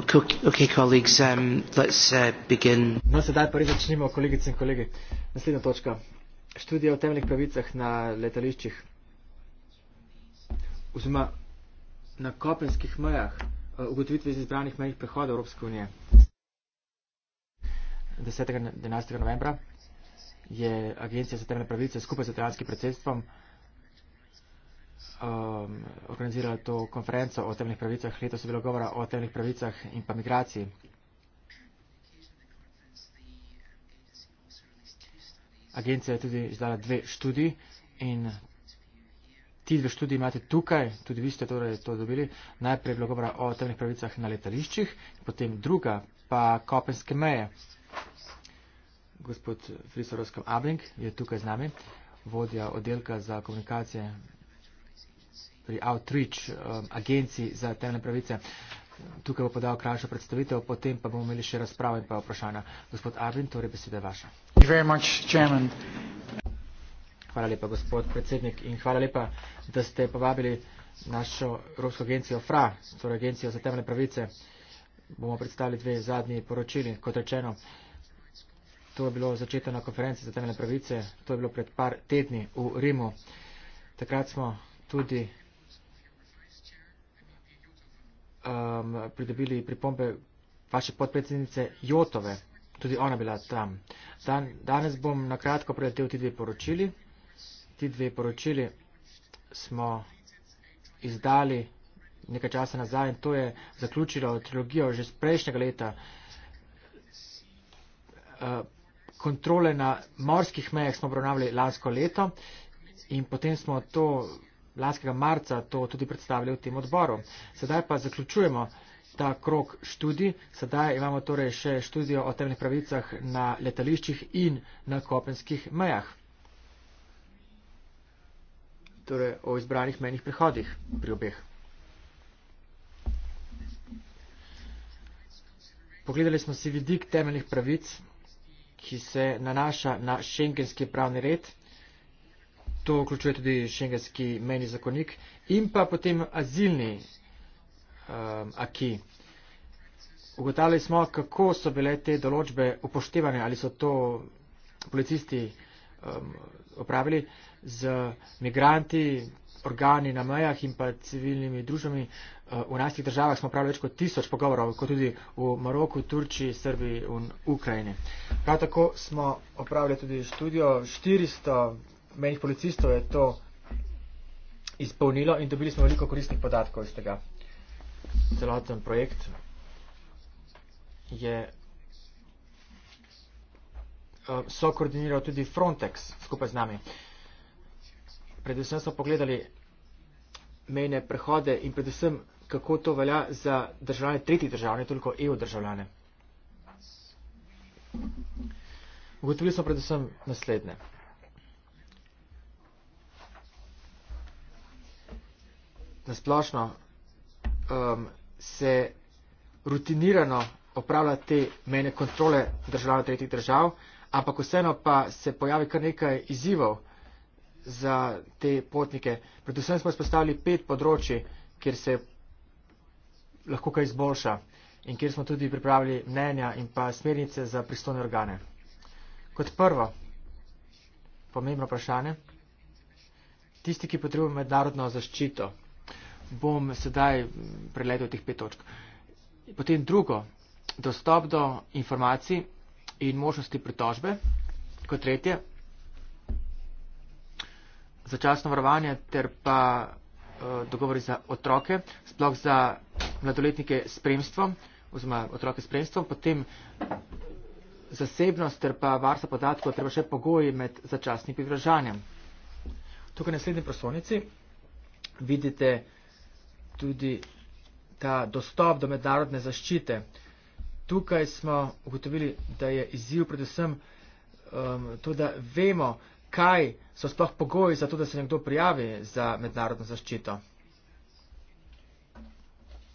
Okay, colleagues, um, let's, uh, begin. No, sedaj prvi začnimo, kolegice in kolegi. Naslednja točka. Študija o temeljnih pravicah na letališčih. Oziroma, na kopenskih mejah, eh, ugotovitve iz izbranih mejih prehoda Evropske unije. 10. 11. novembra je Agencija za temeljne pravice skupaj z italijanskim predsedstvom uh, um, organizirali to konferenco o temnih pravicah. Letos je bilo govora o temnih pravicah in pa migraciji. Agencija je tudi izdala dve študiji in ti dve študiji imate tukaj, tudi vi ste torej to dobili. Najprej je bilo govora o temnih pravicah na letališčih, potem druga pa kopenske meje. Gospod Frisorovskem Abling je tukaj z nami, vodja oddelka za komunikacije pri Outreach, eh, agenciji za temeljne pravice. Tukaj bo podal krajšo predstavitev, potem pa bomo imeli še razpravo in pa vprašanja. Gospod Arvin, torej beseda je vaša. Hvala lepa, gospod predsednik, in hvala lepa, da ste povabili našo Evropsko agencijo FRA, torej agencijo za temeljne pravice. Bomo predstavili dve zadnji poročili, kot rečeno. To je bilo začeto na konferenci za temeljne pravice, to je bilo pred par tedni v Rimu. Takrat smo tudi um, pridobili pripombe vaše podpredsednice Jotove. Tudi ona bila tam. Dan, danes bom na kratko preletel ti dve poročili. Ti dve poročili smo izdali nekaj časa nazaj in to je zaključilo trilogijo že z prejšnjega leta. Uh, kontrole na morskih mejah smo obravnavali lansko leto in potem smo to lanskega marca to tudi predstavljal v tem odboru. Sedaj pa zaključujemo ta krok študij. Sedaj imamo torej še študijo o temnih pravicah na letališčih in na kopenskih mejah. Torej o izbranih menjih prihodih pri obeh. Pogledali smo si vidik temeljnih pravic, ki se nanaša na šengenski pravni red to vključuje tudi šengenski meni zakonik in pa potem azilni um, aki. Ugotavljali smo, kako so bile te določbe upoštevane, ali so to policisti um, opravili z migranti, organi na mejah in pa civilnimi družbami. Uh, v naših državah smo opravili več kot tisoč pogovorov, kot tudi v Maroku, Turčiji, Srbiji in Ukrajini. Prav tako smo opravili tudi študijo 400 mejnih policistov je to izpolnilo in dobili smo veliko koristnih podatkov iz tega. Celoten projekt je eh, so koordiniral tudi Frontex skupaj z nami. Predvsem so pogledali mejne prehode in predvsem kako to velja za državljane tretji državne, toliko EU državljane. Ugotovili smo predvsem naslednje. na splošno um, se rutinirano opravlja te mene kontrole držav tretjih držav, ampak vseeno pa se pojavi kar nekaj izzivov za te potnike. Predvsem smo izpostavili pet področji, kjer se lahko kaj izboljša in kjer smo tudi pripravili mnenja in pa smernice za pristojne organe. Kot prvo, pomembno vprašanje, tisti, ki potrebujejo mednarodno zaščito, bom sedaj preledil teh pet točk. Potem drugo, dostop do informacij in možnosti pritožbe. Kot tretje, začasno varovanje ter pa uh, dogovori za otroke, sploh za mladoletnike s spremstvom, oziroma otroke s spremstvom. Potem zasebnost ter pa varstvo podatkov, treba še pogoji med začasnim pridržanjem. Tukaj na srednji prosovnici vidite, tudi ta dostop do mednarodne zaščite. Tukaj smo ugotovili, da je izziv predvsem um, to, da vemo, kaj so sploh pogoji za to, da se nekdo prijavi za mednarodno zaščito.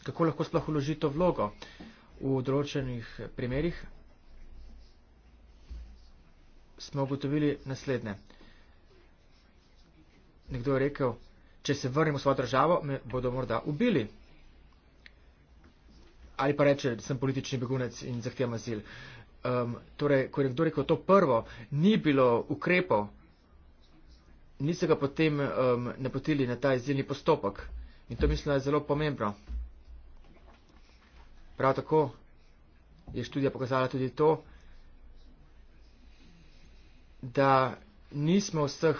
Kako lahko sploh uloži to vlogo v določenih primerjih? Smo ugotovili naslednje. Nekdo je rekel, če se vrnem v svojo državo, me bodo morda ubili. Ali pa reče, da sem politični begunec in zahtevam azil. Um, torej, ko je nekdo rekel to prvo, ni bilo ukrepo, niso ga potem um, napotili na ta izilni postopek. In to mislim, da je zelo pomembno. Prav tako je študija pokazala tudi to, da nismo vseh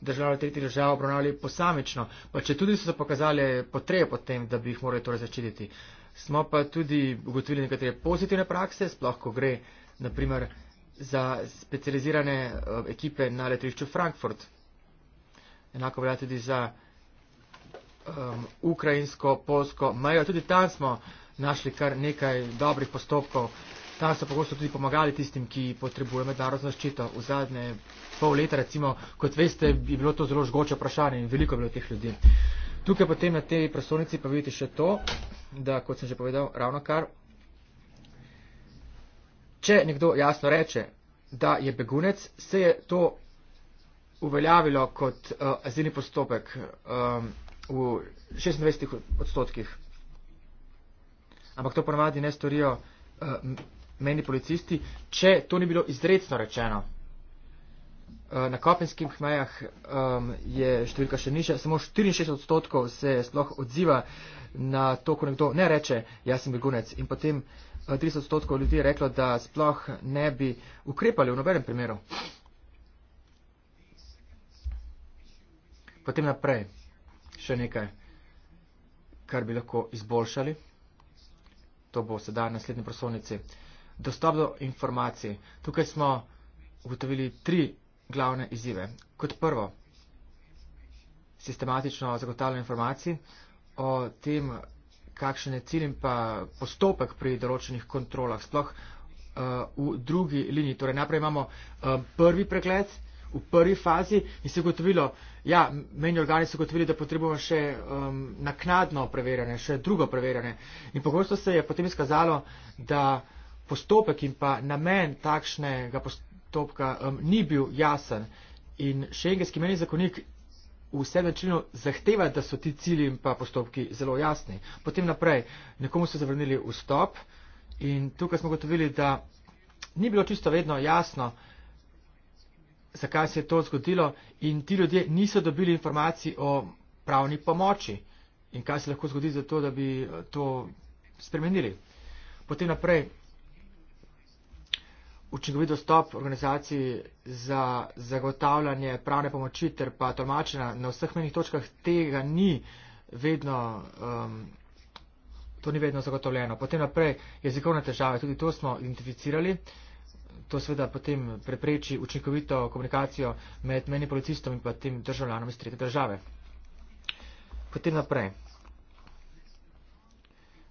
države tretjih držav obravnavali posamično, pa če tudi so pokazali potrebo po tem, da bi jih morali torej začititi. Smo pa tudi ugotovili nekatere pozitivne prakse, sploh ko gre naprimer za specializirane eh, ekipe na letrišču Frankfurt. Enako velja tudi za um, ukrajinsko, polsko mejo. Tudi tam smo našli kar nekaj dobrih postopkov, tam so pogosto tudi pomagali tistim, ki potrebujejo mednarodno zaščito. V zadnje pol leta, recimo, kot veste, je bilo to zelo žgoče vprašanje in veliko je bilo teh ljudi. Tukaj potem na tej prostornici pa vidite še to, da kot sem že povedal ravno kar, če nekdo jasno reče, da je begunec, se je to uveljavilo kot uh, azilni postopek um, v 26 odstotkih. Ampak to ponavadi ne storijo uh, meni policisti, če to ni bilo izredno rečeno. Eh, na kopenskih mejah um, je številka še nižja, samo 64 odstotkov se sploh odziva na to, ko nekdo ne reče, jaz sem begunec. In potem 30 eh, odstotkov ljudi je reklo, da sploh ne bi ukrepali v nobenem primeru. Potem naprej še nekaj, kar bi lahko izboljšali. To bo sedaj na naslednji prosovnici. Uh, dostop do informacij. Tukaj smo ugotovili tri glavne izzive. Kot prvo, sistematično zagotavljanje informacij o tem, kakšen je cilj in pa postopek pri določenih kontrolah, sploh uh, v drugi liniji. Torej, najprej imamo uh, prvi pregled v prvi fazi in se gotovilo, ja, meni organi so gotovili, da potrebujemo še um, naknadno preverjanje, še drugo preverjanje. In pogosto se je potem izkazalo, da postopek in pa namen takšnega postopka um, ni bil jasen. In šengenski meni zakonik v sedmem členu zahteva, da so ti cilji in pa postopki zelo jasni. Potem naprej, nekomu so zavrnili vstop in tukaj smo gotovili, da ni bilo čisto vedno jasno, zakaj se je to zgodilo in ti ljudje niso dobili informacij o pravni pomoči in kaj se lahko zgodi za to, da bi eh, to spremenili. Potem naprej, učinkovit dostop organizaciji za zagotavljanje pravne pomoči ter pa tolmačenja na vseh menih točkah tega ni vedno, um, to ni vedno zagotovljeno. Potem naprej jezikovne težave, tudi to smo identificirali. To seveda potem prepreči učinkovito komunikacijo med meni policistom in pa tem državljanom iz tretje države. Potem naprej.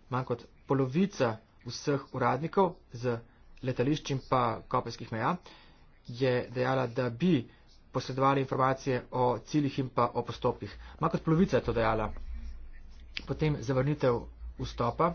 Manj kot polovica vseh uradnikov z letališč in pa kopenskih meja, je dejala, da bi posredovali informacije o ciljih in pa o postopkih. Malo kot polovica je to dejala. Potem zavrnitev vstopa.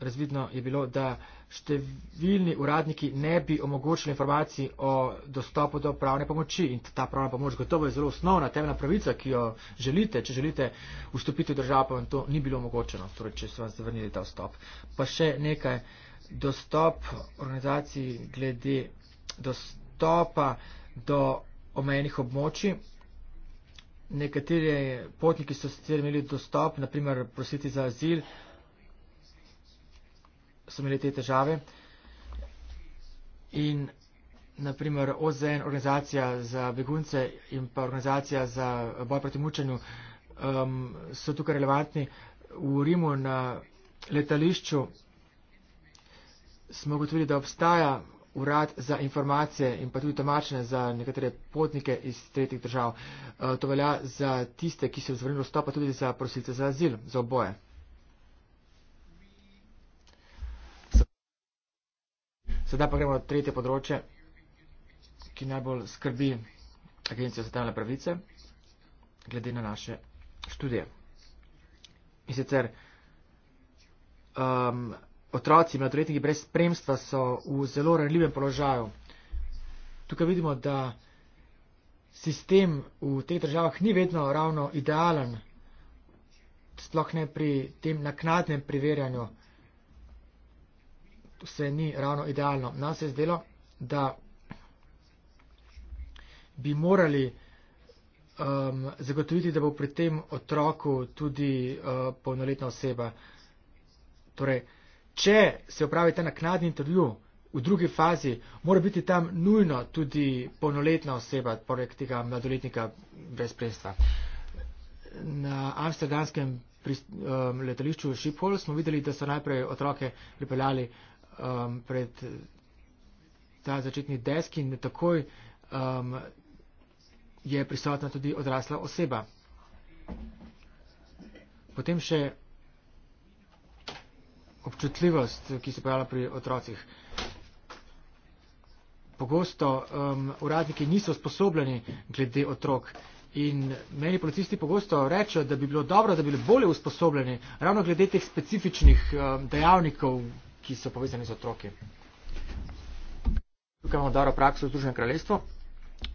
Razvidno je bilo, da številni uradniki ne bi omogočili informacij o dostopu do pravne pomoči in ta pravna pomoč gotovo je zelo osnovna, temeljna pravica, ki jo želite, če želite vstopiti v državo, pa vam to ni bilo omogočeno, torej če so vam zavrnili ta vstop. Pa še nekaj. Uh, dostop organizaciji glede dostopa do omejenih območij. Nekateri potniki so sicer imeli dostop, naprimer prositi za azil, so imeli te težave. In naprimer OZN, organizacija za begunce in pa organizacija za boj proti mučenju um, so tukaj relevantni. V Rimu na letališču smo ugotovili, da obstaja urad za informacije in pa tudi tomačenje za nekatere potnike iz tretjih držav. E, to velja za tiste, ki so zvrnili vstop, pa tudi za prosilce za azil, za oboje. Sedaj pa gremo na tretje področje, ki najbolj skrbi Agencijo za temeljne pravice, glede na naše študije. In sicer um, otroci, mladoletniki brez spremstva so v zelo ranljivem položaju. Tukaj vidimo, da sistem v teh državah ni vedno ravno idealen, sploh ne pri tem naknadnem preverjanju. Vse ni ravno idealno. Nam se je zdelo, da bi morali um, zagotoviti, da bo pri tem otroku tudi uh, polnoletna oseba. Torej, Če se opravi ta naknadni intervju v drugi fazi, mora biti tam nujno tudi polnoletna oseba, poleg tega mladoletnika brez spremstva. Na amsterdamskem um, letališču Šiphol smo videli, da so najprej otroke pripeljali um, pred ta začetni desk in takoj um, je prisotna tudi odrasla oseba. Potem še občutljivost, ki se pojavlja pri otrocih. Pogosto um, uradniki niso sposobljeni glede otrok in meni policisti pogosto rečejo, da bi bilo dobro, da bi bili bolje usposobljeni ravno glede teh specifičnih um, dejavnikov, ki so povezani z otroki. Tukaj imamo dobro prakso v Združenem kraljestvu,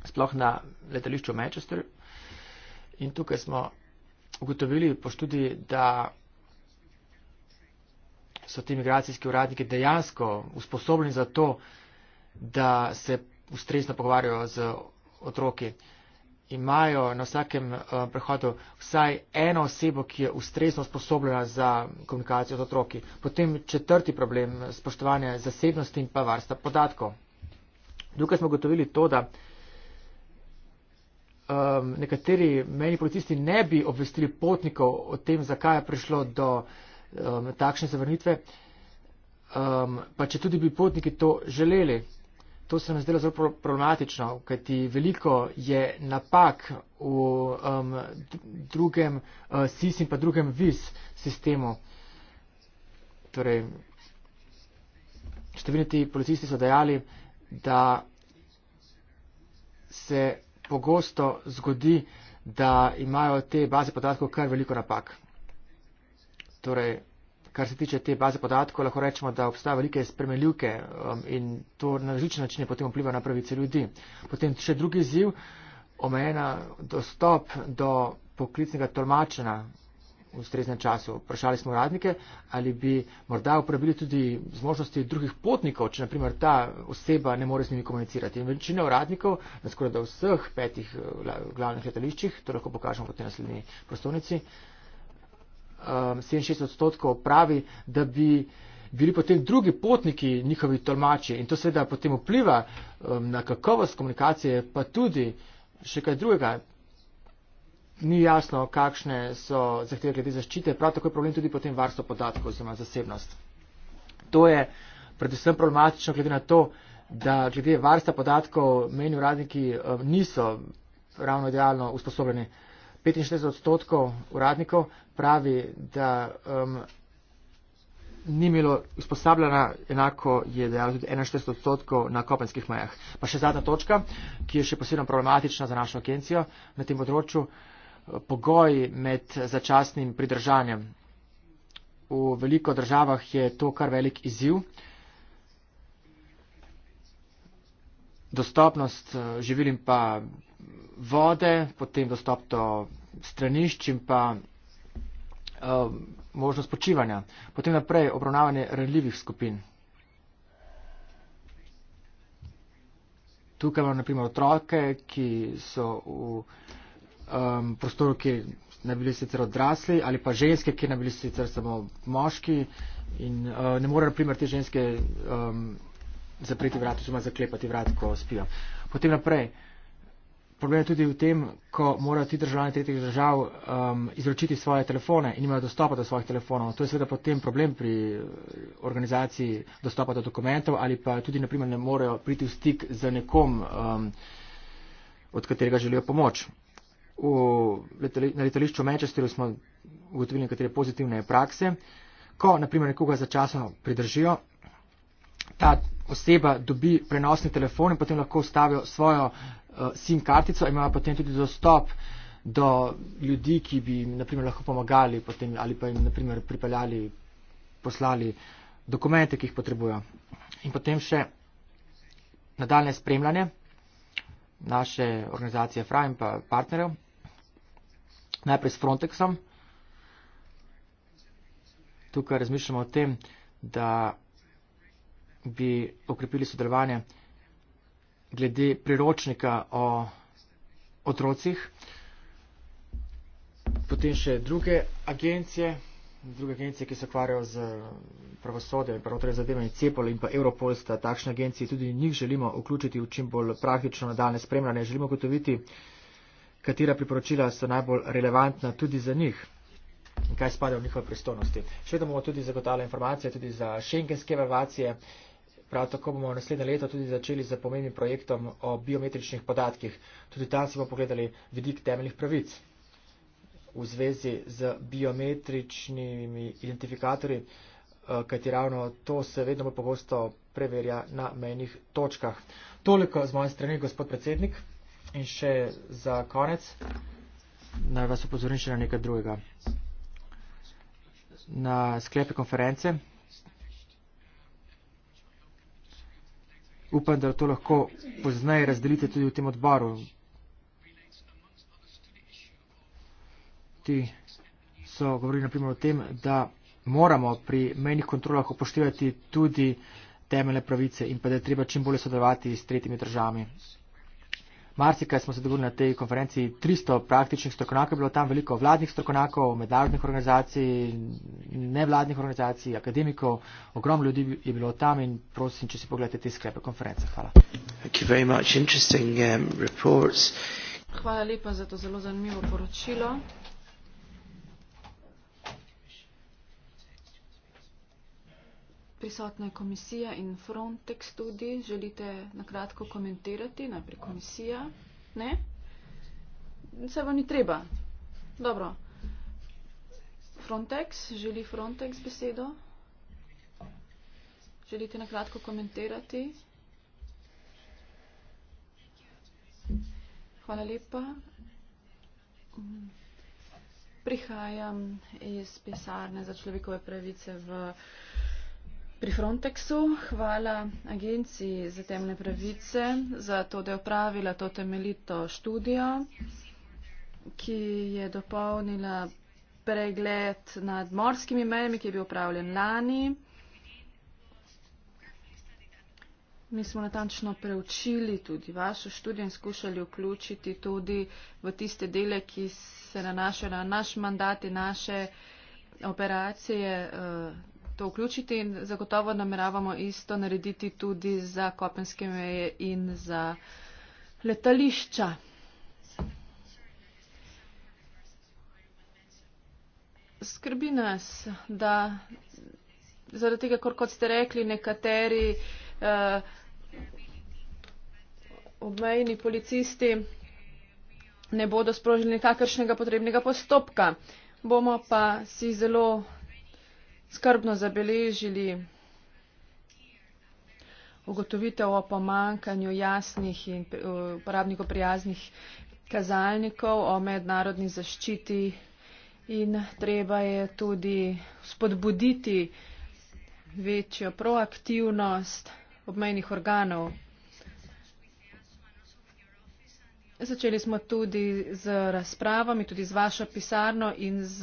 sploh na letališču Manchester. In tukaj smo ugotovili po študiji, da so ti migracijski uradniki dejansko usposobljeni za to, da se ustrezno pogovarjajo z otroki. Imajo na vsakem uh, prehodu vsaj eno osebo, ki je ustrezno usposobljena za komunikacijo z otroki. Potem četrti problem, spoštovanje zasebnosti in pa varsta podatkov. Tukaj smo gotovili to, da um, nekateri meni policisti ne bi obvestili potnikov o tem, zakaj je prišlo do uh, um, takšne zavrnitve, um, pa če tudi bi potniki to želeli. To se nam zdelo zelo problematično, kajti veliko je napak v um, drugem uh, SIS in pa drugem VIS sistemu. Torej, številni ti policisti so dejali, da se pogosto zgodi, da imajo te baze podatkov kar veliko napak. Torej, kar se tiče te baze podatkov, lahko rečemo, da obstaja velike spremenljivke um, in to na različne načine potem vpliva na pravice ljudi. Potem še drugi ziv, omejena dostop do poklicnega tolmačena v streznem času. Prašali smo uradnike, ali bi morda uporabili tudi zmožnosti drugih potnikov, če naprimer ta oseba ne more z njimi komunicirati. In večina uradnikov, na skoraj da vseh petih eh, glavnih letališčih, to lahko pokažemo potem na naslednji prostovnici, um, 67 odstotkov pravi, da bi bili potem drugi potniki njihovi tolmači in to seveda potem vpliva um, na kakovost komunikacije, pa tudi še kaj drugega. Ni jasno, kakšne so zahteve glede zaščite, prav tako je problem tudi potem varstvo podatkov oziroma zasebnost. To je predvsem problematično glede na to, da glede varstva podatkov meni uradniki um, niso ravno idealno usposobljeni. 65 odstotkov uradnikov pravi, da um, ni bilo usposabljena, enako je dejalo tudi 41 odstotkov na kopenskih mejah. Pa še zadnja točka, ki je še posebno problematična za našo agencijo na tem področju, pogoji med začasnim pridržanjem. V veliko državah je to kar velik izziv. Dostopnost eh, živil in pa vode, potem dostop do stranišč in pa uh, možnost počivanja. Potem naprej obravnavanje ranljivih skupin. Tukaj imamo naprimer otroke, ki so v um, prostoru, ki ne bili sicer odrasli, ali pa ženske, ki ne bili sicer samo moški in uh, ne morejo naprimer te ženske um, zapreti vrat, oziroma zaklepati vrat, ko spijo. Potem naprej. Uh, Problem je tudi v tem, ko morajo ti državljani tretjih držav um, izročiti svoje telefone in imajo dostopa do svojih telefonov. To je seveda potem problem pri uh, organizaciji dostopa do dokumentov ali pa tudi naprimer ne morejo priti v stik z nekom, um, od katerega želijo pomoč. V, na letališču Manchesteru smo ugotovili nekatere pozitivne prakse. Ko naprimer nekoga začasno pridržijo, ta oseba dobi prenosni telefon in potem lahko ustavijo svojo Eh, SIM kartico, imajo potem tudi dostop do ljudi, ki bi jim naprimer lahko pomagali potem, ali pa jim naprimer pripeljali, poslali dokumente, ki jih potrebujo. In potem še nadaljne spremljanje naše organizacije FRA in pa partnerjev, najprej s Frontexom. Tukaj razmišljamo o tem, da bi okrepili sodelovanje uh, glede priročnika o otrocih, potem še druge agencije, druge agencije, ki se ukvarjajo z pravosodjem, pravotraj zadevami Cepol in pa Europolsta, takšne agencije, tudi njih želimo vključiti v čim bolj praktično nadaljne spremljanje, želimo gotoviti, katera priporočila so najbolj relevantna tudi za njih in kaj spada v njihove pristojnosti. Še vedno bomo tudi zagotavljali informacije tudi za šengenske evalvacije. Prav tako bomo naslednje leto tudi začeli z pomembnim projektom o biometričnih podatkih. Tudi tam si bomo pogledali vidik temeljnih pravic v zvezi z biometričnimi identifikatorji, eh, kajti ravno to se vedno bolj pogosto preverja na menjih točkah. Toliko z moje strani, gospod predsednik. In še za konec naj vas upozorim še na nekaj drugega. Na sklepe konference Upam, da to lahko pozdneje razdelite tudi v tem odboru. Ti so govorili naprimer o tem, da moramo pri mejnih kontrolah upoštevati tudi temeljne pravice in pa da je treba čim bolje sodelovati s tretjimi državami. Marsikaj smo se dogovorili na tej konferenci, 300 praktičnih strokovnjakov je bilo tam, veliko vladnih strokovnjakov, mednarodnih organizacij, nevladnih organizacij, akademikov, ogrom ljudi je bilo tam in prosim, če si pogledate te sklepe konference. Hvala. Um, Hvala lepa za to zelo zanimivo poročilo. prisotna je komisija in Frontex tudi. Želite nakratko komentirati, najprej komisija? Ne? Se vam ni treba. Dobro. Frontex, želi Frontex besedo? Želite nakratko komentirati? Hvala lepa. Prihajam iz pisarne za človekove pravice v pri Frontexu, hvala Agenciji za temne pravice, za to, da je opravila to temeljito študijo, ki je dopolnila pregled nad morskimi mejami, ki je bil upravljen lani. Mi smo natančno preučili tudi vašo študijo in skušali vključiti tudi v tiste dele, ki se nanašajo na naš mandat in naše operacije. Uh, to vključiti in zagotovo nameravamo isto narediti tudi za kopenske meje in za letališča. Skrbi nas, da zaradi tega, kot ste rekli, nekateri eh, obmejni policisti ne bodo sprožili nekakršnega potrebnega postopka. Bomo pa si zelo skrbno zabeležili ugotovitev o pomankanju jasnih in eh, uporabnikov prijaznih kazalnikov o mednarodni zaščiti in treba je tudi spodbuditi večjo proaktivnost obmejnih organov. Začeli smo tudi z razpravami, tudi z vašo pisarno in z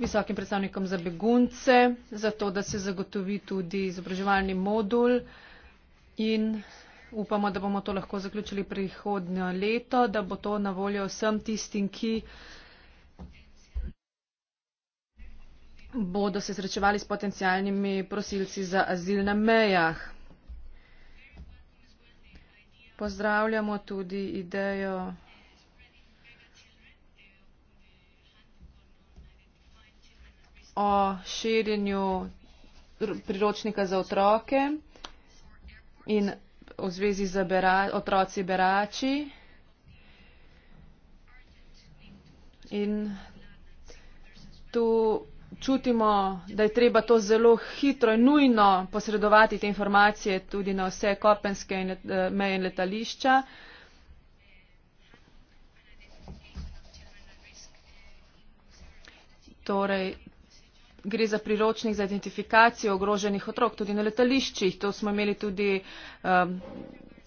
visokim predstavnikom za begunce, zato da se zagotovi tudi izobraževalni modul in upamo, da bomo to lahko zaključili prihodnjo leto, da bo to na voljo vsem tistim, ki bodo se srečevali s potencijalnimi prosilci za azil na mejah. Pozdravljamo tudi idejo o širjenju priročnika za otroke in v zvezi z bera, otroci berači. In tu čutimo, da je treba to zelo hitro in nujno posredovati te informacije tudi na vse kopenske eh, meje in letališča. Torej, gre za priročnik za identifikacijo ogroženih otrok tudi na letališčih. To smo imeli tudi um,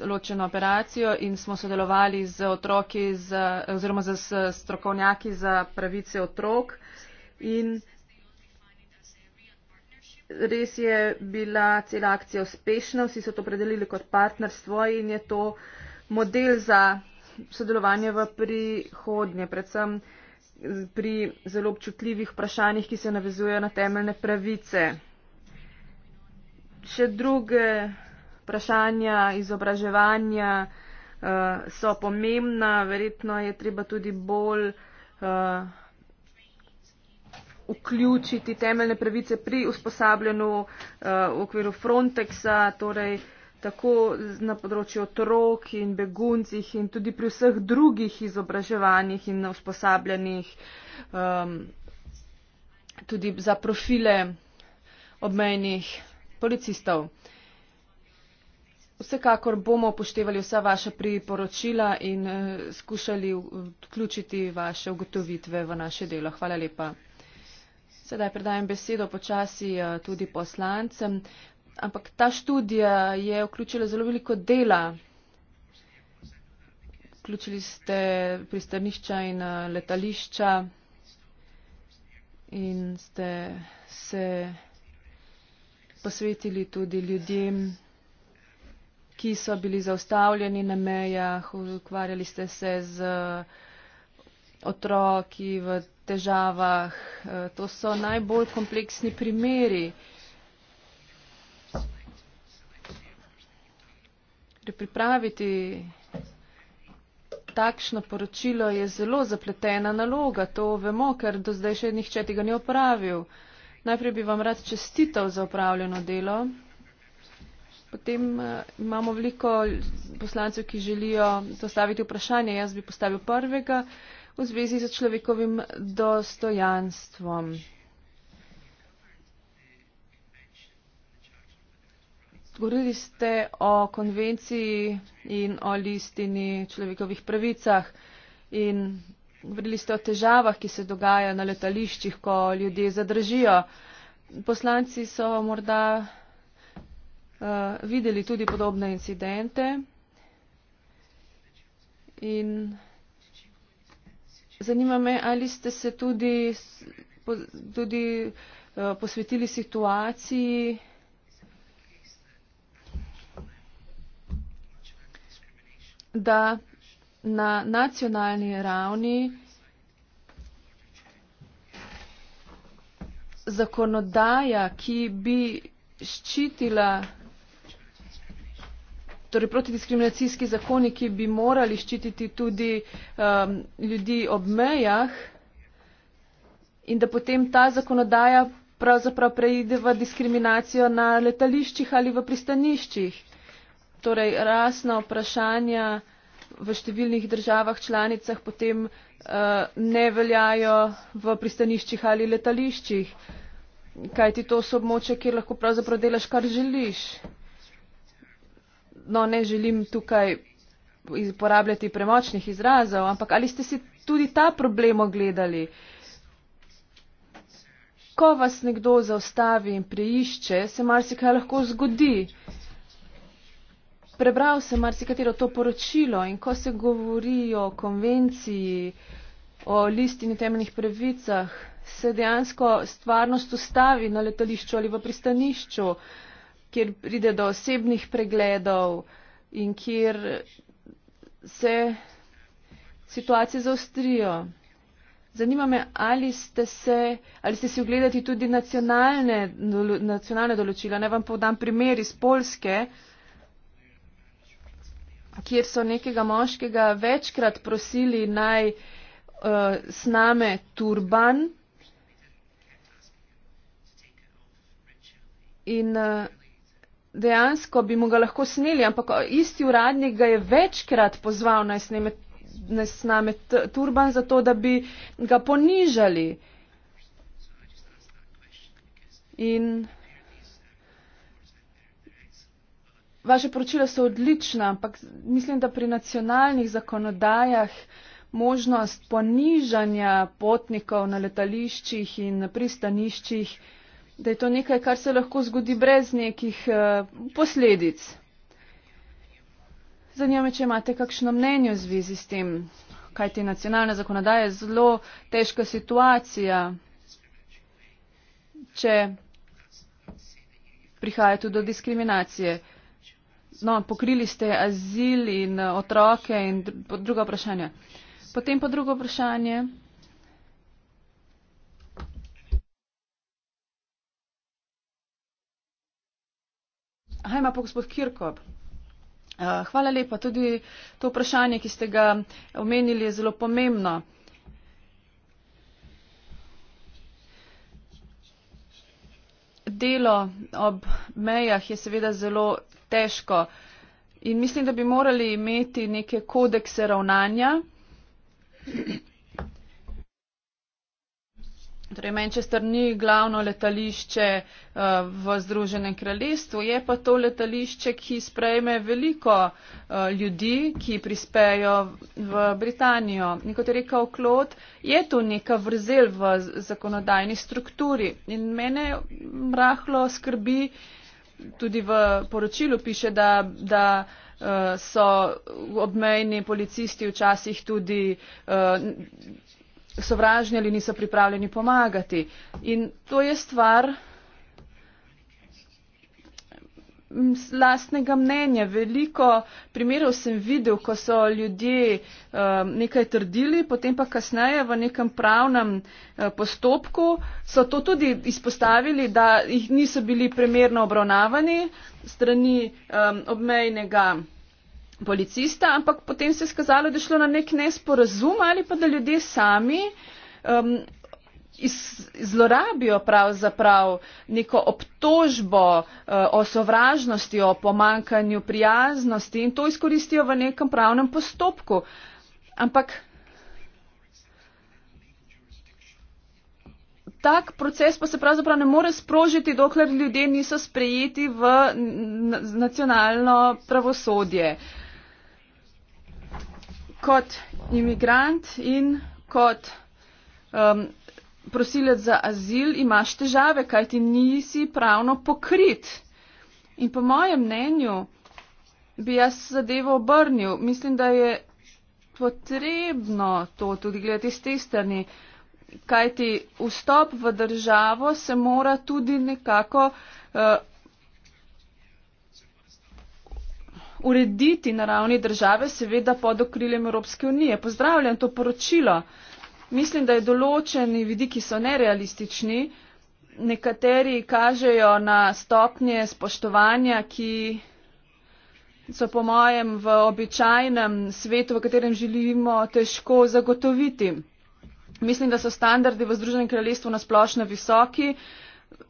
ločeno operacijo in smo sodelovali z otroki z, oziroma z, z strokovnjaki za pravice otrok. In res je bila cela akcija uspešna, vsi so to predelili kot partnerstvo in je to model za sodelovanje v prihodnje. Predvsem pri zelo občutljivih vprašanjih, ki se navezujejo na temeljne pravice. Še druge vprašanja izobraževanja uh, so pomembna, verjetno je treba tudi bolj uh, vključiti temeljne pravice pri usposabljanju uh, v okviru Frontexa, torej uh, tako na področju otrok in beguncih in tudi pri vseh drugih izobraževanjih in usposabljanjih, um, tudi za profile obmejnih policistov. Vsekakor bomo upoštevali vsa vaša priporočila in uh, skušali vključiti vaše ugotovitve v naše delo. Hvala lepa. Sedaj predajem besedo počasi uh, tudi poslancem. Uh, ampak ta študija je vključila zelo veliko dela. Vključili ste pristanišča in eh, letališča in ste se posvetili tudi ljudem, ki so bili zaustavljeni na mejah, ukvarjali ste se z eh, otroki v težavah. Eh, to so najbolj kompleksni primeri. pripraviti takšno poročilo je zelo zapletena naloga. To vemo, ker do zdaj še nihče tega ni opravil. Najprej bi vam rad čestitev za opravljeno delo. Potem uh, imamo veliko poslancev, ki želijo postaviti vprašanje. Jaz bi postavil prvega v zvezi z človekovim dostojanstvom. govorili ste o konvenciji in o listini človekovih pravicah in govorili ste o težavah, ki se dogajajo na letališčih, ko ljudje zadržijo. Poslanci so morda uh, videli tudi podobne incidente in zanima me, ali ste se tudi, tudi uh, posvetili situaciji, da na nacionalni ravni zakonodaja, ki bi ščitila, torej protidiskriminacijski zakoni, ki bi morali ščititi tudi um, ljudi ob mejah in da potem ta zakonodaja pravzaprav preide v diskriminacijo na letališčih ali v pristaniščih torej rasna vprašanja v številnih državah članicah potem uh, ne veljajo v pristaniščih ali letališčih, kaj ti to so območja, kjer lahko pravzaprav delaš, kar želiš. No, ne želim tukaj uporabljati premočnih izrazov, ampak ali ste si tudi ta problem ogledali? Ko vas nekdo zaustavi in preišče, se marsikaj lahko zgodi prebral sem marsikatero to poročilo in ko se govori o konvenciji, o listini temeljnih pravicah, se dejansko stvarnost ustavi na letališču ali v pristanišču, kjer pride do osebnih pregledov in kjer se situacije zaostrijo. Zanima me, ali ste, se, ali ste si ogledali tudi nacionalne, nacionalne določila. Naj vam podam primer iz Polske. Uh, kjer so nekega moškega večkrat prosili naj uh, sname turban. In uh, dejansko bi mu ga lahko sneli, ampak eh, isti uradnik ga je večkrat pozval naj sneme, naj sneme turban zato, da bi ga ponižali. In vaše poročila so odlična, ampak mislim, da pri nacionalnih zakonodajah možnost ponižanja potnikov na letališčih in pristaniščih, da je to nekaj, kar se lahko zgodi brez nekih uh, posledic. Zanima me, če imate kakšno mnenje v zvezi s tem, kaj ti nacionalna zakonodaja je zelo težka situacija, če prihaja tudi do diskriminacije. No, pokrili ste azil in eh, otroke in druga vprašanja. Potem pa drugo vprašanje. Aha, ima pa gospod Kirkob. Eh, hvala lepa. Tudi to vprašanje, ki ste ga omenili, je zelo pomembno. Delo ob mejah je seveda zelo težko. In mislim, da bi morali imeti neke kodekse ravnanja. Torej, Manchester ni glavno letališče uh, v Združenem kraljestvu, je pa to letališče, ki sprejme veliko uh, ljudi, ki prispejo v Britanijo. In kot je rekel Klod, je to neka vrzel v zakonodajni strukturi. In mene rahlo skrbi, uh, tudi v poročilu piše, da, da eh, so obmejni policisti včasih tudi eh, sovražni ali niso pripravljeni pomagati. In to je stvar lastnega mnenja. Veliko primerov sem videl, ko so ljudje um, nekaj trdili, potem pa kasneje v nekem pravnem uh, postopku so to tudi izpostavili, da jih niso bili primerno obravnavani strani um, obmejnega policista, ampak potem se je skazalo, da je šlo na nek nesporazum ali pa da ljudje sami. Um, zlorabijo pravzaprav neko obtožbo eh, o sovražnosti, o pomankanju prijaznosti in to izkoristijo v nekem pravnem postopku. Ampak tak proces pa se pravzaprav ne more sprožiti, dokler ljudje niso sprejeti v nacionalno pravosodje. Kot imigrant in kot um, prosilec za azil, imaš težave, kaj ti nisi pravno pokrit. In po mojem mnenju bi jaz zadevo obrnil. Mislim, da je potrebno to tudi gledati z te strani, kaj ti vstop v državo se mora tudi nekako uh, urediti na ravni države, seveda pod okriljem Evropske unije. Pozdravljam to poročilo. Uh, mislim, da je določeni vidiki so nerealistični, nekateri kažejo na stopnje spoštovanja, ki so po mojem v običajnem svetu, v katerem želimo, težko zagotoviti. Mislim, da so standardi v Združenem kraljestvu nasplošno visoki. Uh,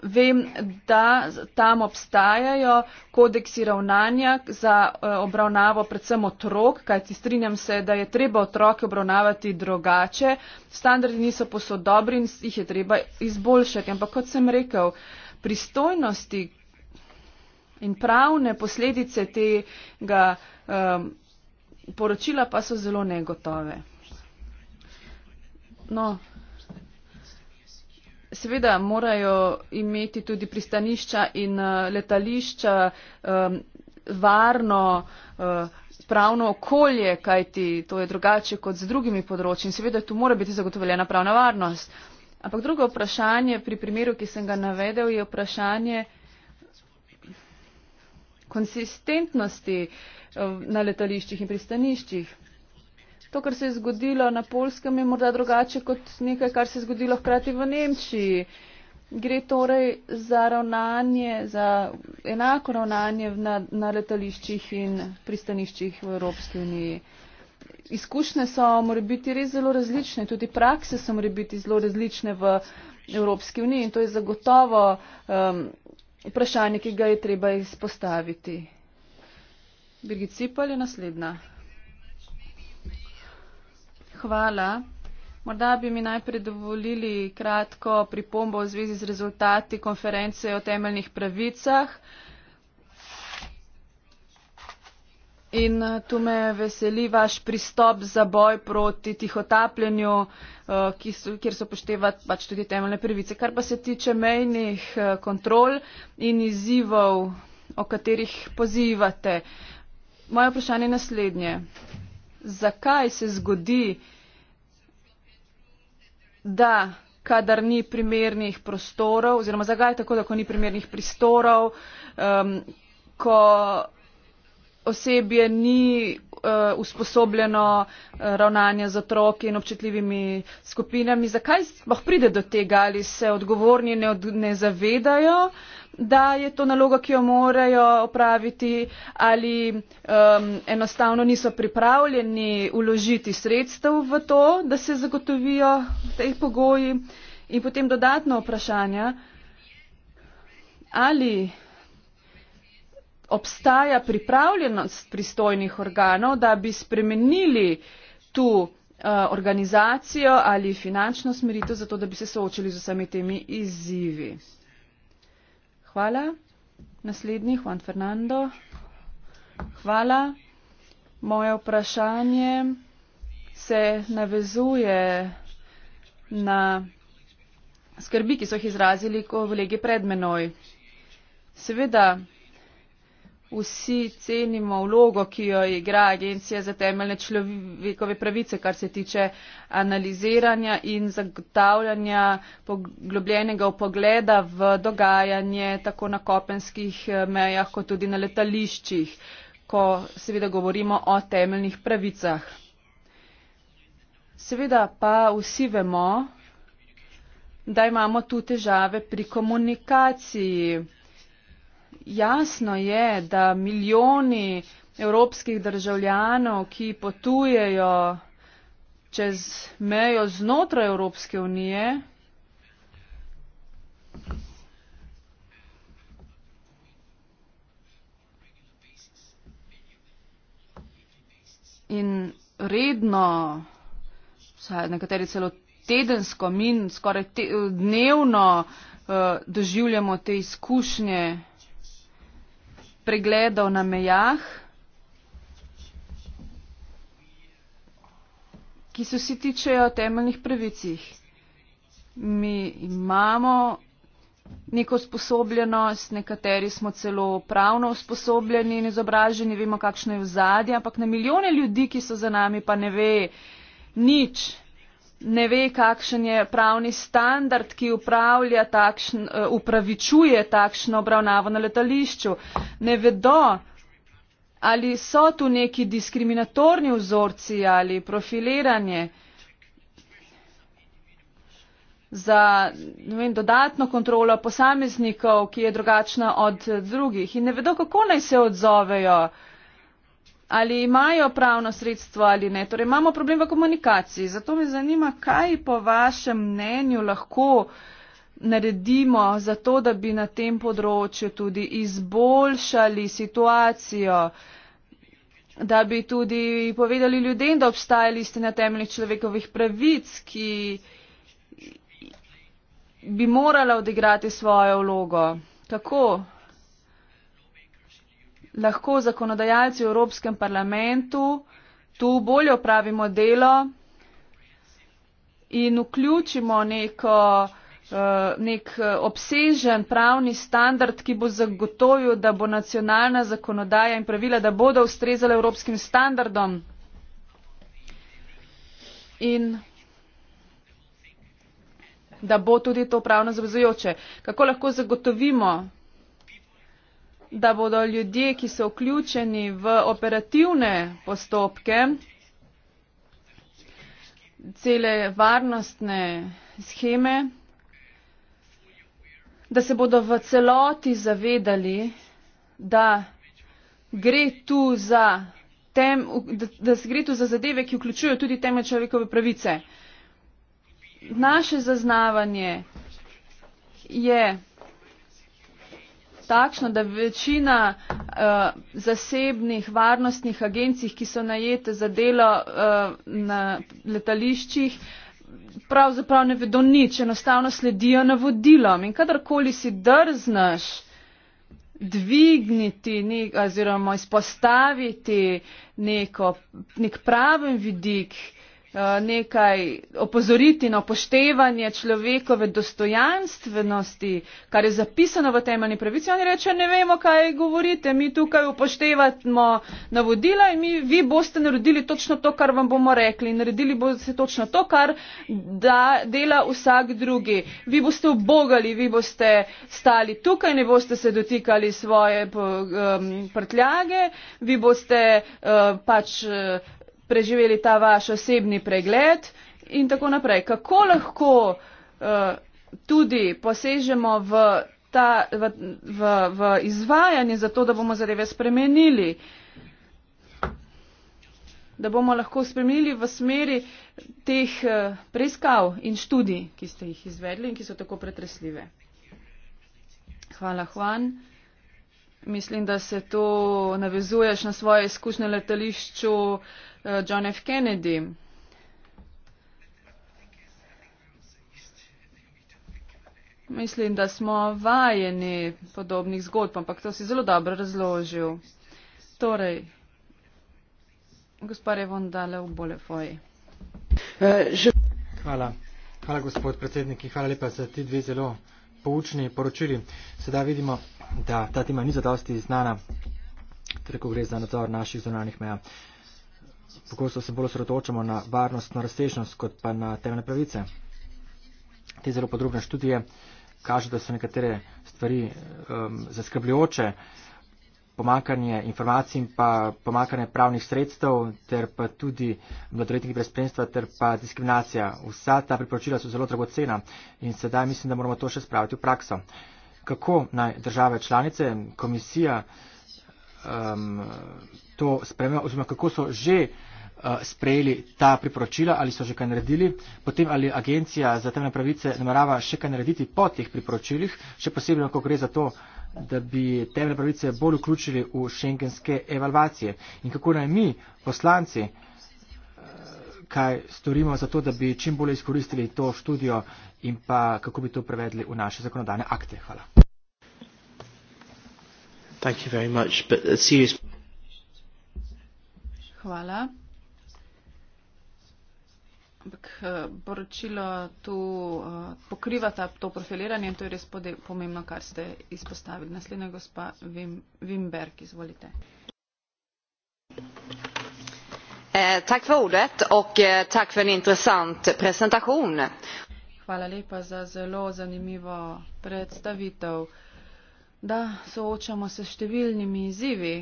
Vem, da tam obstajajo kodeksi ravnanja za eh, obravnavo predvsem otrok, kajti strinjam se, da je treba otroke obravnavati drugače. Standardi niso posodobri in jih je treba izboljšati. Ampak kot sem rekel, pristojnosti in pravne posledice tega um, poročila pa so zelo negotove. No, seveda morajo imeti tudi pristanišča in eh, letališča um, varno uh, pravno okolje, kajti to je drugače kot z drugimi področji. In seveda tu mora biti zagotovljena pravna varnost. Ampak drugo vprašanje pri primeru, ki sem ga navedel, je vprašanje konsistentnosti eh, na letališčih in pristaniščih to, kar se je zgodilo na polskem, je morda drugače kot nekaj, kar se je zgodilo hkrati v Nemčiji. Gre torej za ravnanje, za enako ravnanje na, na letališčih in pristaniščih v Evropski uniji. Izkušnje so morali biti res zelo različne, tudi prakse so morali biti zelo različne v Evropski uniji in to je zagotovo um, vprašanje, ki ga je treba izpostaviti. Birgit Cipal je naslednja hvala. Morda bi mi najprej dovolili kratko pripombo v zvezi z rezultati konference o temeljnih pravicah. In eh, tu me veseli vaš pristop za boj proti tihotapljenju, eh, so, kjer so poštevati pač tudi temeljne pravice. Kar pa se tiče mejnih eh, kontrol in izzivov, o katerih pozivate. Moje vprašanje je naslednje. Zakaj se zgodi, da kadar ni primernih prostorov oziroma zakaj je tako, da ko ni primernih prostorov, um, ko osebje ni uh, usposobljeno uh, ravnanje z otroki in občutljivimi skupinami. Zakaj sploh pride do tega, ali se odgovorni ne, od, ne zavedajo, da je to naloga, ki jo morajo opraviti, ali um, enostavno niso pripravljeni uložiti sredstev v to, da se zagotovijo te pogoji. In potem dodatno vprašanje, ali obstaja pripravljenost pristojnih organov, da bi spremenili tu eh, organizacijo ali finančno smeritev, zato da bi se soočili z vsemi temi izzivi. Hvala. Naslednji, Juan Fernando. Hvala. Moje vprašanje se navezuje na skrbi, ki so jih izrazili kolegi pred menoj. Seveda, vsi cenimo vlogo, ki jo igra Agencija za temeljne človekove pravice, kar se tiče analiziranja in zagotavljanja poglobljenega upogleda v dogajanje tako na kopenskih eh, mejah, kot tudi na letališčih, ko seveda govorimo o temeljnih pravicah. Seveda pa vsi vemo, da imamo tu težave pri komunikaciji jasno je, da milijoni evropskih državljanov, ki potujejo čez mejo znotraj Evropske unije, In redno, nekateri celo tedensko, min skoraj te, dnevno eh, doživljamo te izkušnje pregledov na mejah, ki so si tičejo temeljnih pravicih. Mi imamo neko sposobljenost, nekateri smo celo pravno usposobljeni in izobraženi, vemo, kakšno je vzadje, ampak na milijone ljudi, ki so za nami, pa ne ve nič ne ve, kakšen je pravni standard, ki takšn, eh, upravičuje takšno obravnavo na letališču. Ne vedo, ali so tu neki diskriminatorni vzorci ali profiliranje za vem, dodatno kontrolo posameznikov, ki je drugačna od drugih. In ne vedo, kako naj se odzovejo ali imajo pravno sredstvo ali ne. Torej, imamo problem v komunikaciji. Zato me zanima, kaj po vašem mnenju lahko naredimo za to, da bi na tem področju tudi izboljšali situacijo, da bi tudi povedali ljudem, da obstaja listina temeljnih človekovih pravic, ki bi morala odigrati svojo vlogo. Kako? lahko zakonodajalci v Evropskem parlamentu tu bolje opravimo delo in vključimo neko, eh, nek eh, obsežen pravni standard, ki bo zagotovil, da bo nacionalna zakonodaja in pravila, da bodo ustrezale evropskim standardom. In da bo tudi to pravno zavezujoče. Kako lahko zagotovimo da bodo ljudje, ki so vključeni v operativne postopke, cele varnostne scheme, da se bodo v celoti zavedali, da, gre tu, za tem, da, da se gre tu za zadeve, ki vključujejo tudi teme človekove pravice. Naše zaznavanje je takšno, da večina uh, zasebnih varnostnih agencij, ki so najete za delo uh, na letališčih, pravzaprav ne vedo nič, enostavno sledijo navodilom. In kadarkoli si drznaš dvigniti ne, oziroma izpostaviti neko, nek praven vidik, uh, Eh, nekaj opozoriti na upoštevanje človekove dostojanstvenosti, kar je zapisano v temeljni pravici. Oni reče, ne vemo, kaj govorite, mi tukaj upoštevamo navodila in mi, vi boste naredili točno to, kar vam bomo rekli. Naredili boste točno to, kar da, dela vsak drugi. Vi boste obogali, vi boste stali tukaj, ne boste se dotikali svoje um, prtljage, vi boste uh, pač. Uh, preživeli ta vaš osebni pregled in tako naprej. Kako lahko uh, tudi posežemo v, ta, v, v, v izvajanje za to, da bomo zareve spremenili? Da bomo lahko spremenili v smeri teh eh, preiskav in študij, ki ste jih izvedli in ki so tako pretresljive. Hvala, Juan. Mislim, da se to navezuješ na svoje izkušnje letališču uh, uh, John F. Kennedy. Mislim, da smo vajeni podobnih zgodb, ampak to si zelo dobro razložil. Torej, gospod je von dale v bolefoji. Eh, hvala. Hvala, gospod predsednik, in hvala lepa za ti dve zelo poučni poročili. Sedaj vidimo, da ta tema ni zadosti znana, torej ko gre za nadzor naših zonalnih meja pogosto se bolj osredotočamo na varnost, na razsežnost, kot pa na temeljne pravice. Te zelo podrobne študije kaže, da so nekatere stvari um, zaskrbljujoče, pomakanje informacij in pa pomakanje pravnih sredstev, ter pa tudi mladoletnih brezpremstva, ter pa diskriminacija. Vsa ta priporočila so zelo dragocena in sedaj mislim, da moramo to še spraviti v prakso. Kako naj države članice, komisija, um, to spremljajo oziroma kako so že eh, sprejeli ta priporočila ali so že kaj naredili, potem ali agencija za temne pravice namerava še kaj narediti po teh priporočilih, še posebej, ko gre za to, da bi temne pravice bolj vključili v šengenske evalvacije in kako naj mi, poslanci, eh, kaj storimo za to, da bi čim bolje izkoristili to študijo in pa kako bi to prevedli v naše zakonodane akte. Hvala. Thank you very much, but a uh, serious... Hvala. Ampak eh, poročilo tu eh, pokriva ta, to profiliranje in to je res pomembno, kar ste izpostavili. Naslednja gospa Wimberg, Vim, izvolite. Eh, Hvala lepa za zelo zanimivo predstavitev. Da, soočamo se s številnimi izzivi,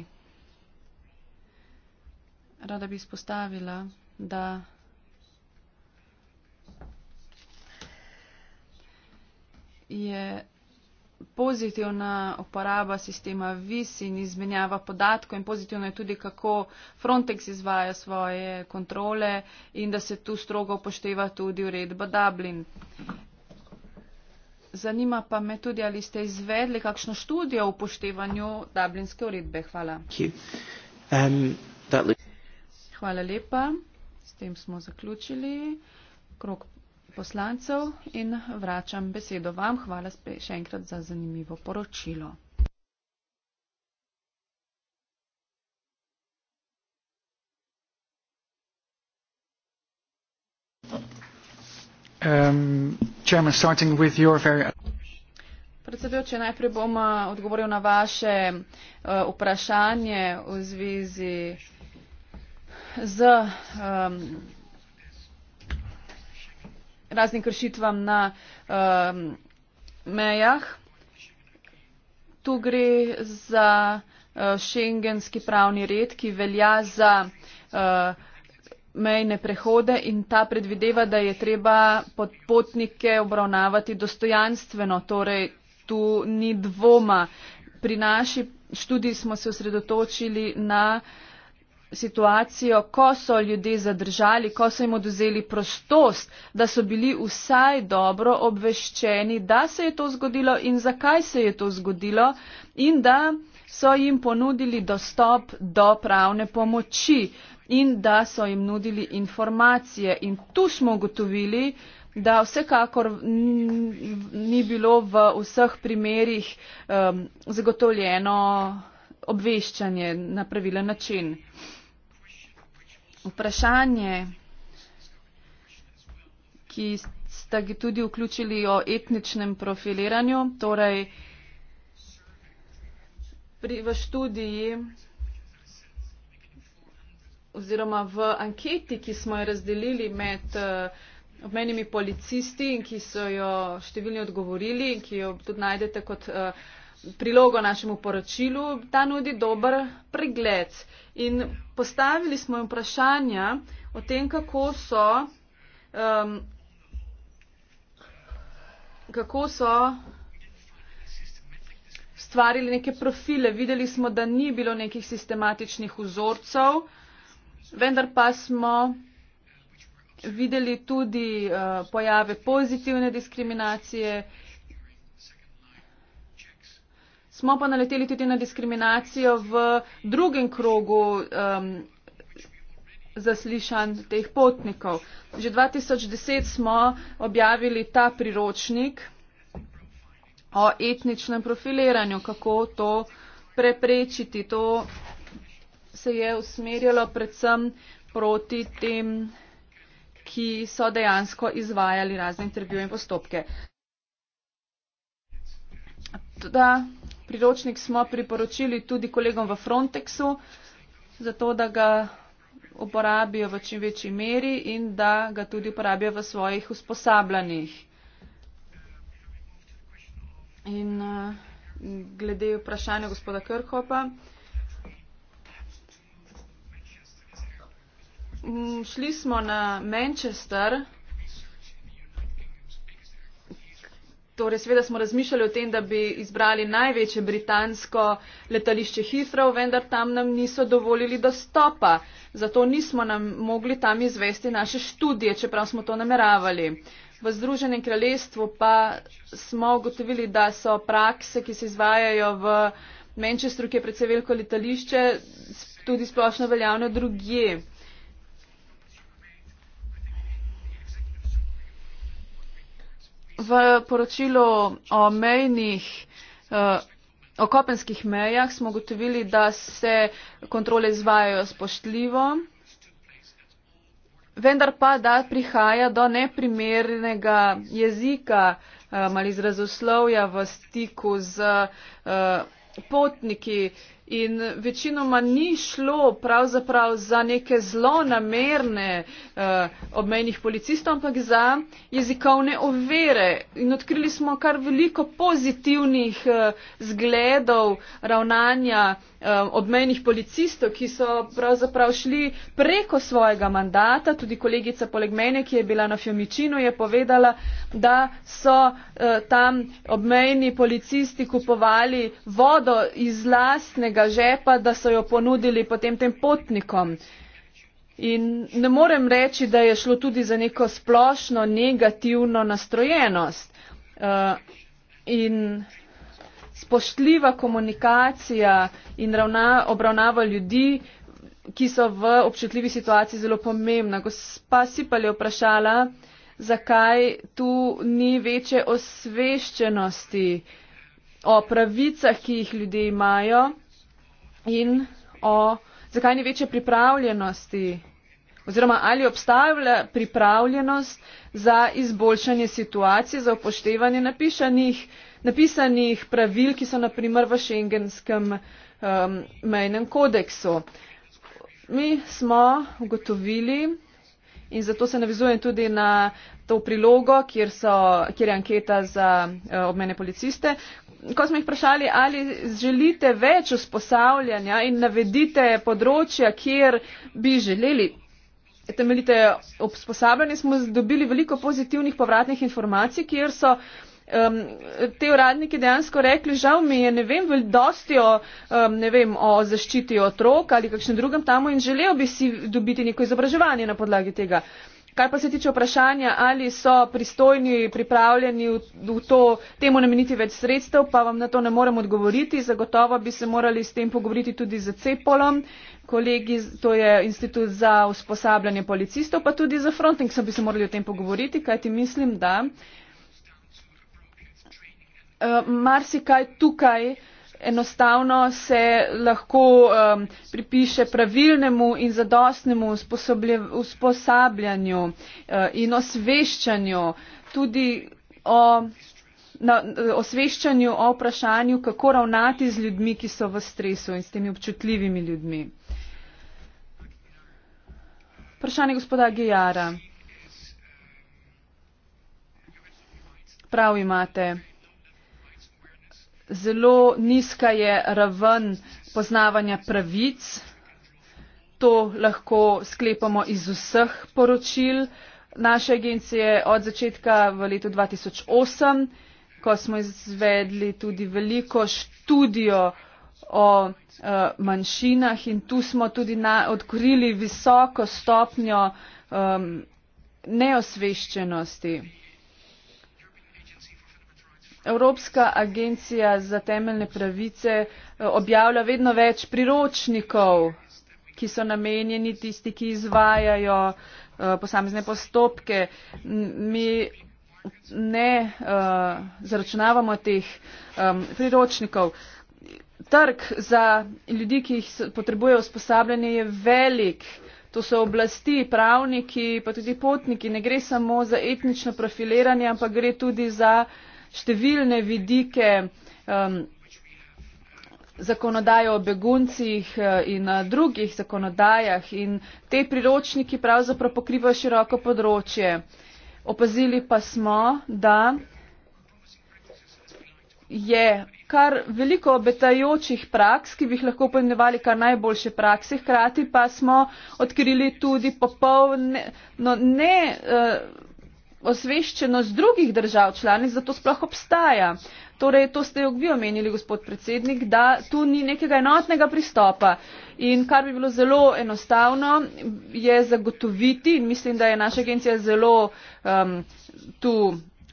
rada bi izpostavila, da je pozitivna uporaba sistema VIS in izmenjava podatkov in pozitivno je tudi, kako Frontex izvaja svoje kontrole in da se tu strogo upošteva tudi uredba Dublin. Zanima pa me tudi, ali ste izvedli kakšno študijo o upoštevanju Dublinske uredbe. Hvala. Um, that... Hvala lepa. S tem smo zaključili krok poslancev in vračam besedo vam. Hvala še enkrat za zanimivo poročilo. Um, Predsedujoče, najprej bom uh, odgovoril na vaše uh, vprašanje v zvezi z um, raznim kršitvam na um, mejah. Tu gre za uh, šengenski pravni red, ki velja za uh, mejne prehode in ta predvideva, da je treba potnike obravnavati dostojanstveno. Torej, tu ni dvoma. Pri naši študiji smo se osredotočili na uh, situacijo, ko so ljudi zadržali, ko so jim oduzeli prostost, da so bili vsaj dobro obveščeni, da se je to zgodilo in zakaj se je to zgodilo in da so jim ponudili dostop do pravne pomoči in da so jim nudili informacije. In tu smo ugotovili, da vsekakor ni bilo v vseh primerjih um, zagotovljeno obveščanje na pravilen način vprašanje, ki ste ga tudi vključili o etničnem profiliranju, torej pri, v študiji oziroma v anketi, ki smo jo razdelili med uh, eh, obmenimi policisti in ki so jo številni odgovorili in ki jo tudi najdete kot uh, prilogo našemu poročilu, ta nudi dober pregled. In postavili smo jim vprašanja o tem, kako so, um, kako so stvarili neke profile. Videli smo, da ni bilo nekih sistematičnih vzorcev, vendar pa smo videli tudi uh, pojave pozitivne diskriminacije smo pa naleteli tudi na diskriminacijo v drugem krogu um, zaslišanj teh potnikov. Že 2010 smo objavili ta priročnik o etničnem profiliranju, kako to preprečiti. To se je usmerjalo predvsem proti tem, ki so dejansko izvajali razne intervjuje in postopke. Da, priročnik smo priporočili tudi kolegom v Frontexu, zato da ga uporabijo v čim večji meri in da ga tudi uporabijo v svojih usposabljanjih. In eh, glede vprašanja gospoda Krhopa, šli smo na Manchester, Torej, seveda smo razmišljali o tem, da bi izbrali največje britansko letališče Heathrow, vendar tam nam niso dovolili dostopa. Zato nismo nam mogli tam izvesti naše študije, čeprav smo to nameravali. V Združenem kraljestvu pa smo ugotovili, da so prakse, ki se izvajajo v Manchesteru, ki je predvsej veliko letališče, tudi splošno veljavne drugje. v poročilu o mejnih, eh, o kopenskih mejah smo gotovili, da se kontrole izvajajo spoštljivo, vendar pa, da prihaja do neprimernega jezika eh, ali izrazoslovja v stiku z eh, potniki in večinoma ni šlo pravzaprav za neke zlonamerne uh, obmejnih policistov, ampak za jezikovne overe. In odkrili smo kar veliko pozitivnih uh, zgledov ravnanja uh, obmejnih policistov, ki so pravzaprav šli preko svojega mandata. Tudi kolegica poleg mene, ki je bila na Fjomičinu, je povedala, da so uh, tam obmejni policisti kupovali vodo iz lastnega svojega žepa, da so jo ponudili potem tem potnikom. In ne morem reči, da je šlo tudi za neko splošno negativno nastrojenost. Uh, in spoštljiva komunikacija in ravna, obravnava ljudi, ki so v občutljivi situaciji zelo pomembna. Gospa Sipal je vprašala, zakaj tu ni večje osveščenosti o pravicah, ki jih ljudje imajo in o zakaj ni večje pripravljenosti oziroma ali obstaja pripravljenost za izboljšanje situacije, za upoštevanje napišanih, napisanih pravil, ki so naprimer v šengenskem um, mejnem kodeksu. Mi smo ugotovili in zato se navizujem tudi na to prilogo, kjer, so, kjer je anketa za uh, eh, obmene policiste, ko smo jih vprašali, ali želite več usposabljanja in navedite področja, kjer bi želeli temeljite usposabljanje, smo dobili veliko pozitivnih povratnih informacij, kjer so um, te uradniki dejansko rekli, žal mi je, ne vem, dosti o, um, ne vem, o zaščiti otrok ali kakšnem drugem tamu in želel bi si dobiti neko izobraževanje na podlagi tega. Kar pa se tiče vprašanja, ali so pristojni pripravljeni v to, temu nameniti več sredstev, pa vam na to ne morem odgovoriti. Zagotovo bi se morali s tem pogovoriti tudi z Cepolom, kolegi, to je Institut za usposabljanje policistov, pa tudi z Frontexom bi se morali o tem pogovoriti, kajti mislim, da uh, marsikaj tukaj uh, enostavno se lahko um, pripiše pravilnemu in zadostnemu usposabljanju uh, in osveščanju, tudi o, na, osveščanju o vprašanju, kako ravnati z ljudmi, ki so v stresu in s temi občutljivimi ljudmi. Vprašanje gospoda Gijara. Prav imate zelo nizka je raven poznavanja pravic. To lahko sklepamo iz vseh poročil naše agencije od začetka v letu 2008, ko smo izvedli tudi veliko študijo o uh, manjšinah in tu smo tudi na, odkrili visoko stopnjo um, neosveščenosti. Evropska agencija za temeljne pravice eh, objavlja vedno več priročnikov, ki so namenjeni tisti, ki izvajajo eh, posamezne postopke. Mi ne uh, zaračunavamo teh um, priročnikov. Trg za ljudi, ki jih potrebuje usposabljanje, je velik. To so oblasti, pravniki, pa tudi potniki. Ne gre samo za etnično profiliranje, ampak gre tudi za uh, številne vidike um, zakonodaje o beguncih uh, in uh, drugih zakonodajah in te priročniki pravzaprav pokrivajo široko področje. Opazili pa smo, da je kar veliko obetajočih praks, ki bi jih lahko poimenovali kar najboljše prakse, hkrati pa smo odkrili tudi popolne, no, ne. Uh, osveščenost drugih držav članic, da to sploh obstaja. Torej, to ste vi omenili, gospod predsednik, da tu ni nekega enotnega pristopa. In kar bi bilo zelo enostavno, je zagotoviti, in mislim, da je naša agencija zelo um, tu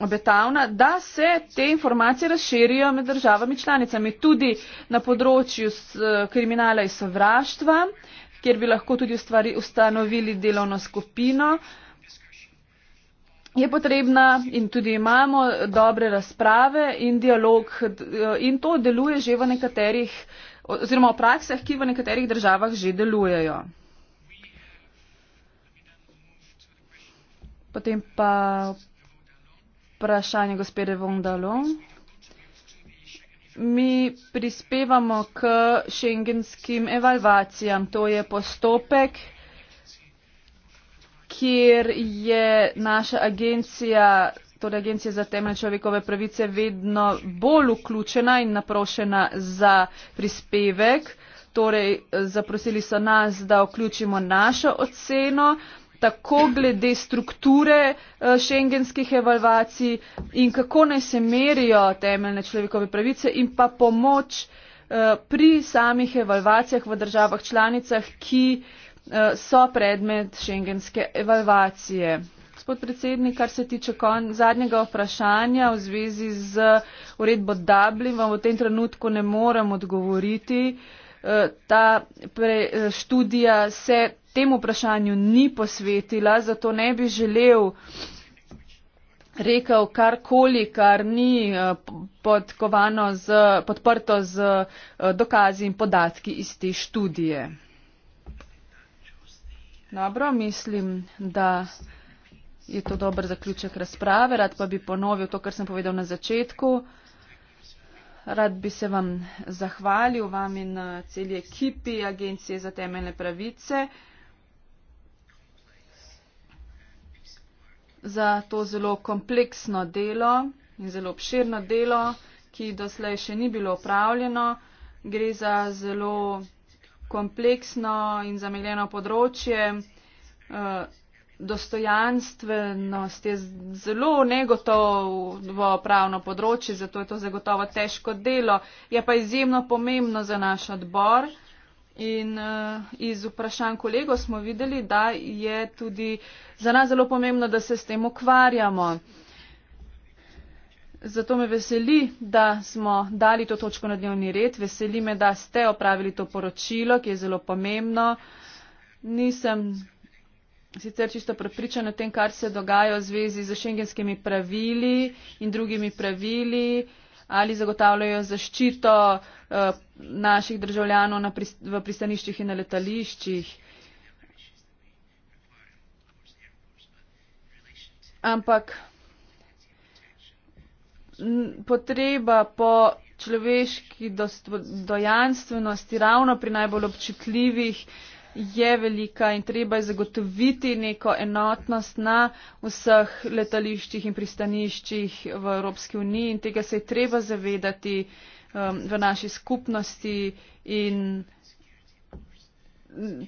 obetavna, da se te informacije razširijo med državami članicami, tudi na področju eh, kriminala in sovraštva, kjer bi lahko tudi ustvari, ustanovili delovno skupino je potrebna in tudi imamo dobre razprave in dialog in to deluje že v nekaterih oziroma v praksah, ki v nekaterih državah že delujejo. Potem pa vprašanje gospede Vondalo. Mi prispevamo k šengenskim evalvacijam. To je postopek kjer je naša agencija, torej agencija za temeljne človekove pravice, vedno bolj vključena in naprošena za prispevek. Torej, zaprosili so nas, da vključimo našo oceno, tako glede strukture eh, šengenskih evalvacij in kako naj se merijo temeljne človekove pravice in pa pomoč eh, pri samih evalvacijah v državah članicah, ki Eh, so predmet šengenske evalvacije. Gospod predsednik, kar se tiče kon, zadnjega vprašanja v zvezi z uredbo Dublin, vam v tem trenutku ne morem odgovoriti. Eh, ta pre, eh, študija se temu vprašanju ni posvetila, zato ne bi želel rekel karkoli, kar ni z, podprto z dokazi in podatki iz te študije. Dobro, mislim, da je to dober zaključek razprave. Rad pa bi ponovil to, kar sem povedal na začetku. Rad bi se vam zahvalil, vam in eh, celi ekipi Agencije za temeljne pravice, za to zelo kompleksno delo in zelo obširno delo, ki doslej še ni bilo upravljeno. Gre za zelo kompleksno in zamegljeno področje. Eh, dostojanstvenost je zelo negotovo pravno področje, zato je to zagotovo težko delo. Je pa izjemno pomembno za naš odbor. In uh, iz vprašanj kolego smo videli, da je tudi za nas zelo pomembno, da se s tem ukvarjamo. Uh, Zato me veseli, da smo dali to točko na dnevni red. Veseli me, da ste opravili to poročilo, ki je zelo pomembno. Nisem sicer čisto prepričan o tem, kar se dogaja v zvezi z šengenskimi pravili in drugimi pravili, ali zagotavljajo zaščito uh, naših državljanov na prist v pristaniščih in na letališčih. Ampak potreba po človeški dojanstvenosti ravno pri najbolj občutljivih je velika in treba je zagotoviti neko enotnost na vseh letališčih in pristaniščih v Evropski uniji in tega se je treba zavedati um, v naši skupnosti in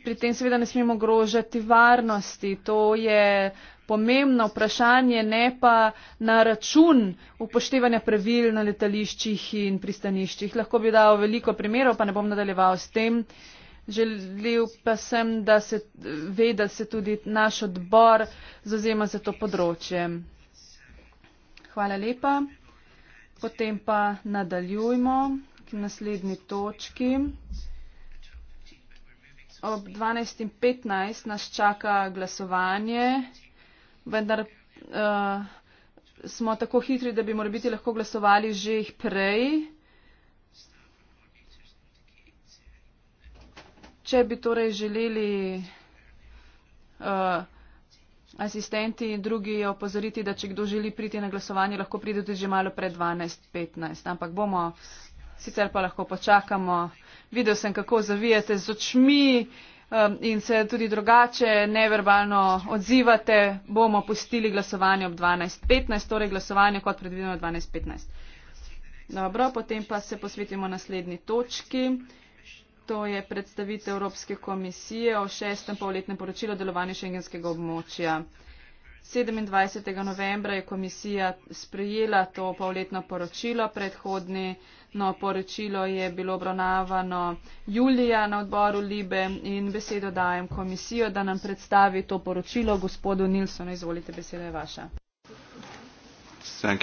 pri tem seveda ne smemo grožati varnosti. To je pomembno vprašanje, ne pa na račun upoštevanja pravil na letališčih in pristaniščih. Lahko bi dal veliko primerov, pa ne bom nadaljeval s tem. Želel pa sem, da se ve, da se tudi naš odbor zazema za to področje. Hvala lepa. Potem pa nadaljujmo k naslednji točki ob 12.15 nas čaka glasovanje, vendar uh, smo tako hitri, da bi morali biti lahko glasovali že jih prej. Če bi torej želeli uh, asistenti in drugi opozoriti, da če kdo želi priti na glasovanje, lahko pride tudi že malo pred 12.15, ampak bomo, sicer pa lahko počakamo videl sem, kako zavijate z očmi um, in se tudi drugače neverbalno odzivate. Bomo pustili glasovanje ob 12.15, torej glasovanje kot predvideno 12.15. Dobro, potem pa se posvetimo naslednji točki. To je predstavitev Evropske komisije o šestem polletnem poročilu delovanja šengenskega območja. 27. novembra je komisija sprejela to polletno poročilo predhodni. No, poročilo je bilo obravnavano julija na odboru Libe in besedo dajem komisijo, da nam predstavi to poročilo. Gospodu Nilsonu, izvolite, beseda je vaša. Uh,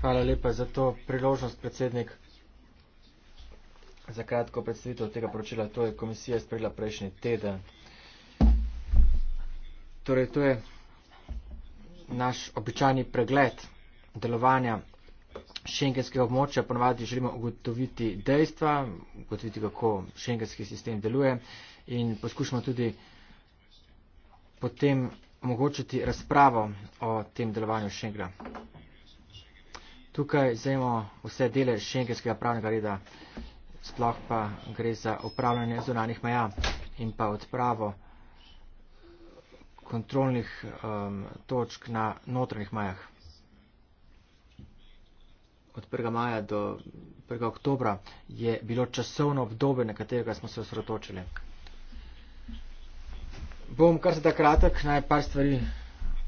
Hvala lepa za to priložnost, predsednik. Za kratko predstavitev tega poročila, to je komisija sprejela prejšnji teden. Torej, to je naš običajni pregled delovanja šengenskega območja ponavadi želimo ugotoviti dejstva, ugotoviti, kako šengenski sistem deluje in poskušamo tudi potem omogočiti razpravo o tem delovanju šengla. Tukaj zajemo vse dele šengenskega pravnega reda, sploh pa gre za upravljanje zunanih meja in pa odpravo kontrolnih um, točk na notranjih majah od 1. maja do 1. oktobra je bilo časovno obdobje, na katerega smo se osredotočili. Bom kar se da kratek, naj par stvari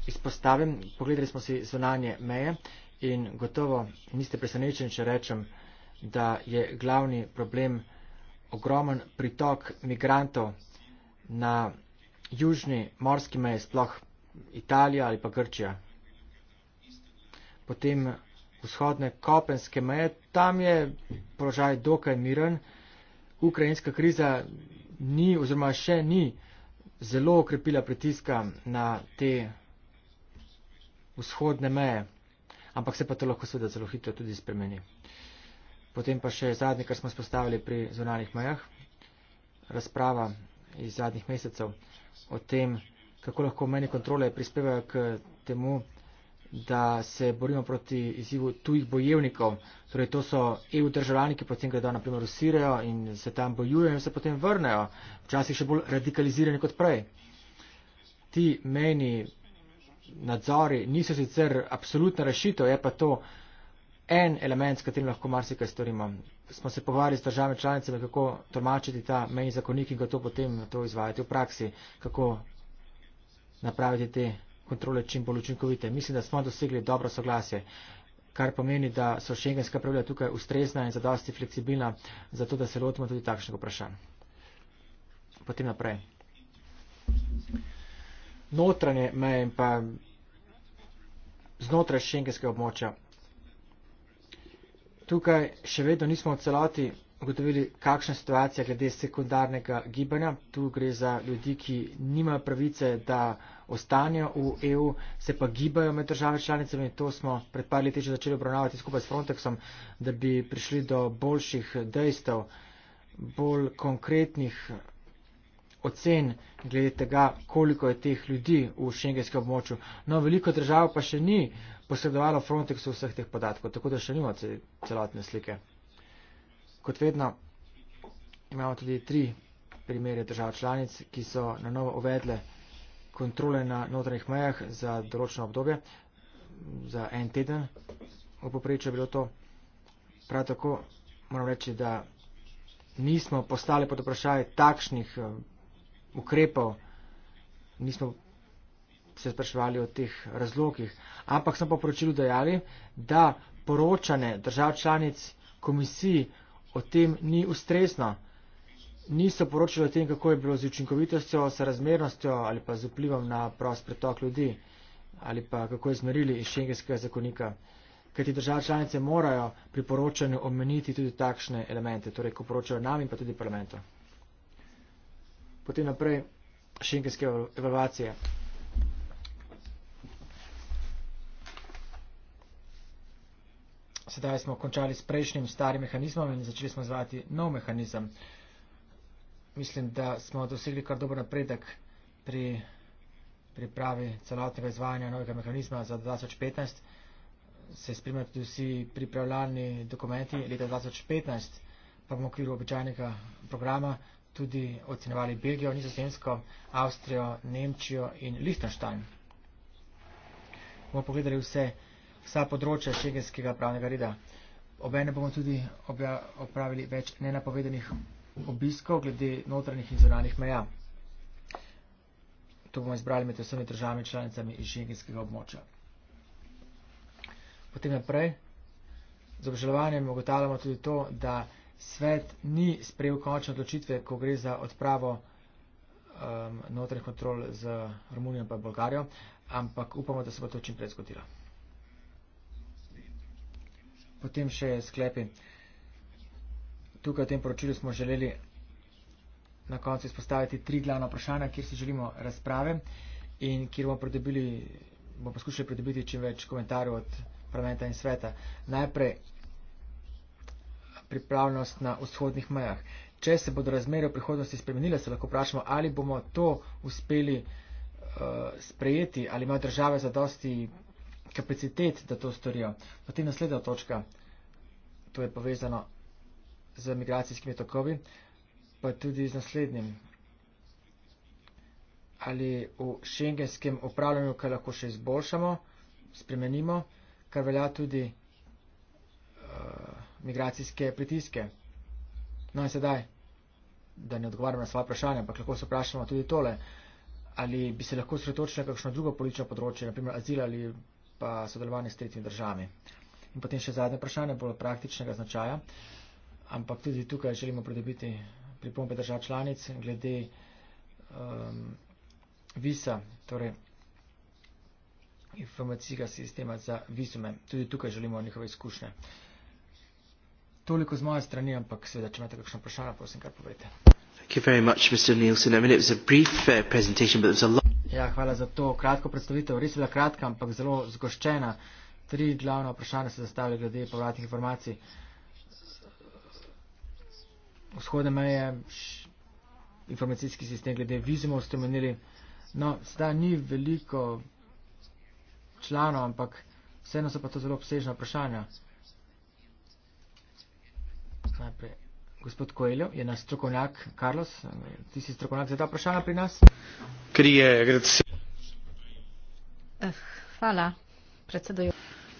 izpostavim. Pogledali smo si zunanje meje in gotovo niste presenečeni, če rečem, da je glavni problem ogromen pritok migrantov na južni morski meji, sploh Italija ali pa Grčija. Potem vzhodne kopenske meje. Tam je položaj dokaj miren. Ukrajinska kriza ni oziroma še ni zelo okrepila pritiska na te vzhodne meje, ampak se pa to lahko seveda zelo hitro tudi spremeni. Potem pa še zadnje, kar smo spostavili pri zunanjih mejah, razprava iz zadnjih mesecev o tem, kako lahko meni kontrole prispevajo k temu, da se borimo proti izzivu tujih bojevnikov. Torej, to so EU državljani, ki potem gredo naprimer v Sirijo in se tam bojujejo in se potem vrnejo, včasih še bolj radikalizirani kot prej. Ti meni nadzori niso sicer absolutna rešitev, je pa to en element, s katerim lahko marsikaj storimo. Smo se pogovarjali s državami članicami, kako tolmačiti ta meni zakonik in kako potem to izvajati v praksi, kako napraviti te kontrole čim bolj učinkovite. Mislim, da smo dosegli dobro soglasje, kar pomeni, da so šengenska pravila tukaj ustrezna in zadosti fleksibilna, zato da se lotimo tudi takšnega vprašanja. Potem naprej. Notranje meje in pa znotraj šengenskega območja. Tukaj še vedno nismo v celoti ugotovili, kakšna situacija glede sekundarnega gibanja. Tu gre za ljudi, ki nimajo pravice, da ostanejo v EU, se pa gibajo med države članicami. To smo pred par leti že začeli obravnavati skupaj s Frontexom, da bi prišli do boljših dejstev, bolj konkretnih ocen glede tega, koliko je teh ljudi v šengenskem območju. No, veliko držav pa še ni posredovalo Frontexu vseh teh podatkov, tako da še nimamo celotne slike. Kot vedno imamo tudi tri primere držav članic, ki so na novo uvedle kontrole na notranjih mejah za določeno obdobje, za en teden. V poprečju je bilo to prav tako, moram reči, da nismo postali pod vprašaj takšnih eh, ukrepov, nismo se spraševali o teh razlogih. Ampak smo po poročilu dejali, da poročanje držav članic komisiji o tem ni ustrezno niso poročali o tem, kako je bilo z učinkovitostjo, s razmernostjo ali pa z vplivom na prost pretok ljudi ali pa kako je zmerili iz šengenskega zakonika. Kajti države članice morajo pri poročanju omeniti tudi takšne elemente, torej ko poročajo nam in pa tudi parlamentu. Potem naprej šengenske evalvacije. Sedaj smo končali s prejšnjim starim mehanizmom in začeli smo zvati nov mehanizem. Uh, mislim, da smo dosegli kar dober napredek pri pripravi celotnega izvajanja novega mehanizma za 2015. Se spremljajo tudi vsi pripravljalni dokumenti leta 2015, pa bomo v okviru običajnega programa tudi ocenjevali Belgijo, Nizozemsko, Avstrijo, Nemčijo in Liechtenstein. Bomo pogledali vse, vsa področja šengenskega pravnega reda. Obene bomo tudi opravili več nenapovedanih obiskov glede notranjih in zunanjih meja. To bomo izbrali med vsemi državami članicami iz šengenskega območja. Potem naprej, z obžalovanjem ugotavljamo tudi to, da svet ni sprejel končne odločitve, ko gre za odpravo um, notranjih kontrol z Romunijo in pa Bolgarijo, ampak upamo, da se bo to čim prej zgodilo. Potem še sklepi tukaj v tem poročilu smo želeli na koncu izpostaviti tri glavna vprašanja, kjer si želimo razprave in kjer bomo, bomo poskušali pridobiti čim več komentarjev od parlamenta in sveta. Najprej pripravljenost na vzhodnih mejah. Če se bodo razmere v prihodnosti spremenile, se lahko vprašamo, ali bomo to uspeli uh, sprejeti, ali ima država za dosti kapacitet, da to storijo. Potem naslednja točka, to je povezano z migracijskimi tokovi, pa tudi z naslednjim. Ali v šengenskem upravljanju, kar lahko še izboljšamo, spremenimo, kar velja tudi uh, migracijske pritiske. No in sedaj, da ne odgovarjam na svoje vprašanje, ampak lahko se vprašamo tudi tole, ali bi se lahko sretočili na kakšno drugo politično področje, naprimer azil ali pa sodelovanje s tretjimi državami. In potem še zadnje vprašanje, bolj praktičnega značaja. Uh, ampak tudi tukaj želimo pridobiti pripombe držav članic glede um, visa, torej informacijskega sistema za visume. Tudi tukaj želimo njihove izkušnje. Toliko z moje strani, ampak seveda, če imate kakšno vprašanje, prosim, kar povejte. Uh, ja, hvala za to kratko predstavitev. Res je bila kratka, ampak zelo zgoščena. Tri glavna vprašanja se zastavljajo glede povratnih informacij. Uh, vzhodne meje, š, informacijski sistem glede vizumov ste omenili. No, zdaj ni veliko članov, ampak vseeno so pa to zelo obsežna vprašanja. Najprej, gospod Koeljo, je nas strokovnjak, Carlos, ti si strokovnjak za ta vprašanja pri nas? Krije, gre da si. Eh, hvala, predsedujo.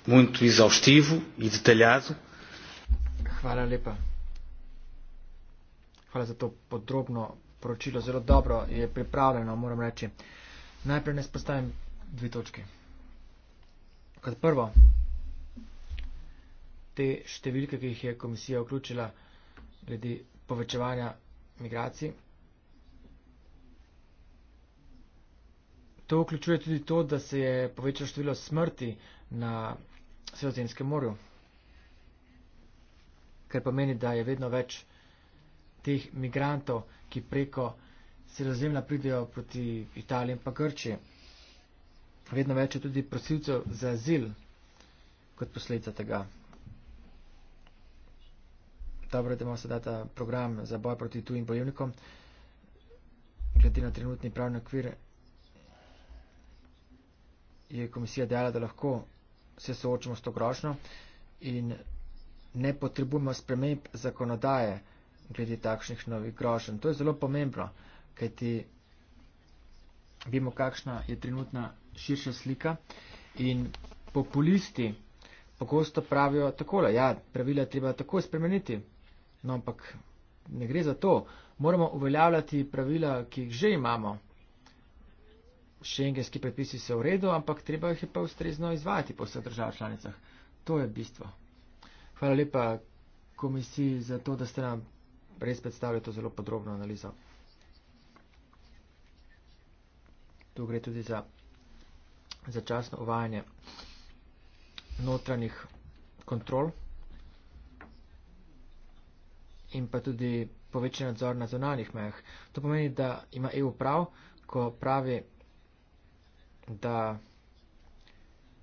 Muito exaustivo e detalhado. Hvala lepa. Hvala za to podrobno poročilo, zelo dobro je pripravljeno, moram reči. Najprej ne spostavim dve točke. Kot prvo, te številke, ki jih je komisija vključila glede povečevanja migracij, to vključuje tudi to, da se je povečalo število smrti na Sredozemskem morju, kar pomeni, da je vedno več smrti teh migrantov, ki preko sredozemlja pridejo proti Italiji in pa Grčiji. Vedno več je tudi prosilcev za azil kot posledica tega. Dobro, da imamo sedaj ta program za boj proti tujim bojevnikom. Glede na trenutni pravni okvir je komisija dejala, da lahko se soočimo s to grošno in ne potrebujemo sprememb zakonodaje glede takšnih novih grožen. To je zelo pomembno, kajti vemo, kakšna je trenutna širša slika in populisti pogosto pravijo takole, ja, pravila treba takoj spremeniti, no ampak ne gre za to. Moramo uveljavljati pravila, ki jih že imamo. Šengenski predpisi so v redu, ampak treba jih je pa ustrezno izvajati po vseh državah članicah. To je bistvo. Hvala lepa komisiji za to, da ste nam res predstavlja to zelo podrobno analizo. Tu gre tudi za začasno uvajanje notranjih kontrol in pa tudi povečen nadzor na zonalnih mejah. To pomeni, da ima EU prav, ko pravi, da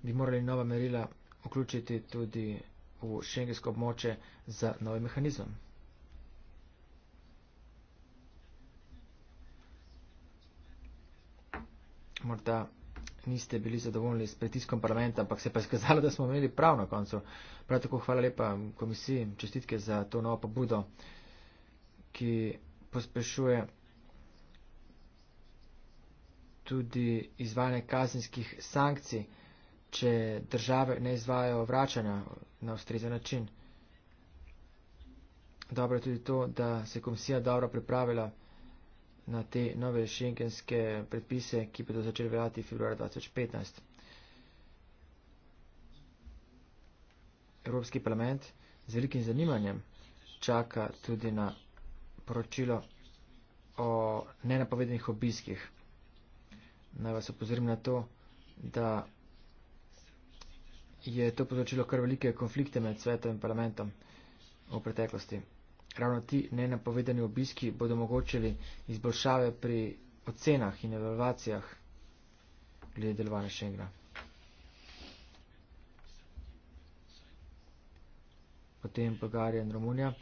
bi morali nova merila vključiti tudi v šengensko območje za novi mehanizem. morda niste bili zadovoljni s pritiskom parlamenta, ampak se pa je skazalo, da smo imeli prav na koncu. Prav tako hvala lepa komisiji, čestitke za to novo pobudo, ki pospešuje tudi izvajanje kazenskih sankcij, če države ne izvajajo vračanja na ustrezen način. Dobro je tudi to, da se komisija dobro pripravila na te nove šengenske predpise, ki bodo začeli veljati februar 2015. Evropski parlament z velikim zanimanjem čaka tudi na poročilo o nenapovedanih obiskih. Naj vas opozorim na to, da je to povzročilo kar velike konflikte med svetom in parlamentom v preteklosti ravno ti nenapovedani obiski bodo omogočili izboljšave pri ocenah in evalvacijah glede delovanja Schengna. Potem Bolgarija in Romunija.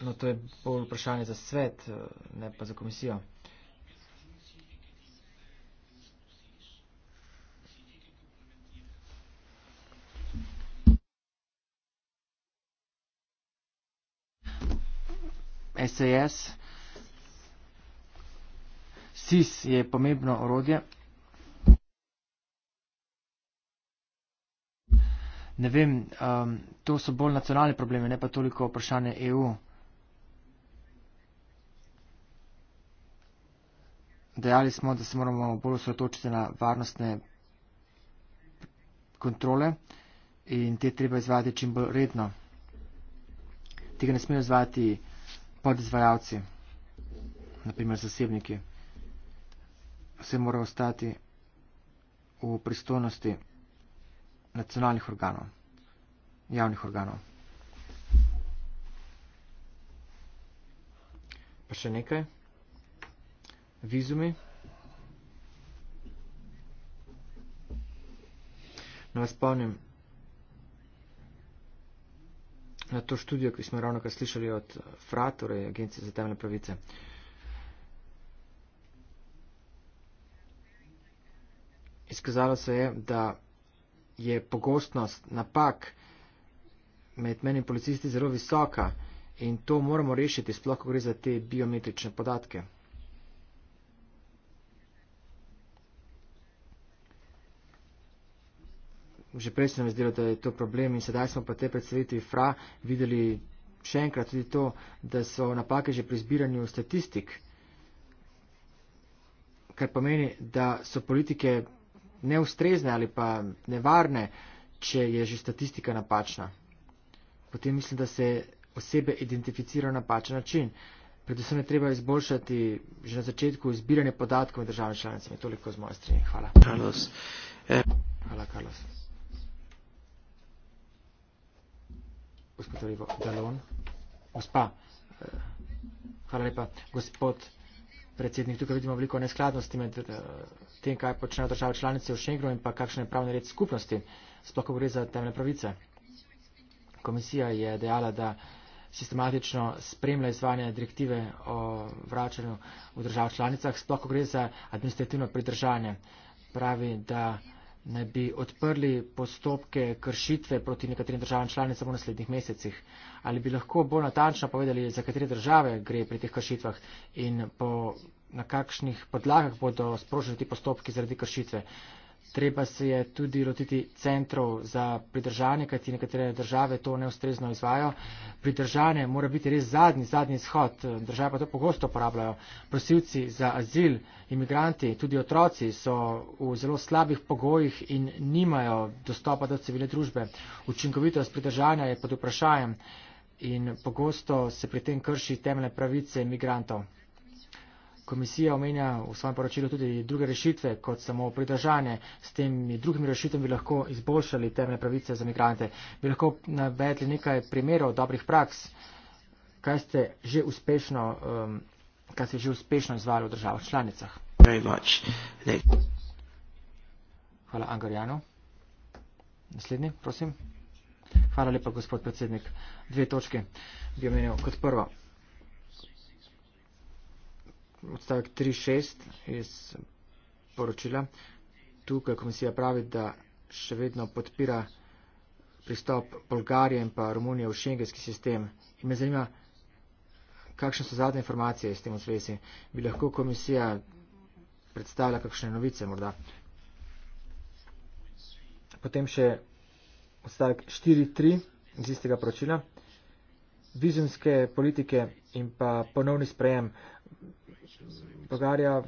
No, to je bolj vprašanje za svet, eh, ne pa za komisijo. SAS. SIS je pomembno orodje. Ne vem, um, to so bolj nacionalne probleme, ne pa toliko vprašanje EU. Dejali smo, da se moramo bolj osredotočiti na varnostne kontrole in te treba izvajati čim bolj redno. Tega ne smejo izvajati podizvajalci, naprimer zasebniki, vse mora ostati v pristojnosti nacionalnih organov, javnih organov. Pa še nekaj. Vizumi. Ne vas spomnim, na to študijo, ki smo ravno kar slišali od FRA, torej Agencije za temne pravice. Izkazalo se je, da je pogostnost napak med meni in policisti zelo visoka in to moramo rešiti, sploh ko gre za te biometrične podatke. že prej se nam je zdelo, da je to problem in sedaj smo pa te predstavitvi fra videli še enkrat tudi to, da so napake že pri zbiranju statistik, kar pomeni, da so politike neustrezne ali pa nevarne, če je že statistika napačna. Potem mislim, da se osebe identificirajo na napačen način. Predvsem je treba izboljšati že na začetku zbiranje podatkov med državami članicami. Toliko z moje strani. Hvala. Carlos. Eh. Hvala, Carlos. gospod Revo Dalon. Gospa, eh, hvala lepa, gospod predsednik, tukaj vidimo veliko neskladnosti med eh, tem, kaj počnejo države članice v Schengenu in pa kakšen je pravni red skupnosti, sploh ko gre za temne pravice. Komisija je dejala, da sistematično spremlja izvajanje direktive o vračanju v državah članicah, sploh ko gre za administrativno pridržanje. Pravi, da ne bi odprli postopke kršitve proti nekaterim državam članicam v naslednjih mesecih? Ali bi lahko bolj natančno povedali, za katere države gre pri teh kršitvah in po, na kakšnih podlagah bodo sprožili ti postopki zaradi kršitve? treba se je tudi lotiti centrov za pridržanje, kajti nekatere države to neustrezno izvajo. Pridržanje mora biti res zadnji, zadnji izhod. Države pa to pogosto uporabljajo. Prosilci za azil, imigranti, tudi otroci so v zelo slabih pogojih in nimajo dostopa do civilne družbe. Učinkovitost pridržanja je pod vprašanjem in pogosto se pri tem krši temeljne pravice imigrantov komisija omenja v svojem poročilu tudi druge rešitve, kot samo pridržanje. S temi drugimi rešitvami bi lahko izboljšali temne pravice za migrante. Bi lahko navedli nekaj primerov dobrih praks, kaj ste že uspešno, um, kaj ste že uspešno izvali v državah članicah. Hvala, Angarjano. Naslednji, prosim. Hvala lepa, gospod predsednik. Dve točke bi omenil kot prvo odstavek 3.6 iz poročila. Tukaj komisija pravi, da še vedno podpira pristop Bolgarije in pa Romunije v šengenski sistem. In me zanima, kakšne so zadnje informacije iz tem v svesi. Bi lahko komisija predstavila kakšne novice morda. Potem še odstavek 4.3 iz istega poročila. Vizumske politike in pa ponovni sprejem Bolgarija,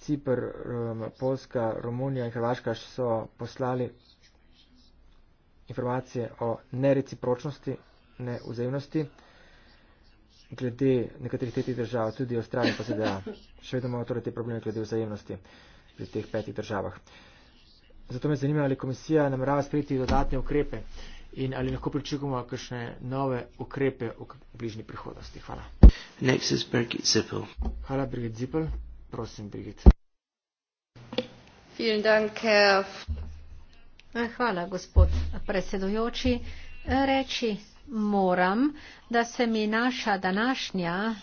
Cipr, um, Polska, Romunija in Hrvaška so poslali informacije o nerecipročnosti, neuzemnosti, glede nekaterih tretjih držav, tudi Avstralija pa ZDA. Še vedno imamo torej te probleme glede vzajemnosti pri teh petih državah. Zato me zanima, ali komisija namerava sprejeti dodatne ukrepe in ali lahko pričakujemo kakšne nove ukrepe v bližnji prihodnosti. Hvala. Hvala, Brigit Zipel. Prosim, Brigit. Eh, hvala, gospod predsedujoči. Reči moram, da se mi naša današnja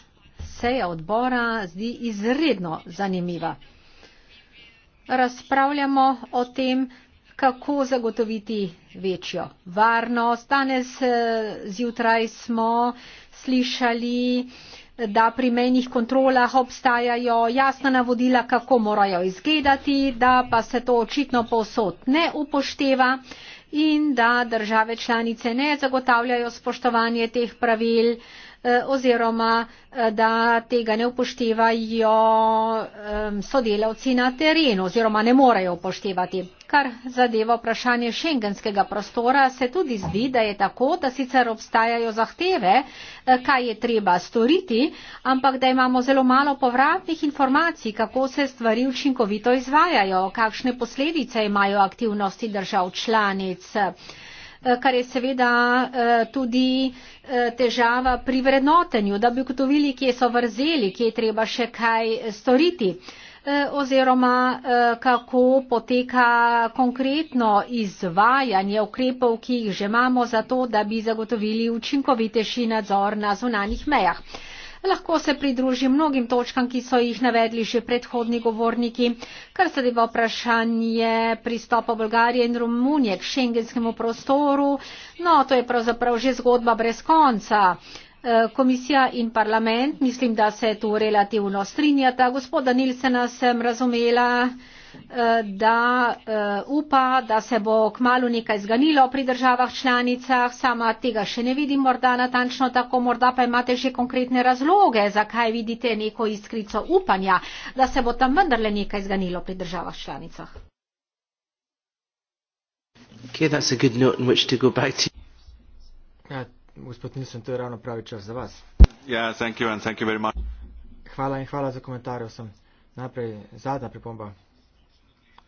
seja odbora zdi izredno zanimiva. Razpravljamo o tem, kako zagotoviti večjo varnost. Danes eh, zjutraj smo slišali, da pri menjih kontrolah obstajajo jasna navodila, kako morajo izgledati, da pa se to očitno povsod ne upošteva in da države članice ne zagotavljajo spoštovanje teh pravil, Eh, oziroma eh, da tega ne upoštevajo sodelavci na terenu oziroma ne morejo upoštevati. Kar zadeva vprašanje šengenskega prostora, se tudi zdi, da je tako, da sicer obstajajo zahteve, eh, kaj je treba storiti, ampak da imamo zelo malo povratnih informacij, kako se stvari učinkovito izvajajo, kakšne posledice imajo aktivnosti držav članic. Eh, kar je seveda eh, tudi eh, težava pri vrednotenju, da bi ugotovili, kje so vrzeli, kje je treba še kaj storiti oziroma kako poteka konkretno izvajanje ukrepov, ki jih že imamo, zato da bi zagotovili učinkovitejši nadzor na zunanjih mejah. Lahko se pridružim mnogim točkam, ki so jih navedli že predhodni govorniki, kar se deva vprašanje pristopa Bolgarije in Romunije k šengenskemu prostoru. No, to je pravzaprav že zgodba brez konca. E, komisija in parlament, mislim, da se tu relativno strinjata. Gospod Danil se nas razumela da eh, upa, da se bo kmalo nekaj zganilo pri državah članicah. Sama tega še ne vidim morda natančno tako, morda pa imate že konkretne razloge, zakaj vidite neko iskrico upanja, da se bo tam vendarle nekaj zganilo pri državah članicah. Okay, ja, gospod Nilsen, to je ravno pravi čas za vas. Ja, yeah, hvala in hvala za komentarje vsem. Najprej zadnja pripomba.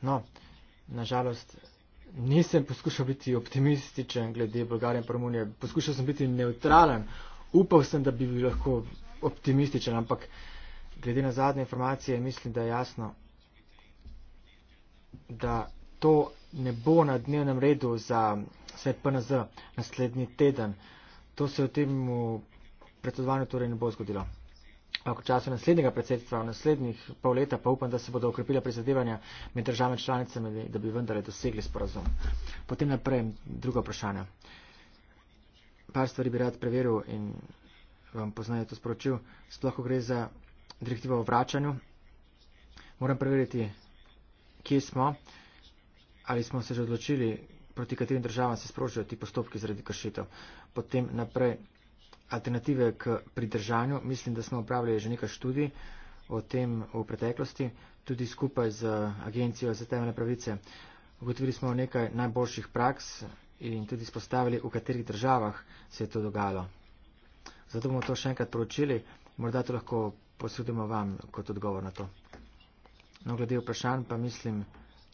No, nažalost, nisem poskušal biti optimističen glede Bolgarije in Romunije, poskušal sem biti neutralen, upal sem, da bi bil lahko optimističen, ampak glede na zadnje informacije mislim, da je jasno, da to ne bo na dnevnem redu za svet PNZ naslednji teden. To se v tem predsedovanju torej ne bo zgodilo v času naslednjega predsedstva, v naslednjih pol leta pa upam, da se bodo okrepila prizadevanja med državami članicami, da bi vendarle dosegli sporazum. Potem naprej druga vprašanja. Par stvari bi rad preveril in vam poznaje to sporočil. Sploh, ko gre za direktivo o vračanju, moram preveriti, kje smo, ali smo se že odločili, proti katerim državam se sprožijo ti postopki zaradi kršitev. Potem naprej alternative k pridržanju. Mislim, da smo upravili že nekaj študij o tem v preteklosti, tudi skupaj z Agencijo za temeljne pravice. Ugotovili smo nekaj najboljših praks in tudi spostavili, v katerih državah se je to dogajalo. Zato bomo to še enkrat poročili, morda to lahko posudimo vam kot odgovor na to. No, glede vprašanj pa mislim,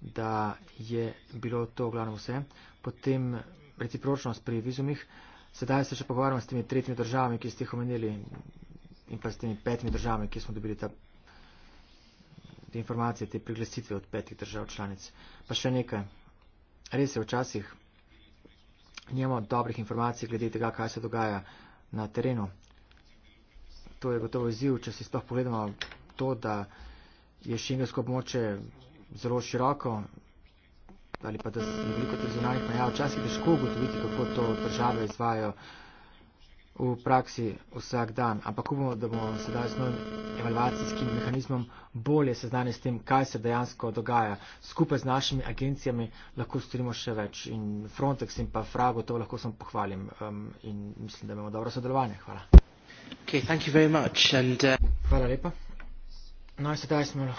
da je bilo to glavno vse. Potem recipročnost pri vizumih. Sedaj se še pogovarjamo s temi tretjimi državami, ki ste jih omenili in pa s temi petimi državami, ki smo dobili ta, te informacije, te priglasitve od petih držav članic. Pa še nekaj. Res je, včasih nimamo dobrih informacij glede tega, kaj se dogaja na terenu. To je gotovo izziv, če si sploh pogledamo to, da je šengensko območje zelo široko, ali pa da so veliko teh zunanjih meja, včasih težko ugotoviti, kako to države izvajo v praksi vsak dan. Ampak upamo, da bomo sedaj z novim evalvacijskim mehanizmom bolje seznani s tem, kaj se dejansko dogaja. Skupaj z našimi agencijami lahko storimo še več. In Frontex in pa Frago, to lahko sem pohvalim. Um, in mislim, da imamo dobro sodelovanje. Hvala. Okay, thank you very much and, uh... Hvala lepa. No in sedaj smo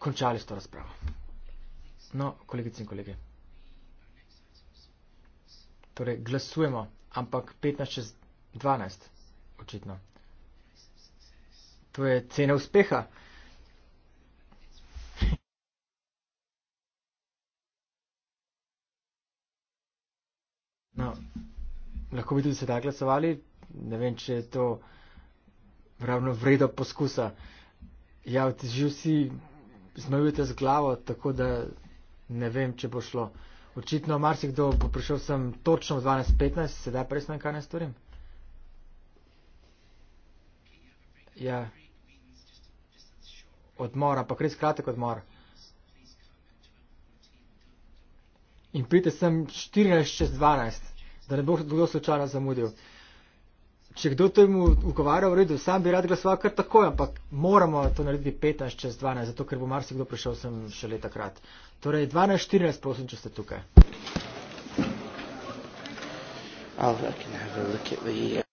končali s to razpravo. No, kolegice in kolege. Torej, glasujemo, ampak 15 čez 12, očitno. To je cena uspeha. No, lahko bi tudi sedaj glasovali, ne vem, če je to ravno vredo poskusa. Ja, že vsi znojujete z glavo, tako da ne vem, če bo šlo. Očitno marsikdo bo prišel sem točno v 12.15, sedaj pa res ne vem, kaj naj storim. Ja. Odmor, ampak res kratek odmor. In pridite sem 14 čez 12, da ne bo kdo slučajno zamudil. Če kdo to ima ugovarjal, v redu, sam bi rad glasoval kar takoj, ampak moramo to narediti 15 čez 12, zato ker bo marsikdo prišel sem še leta krat. Uh, Torej, 12.14, prosim, če ste tukaj. I'll look and have a look at the... Uh...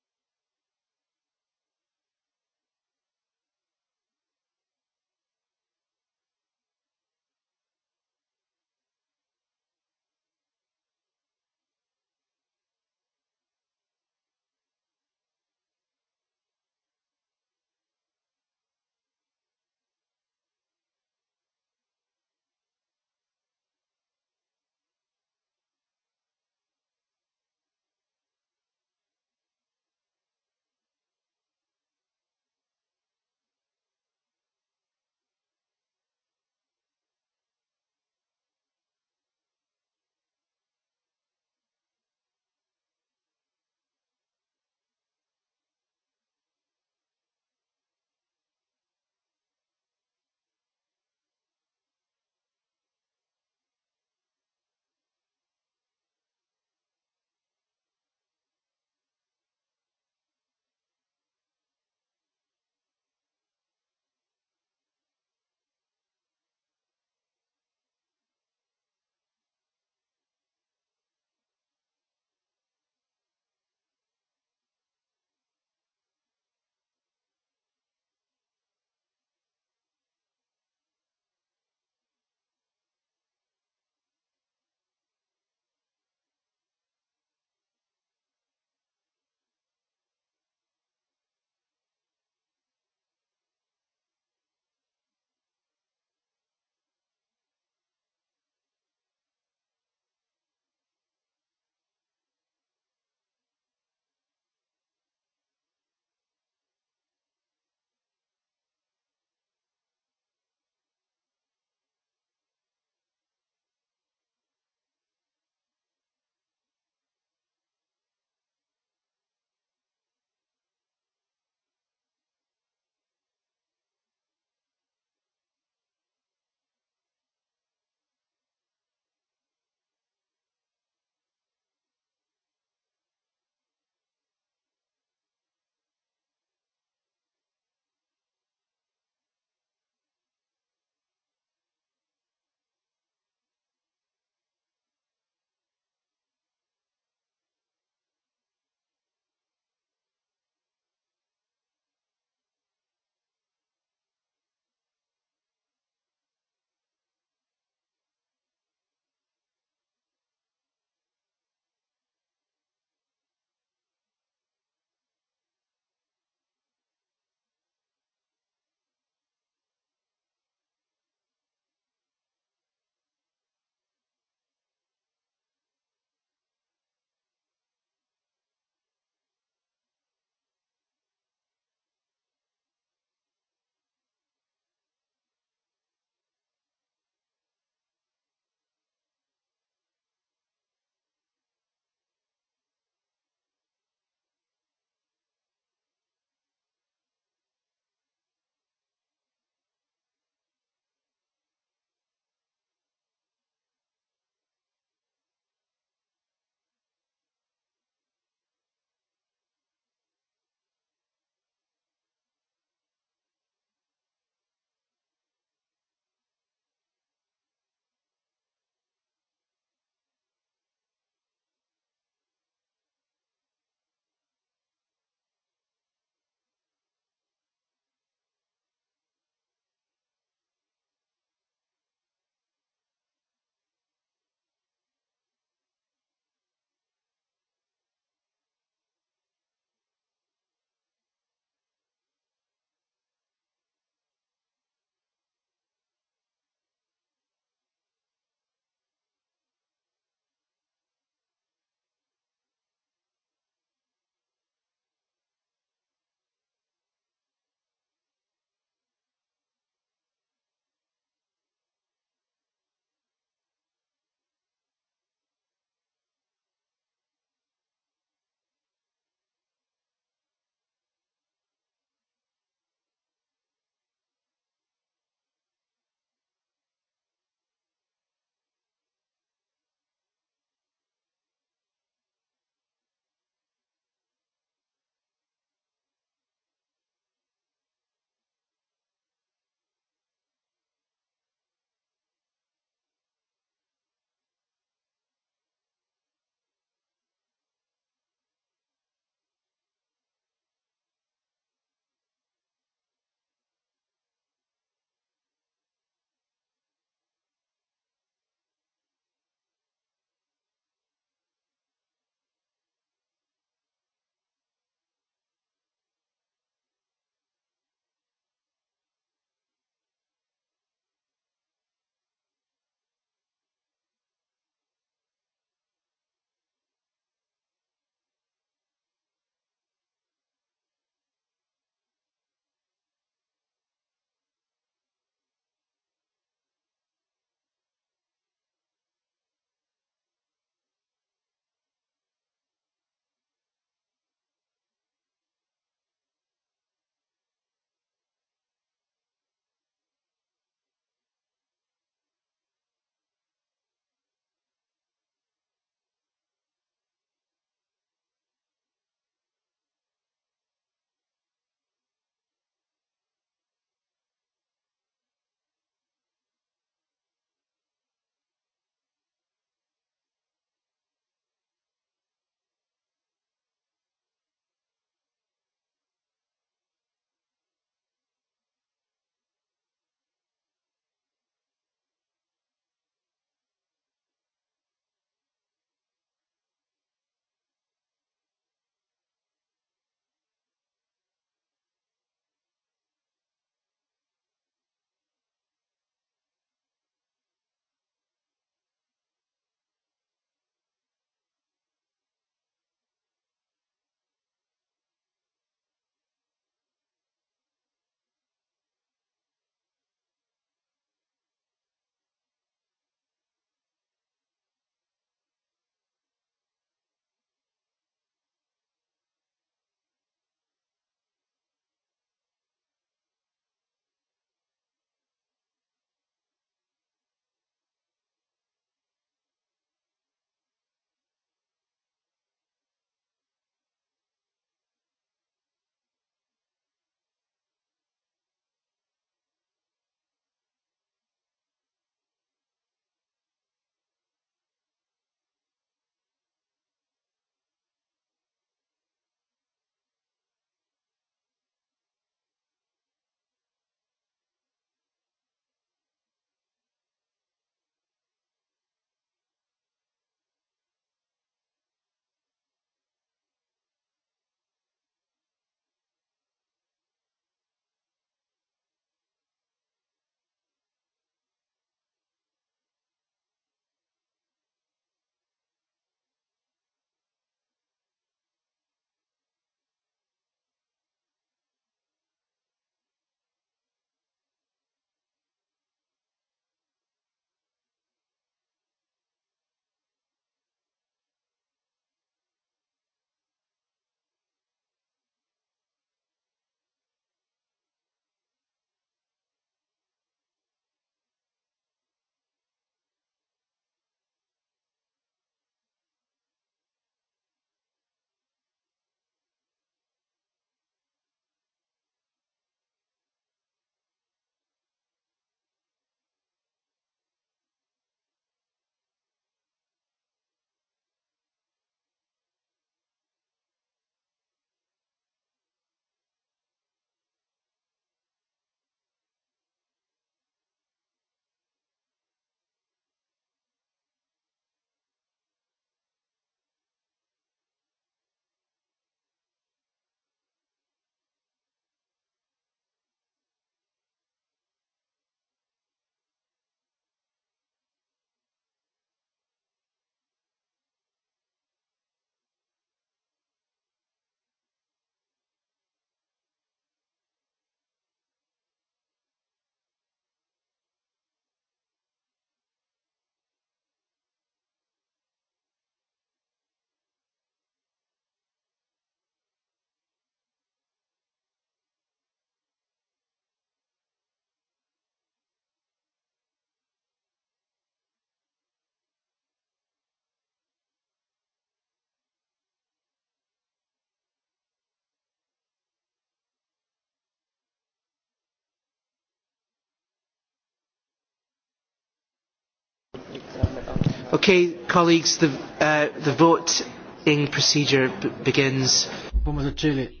Okay, colleagues, the, uh, the voting procedure begins. Bomo začeli,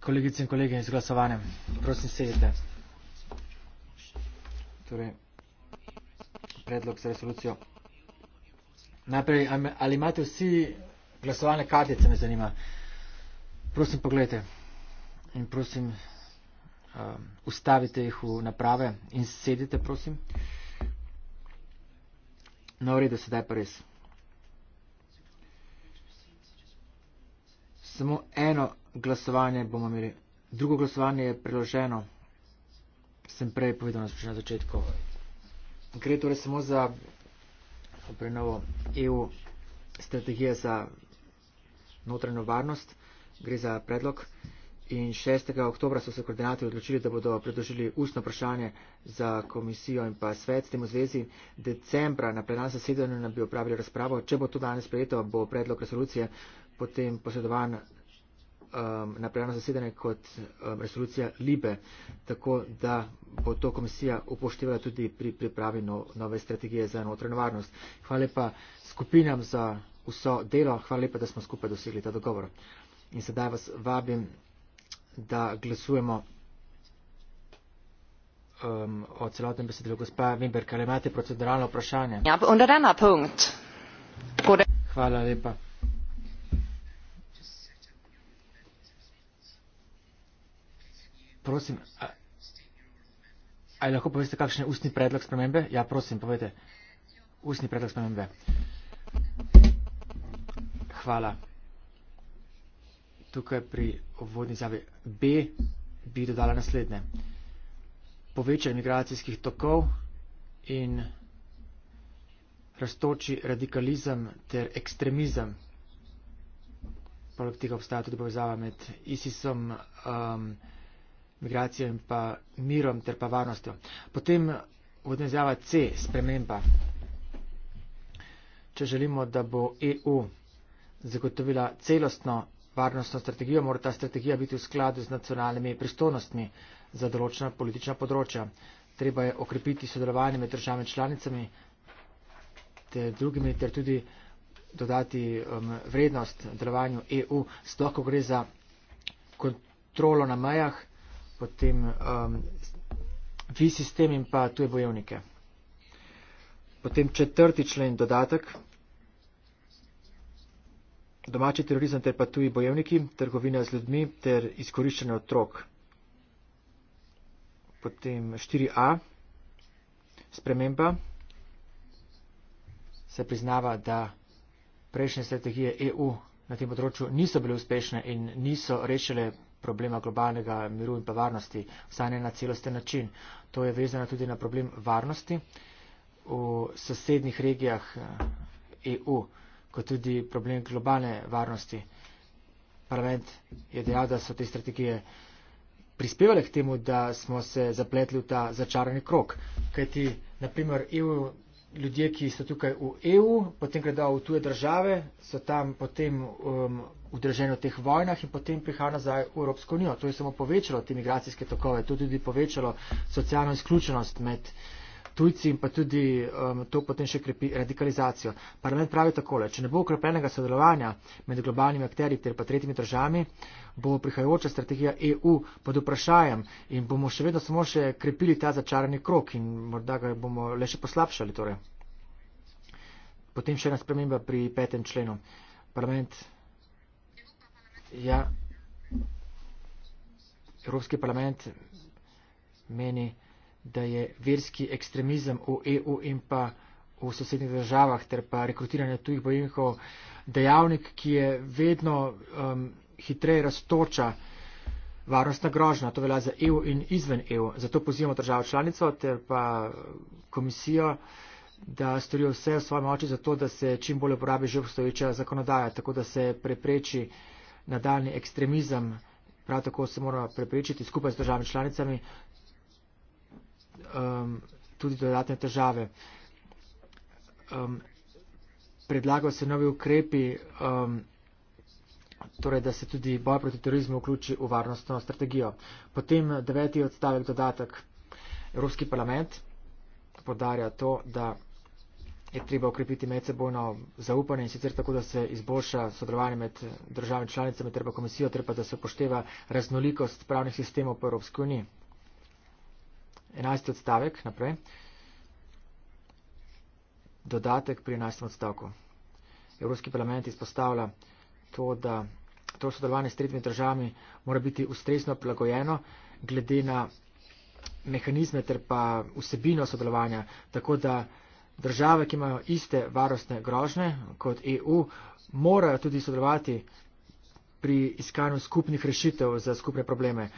kolegice in kolege, z glasovanjem. Prosim, sedite. Torej, predlog za resolucijo. Najprej, ali imate vsi glasovalne kartice, me zanima. Prosim, pogledajte. In prosim, um, ustavite jih v naprave in sedite, prosim. Uh, No, v redu, sedaj pa res. Samo eno glasovanje bomo imeli. Drugo glasovanje je preloženo. Sem prej povedal na začetku. Gre torej samo za prenovo EU strategije za notranjo varnost. Gre za predlog. Uh, In 6. oktobra so se koordinati odločili, da bodo predložili ustno vprašanje za komisijo in pa svet s tem v zvezi. Decembra na plenarnem zasedanju nam bi opravili razpravo. Če bo to danes sprejeto, bo predlog resolucije potem posredovan um, na plenarno zasedanje kot um, resolucija Libe, tako da bo to komisija upoštevala tudi pri pripravi no, nove strategije za notranjo varnost. Hvala lepa skupinam za vso delo, hvala lepa, da smo skupaj dosegli ta dogovor. In sedaj vas vabim da glasujemo um, o celotnem besedilu. Gospa Wimberg, ali imate proceduralno vprašanje? Ja, under ena punkt. Kode. Hvala lepa. Prosim, ali lahko poveste, kakšen je ustni predlog spremembe? Ja, prosim, povedite. Ustni predlog spremembe. Hvala tukaj pri obvodni zavi B bi dodala naslednje. Povečaj migracijskih tokov in rastoči radikalizem ter ekstremizem. Poleg tega obstaja tudi povezava med ISIS-om, um, migracijo in pa mirom ter pa varnostjo. Potem vodne zjava C, sprememba. Če želimo, da bo EU zagotovila celostno varnostno strategijo, mora ta strategija biti v skladu z nacionalnimi pristojnostmi za določena politična področja. Treba je okrepiti sodelovanje med državami članicami ter drugimi ter tudi dodati um, vrednost delovanju EU, sploh ko gre za kontrolo na mejah, potem um, vi sistem in pa tuje bojevnike. Potem četrti člen dodatek domači terorizem ter pa tuji bojevniki, trgovina z ljudmi ter izkoriščanje otrok. Potem 4a, sprememba, se priznava, da prejšnje strategije EU na tem področju niso bile uspešne in niso rešile problema globalnega miru in pa varnosti, vsaj ne na celosten način. To je vezano tudi na problem varnosti v sosednjih regijah EU. Eh, e kot tudi problem globalne varnosti. Parlament je dejal, da so te strategije prispevale k temu, da smo se zapletli v ta začarani krok. Kajti, naprimer, EU, ljudje, ki so tukaj v EU, potem gredo v tuje države, so tam potem um, udrženi v teh vojnah in potem prihajajo nazaj v Evropsko unijo. To je samo povečalo te migracijske tokove, to je tudi povečalo socialno izključenost med uh, tujci in pa tudi um, to potem še krepi radikalizacijo. Parlament pravi takole, če ne bo ukrepenega sodelovanja med globalnimi akteri ter pa tretjimi državami, bo prihajajoča strategija EU pod vprašanjem in bomo še vedno samo še krepili ta začarani krok in morda ga bomo le še poslabšali. Torej. Potem še ena sprememba pri petem členu. Parlament. Ja. Evropski parlament meni da je verski ekstremizem v EU in pa v sosednjih državah ter pa rekrutiranje tujih bojnikov dejavnik, ki je vedno um, hitreje raztoča varnostna grožnja. To velja za EU in izven EU. Zato pozivamo državo članico ter pa komisijo, da storijo vse v svoje moči za to, da se čim bolje uporabi že obstoječa zakonodaja, tako da se prepreči nadaljni ekstremizem. Prav tako se mora preprečiti skupaj s državami članicami um, tudi dodatne težave. Um, predlagajo se novi ukrepi, um, torej da se tudi boj proti terorizmu vključi v varnostno strategijo. Potem deveti odstavek dodatek. Evropski parlament podarja to, da je treba ukrepiti medsebojno zaupanje in sicer tako, da se izboljša sodelovanje med državami članicami ter pa komisijo, ter pa da se upošteva raznolikost pravnih sistemov po Evropski uniji. 11. odstavek naprej. Dodatek pri 11. odstavku. Evropski parlament izpostavlja to, da to sodelovanje s tretjimi državami mora biti ustrezno prilagojeno glede na mehanizme ter pa vsebino sodelovanja, tako da države, ki imajo iste varostne grožne kot EU, morajo tudi sodelovati pri iskanju skupnih rešitev za skupne probleme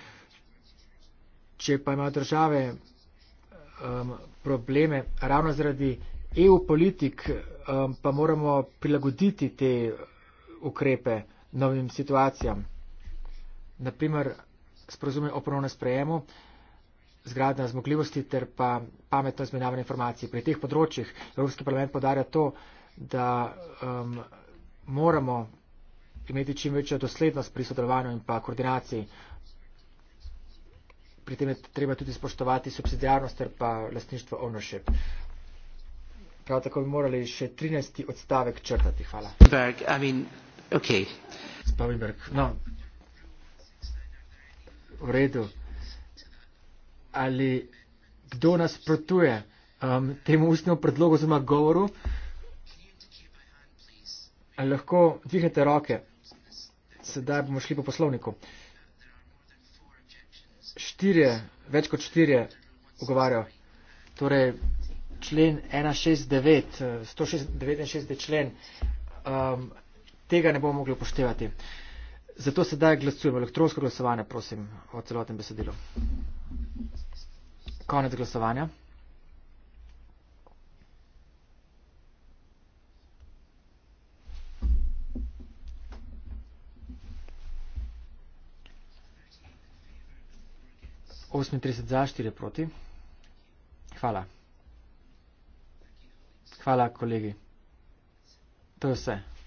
če pa imajo države um, probleme ravno zaradi EU politik, um, pa moramo prilagoditi te ukrepe novim situacijam. Naprimer, sprozume o ponovnem sprejemu, zgradna zmogljivosti ter pa pametno izmenjavanje informacij. Pri teh področjih Evropski parlament podarja to, da um, moramo imeti čim večjo doslednost pri sodelovanju in pa koordinaciji pri tem je treba tudi spoštovati subsidijarnost ter pa lastništvo ownership. Prav tako bi morali še 13. odstavek črtati. Hvala. Berg, I mean, okay. Spavenberg, no. V redu. Ali kdo nas protuje um, temu ustnemu predlogu oziroma govoru? Ali lahko dvihnete roke? Sedaj bomo šli po poslovniku. Uh, štirje, več kot štirje ogovarjajo. Torej, člen 169, 169 eh, člen, um, tega ne bomo mogli upoštevati. Zato sedaj glasujemo. Elektronsko glasovanje, prosim, o celotnem besedilu. Konec glasovanja. 38 za, 4 proti. Hvala. Hvala, kolegi. To je vse.